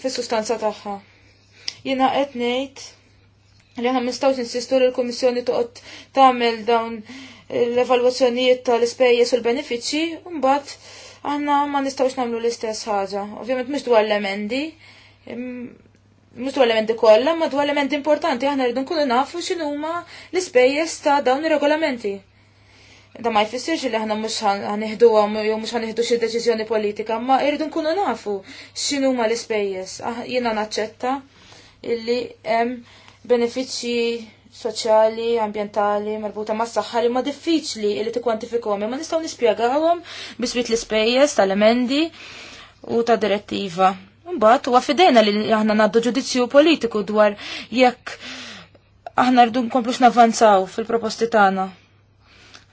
Speaker 5: fis-sustanza tagħha. Jiena qed ngħid li aħna nistgħux insistu li l-Kummissjoni toqgħod tagħmel dawn l-evalwazzjonijiet tal-ispejjeż u l-benefiċċji, mbagħad aħna ma nistgħux nagħmlu l-istess ħaġa. Ovvijament, mhux dwar l-emendi, mhux dwar l-emendi kollha, ma dwar l-emendi importanti aħna rridu nkunu nafu x'inhuma l-ispejjeż ta' dawn ir-regolamenti da ma jfissirx li għanna mux għam, jew mux ħaniħdu xie deċiżjoni politika, ma irridu nkunu nafu xinu ma l-ispejjeż. Jiena naċċetta illi hemm benefiċċji soċjali, ambjentali, marbuta ma' s-saxħa li ma' diffiċli li t-kwantifikom, ma' nistaw nispiegawhom biswit l-ispejjeż tal-emendi u ta' direttiva. Mbatt, huwa fidejna li aħna naddu ġudizzju politiku dwar jekk aħna rdu nkomplux navanzaw fil-proposti tagħna.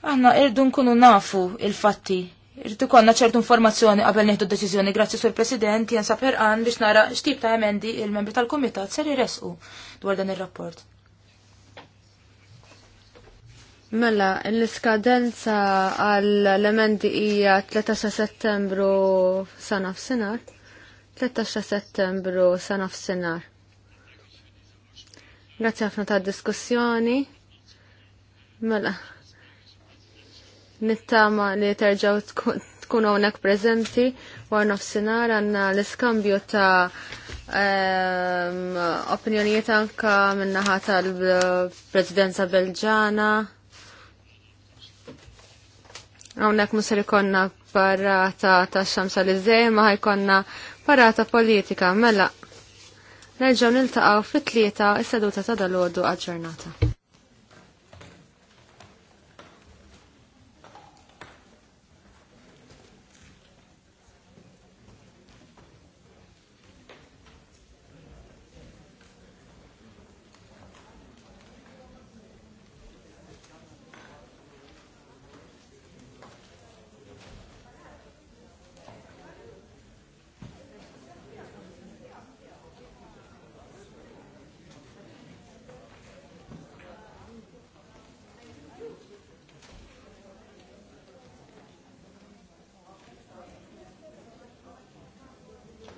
Speaker 5: Aħna irdu nkunu nafu il-fatti Irritu konna ċertu informazzjoni qabel nieħdu deċiżjoni. Grazzi sur President, saper għan biex nara x'tip ta' emendi il-membri tal-Kumitat ser jiresqu dwar dan ir-rapport.
Speaker 2: Mela, l-iskadenza għall-emendi hija 13 settembru sa nafsinhar. 13 settembru sa nafsinhar. Grazzi ħafna tad-diskussjoni. Mela, nittama li terġaw tkun hawnhekk preżenti war nofsinhar għandna l-iskambju ta' ehm, opinjonijiet anka minnaħa tal-Presidenza Belġana. Hawnhekk musar ikonna parata ta' xamsa li ma ħajkonna parata politika mela. Nerġgħu niltaqgħu fit-tlieta is-seduta ta' dalodu għal-ġurnata.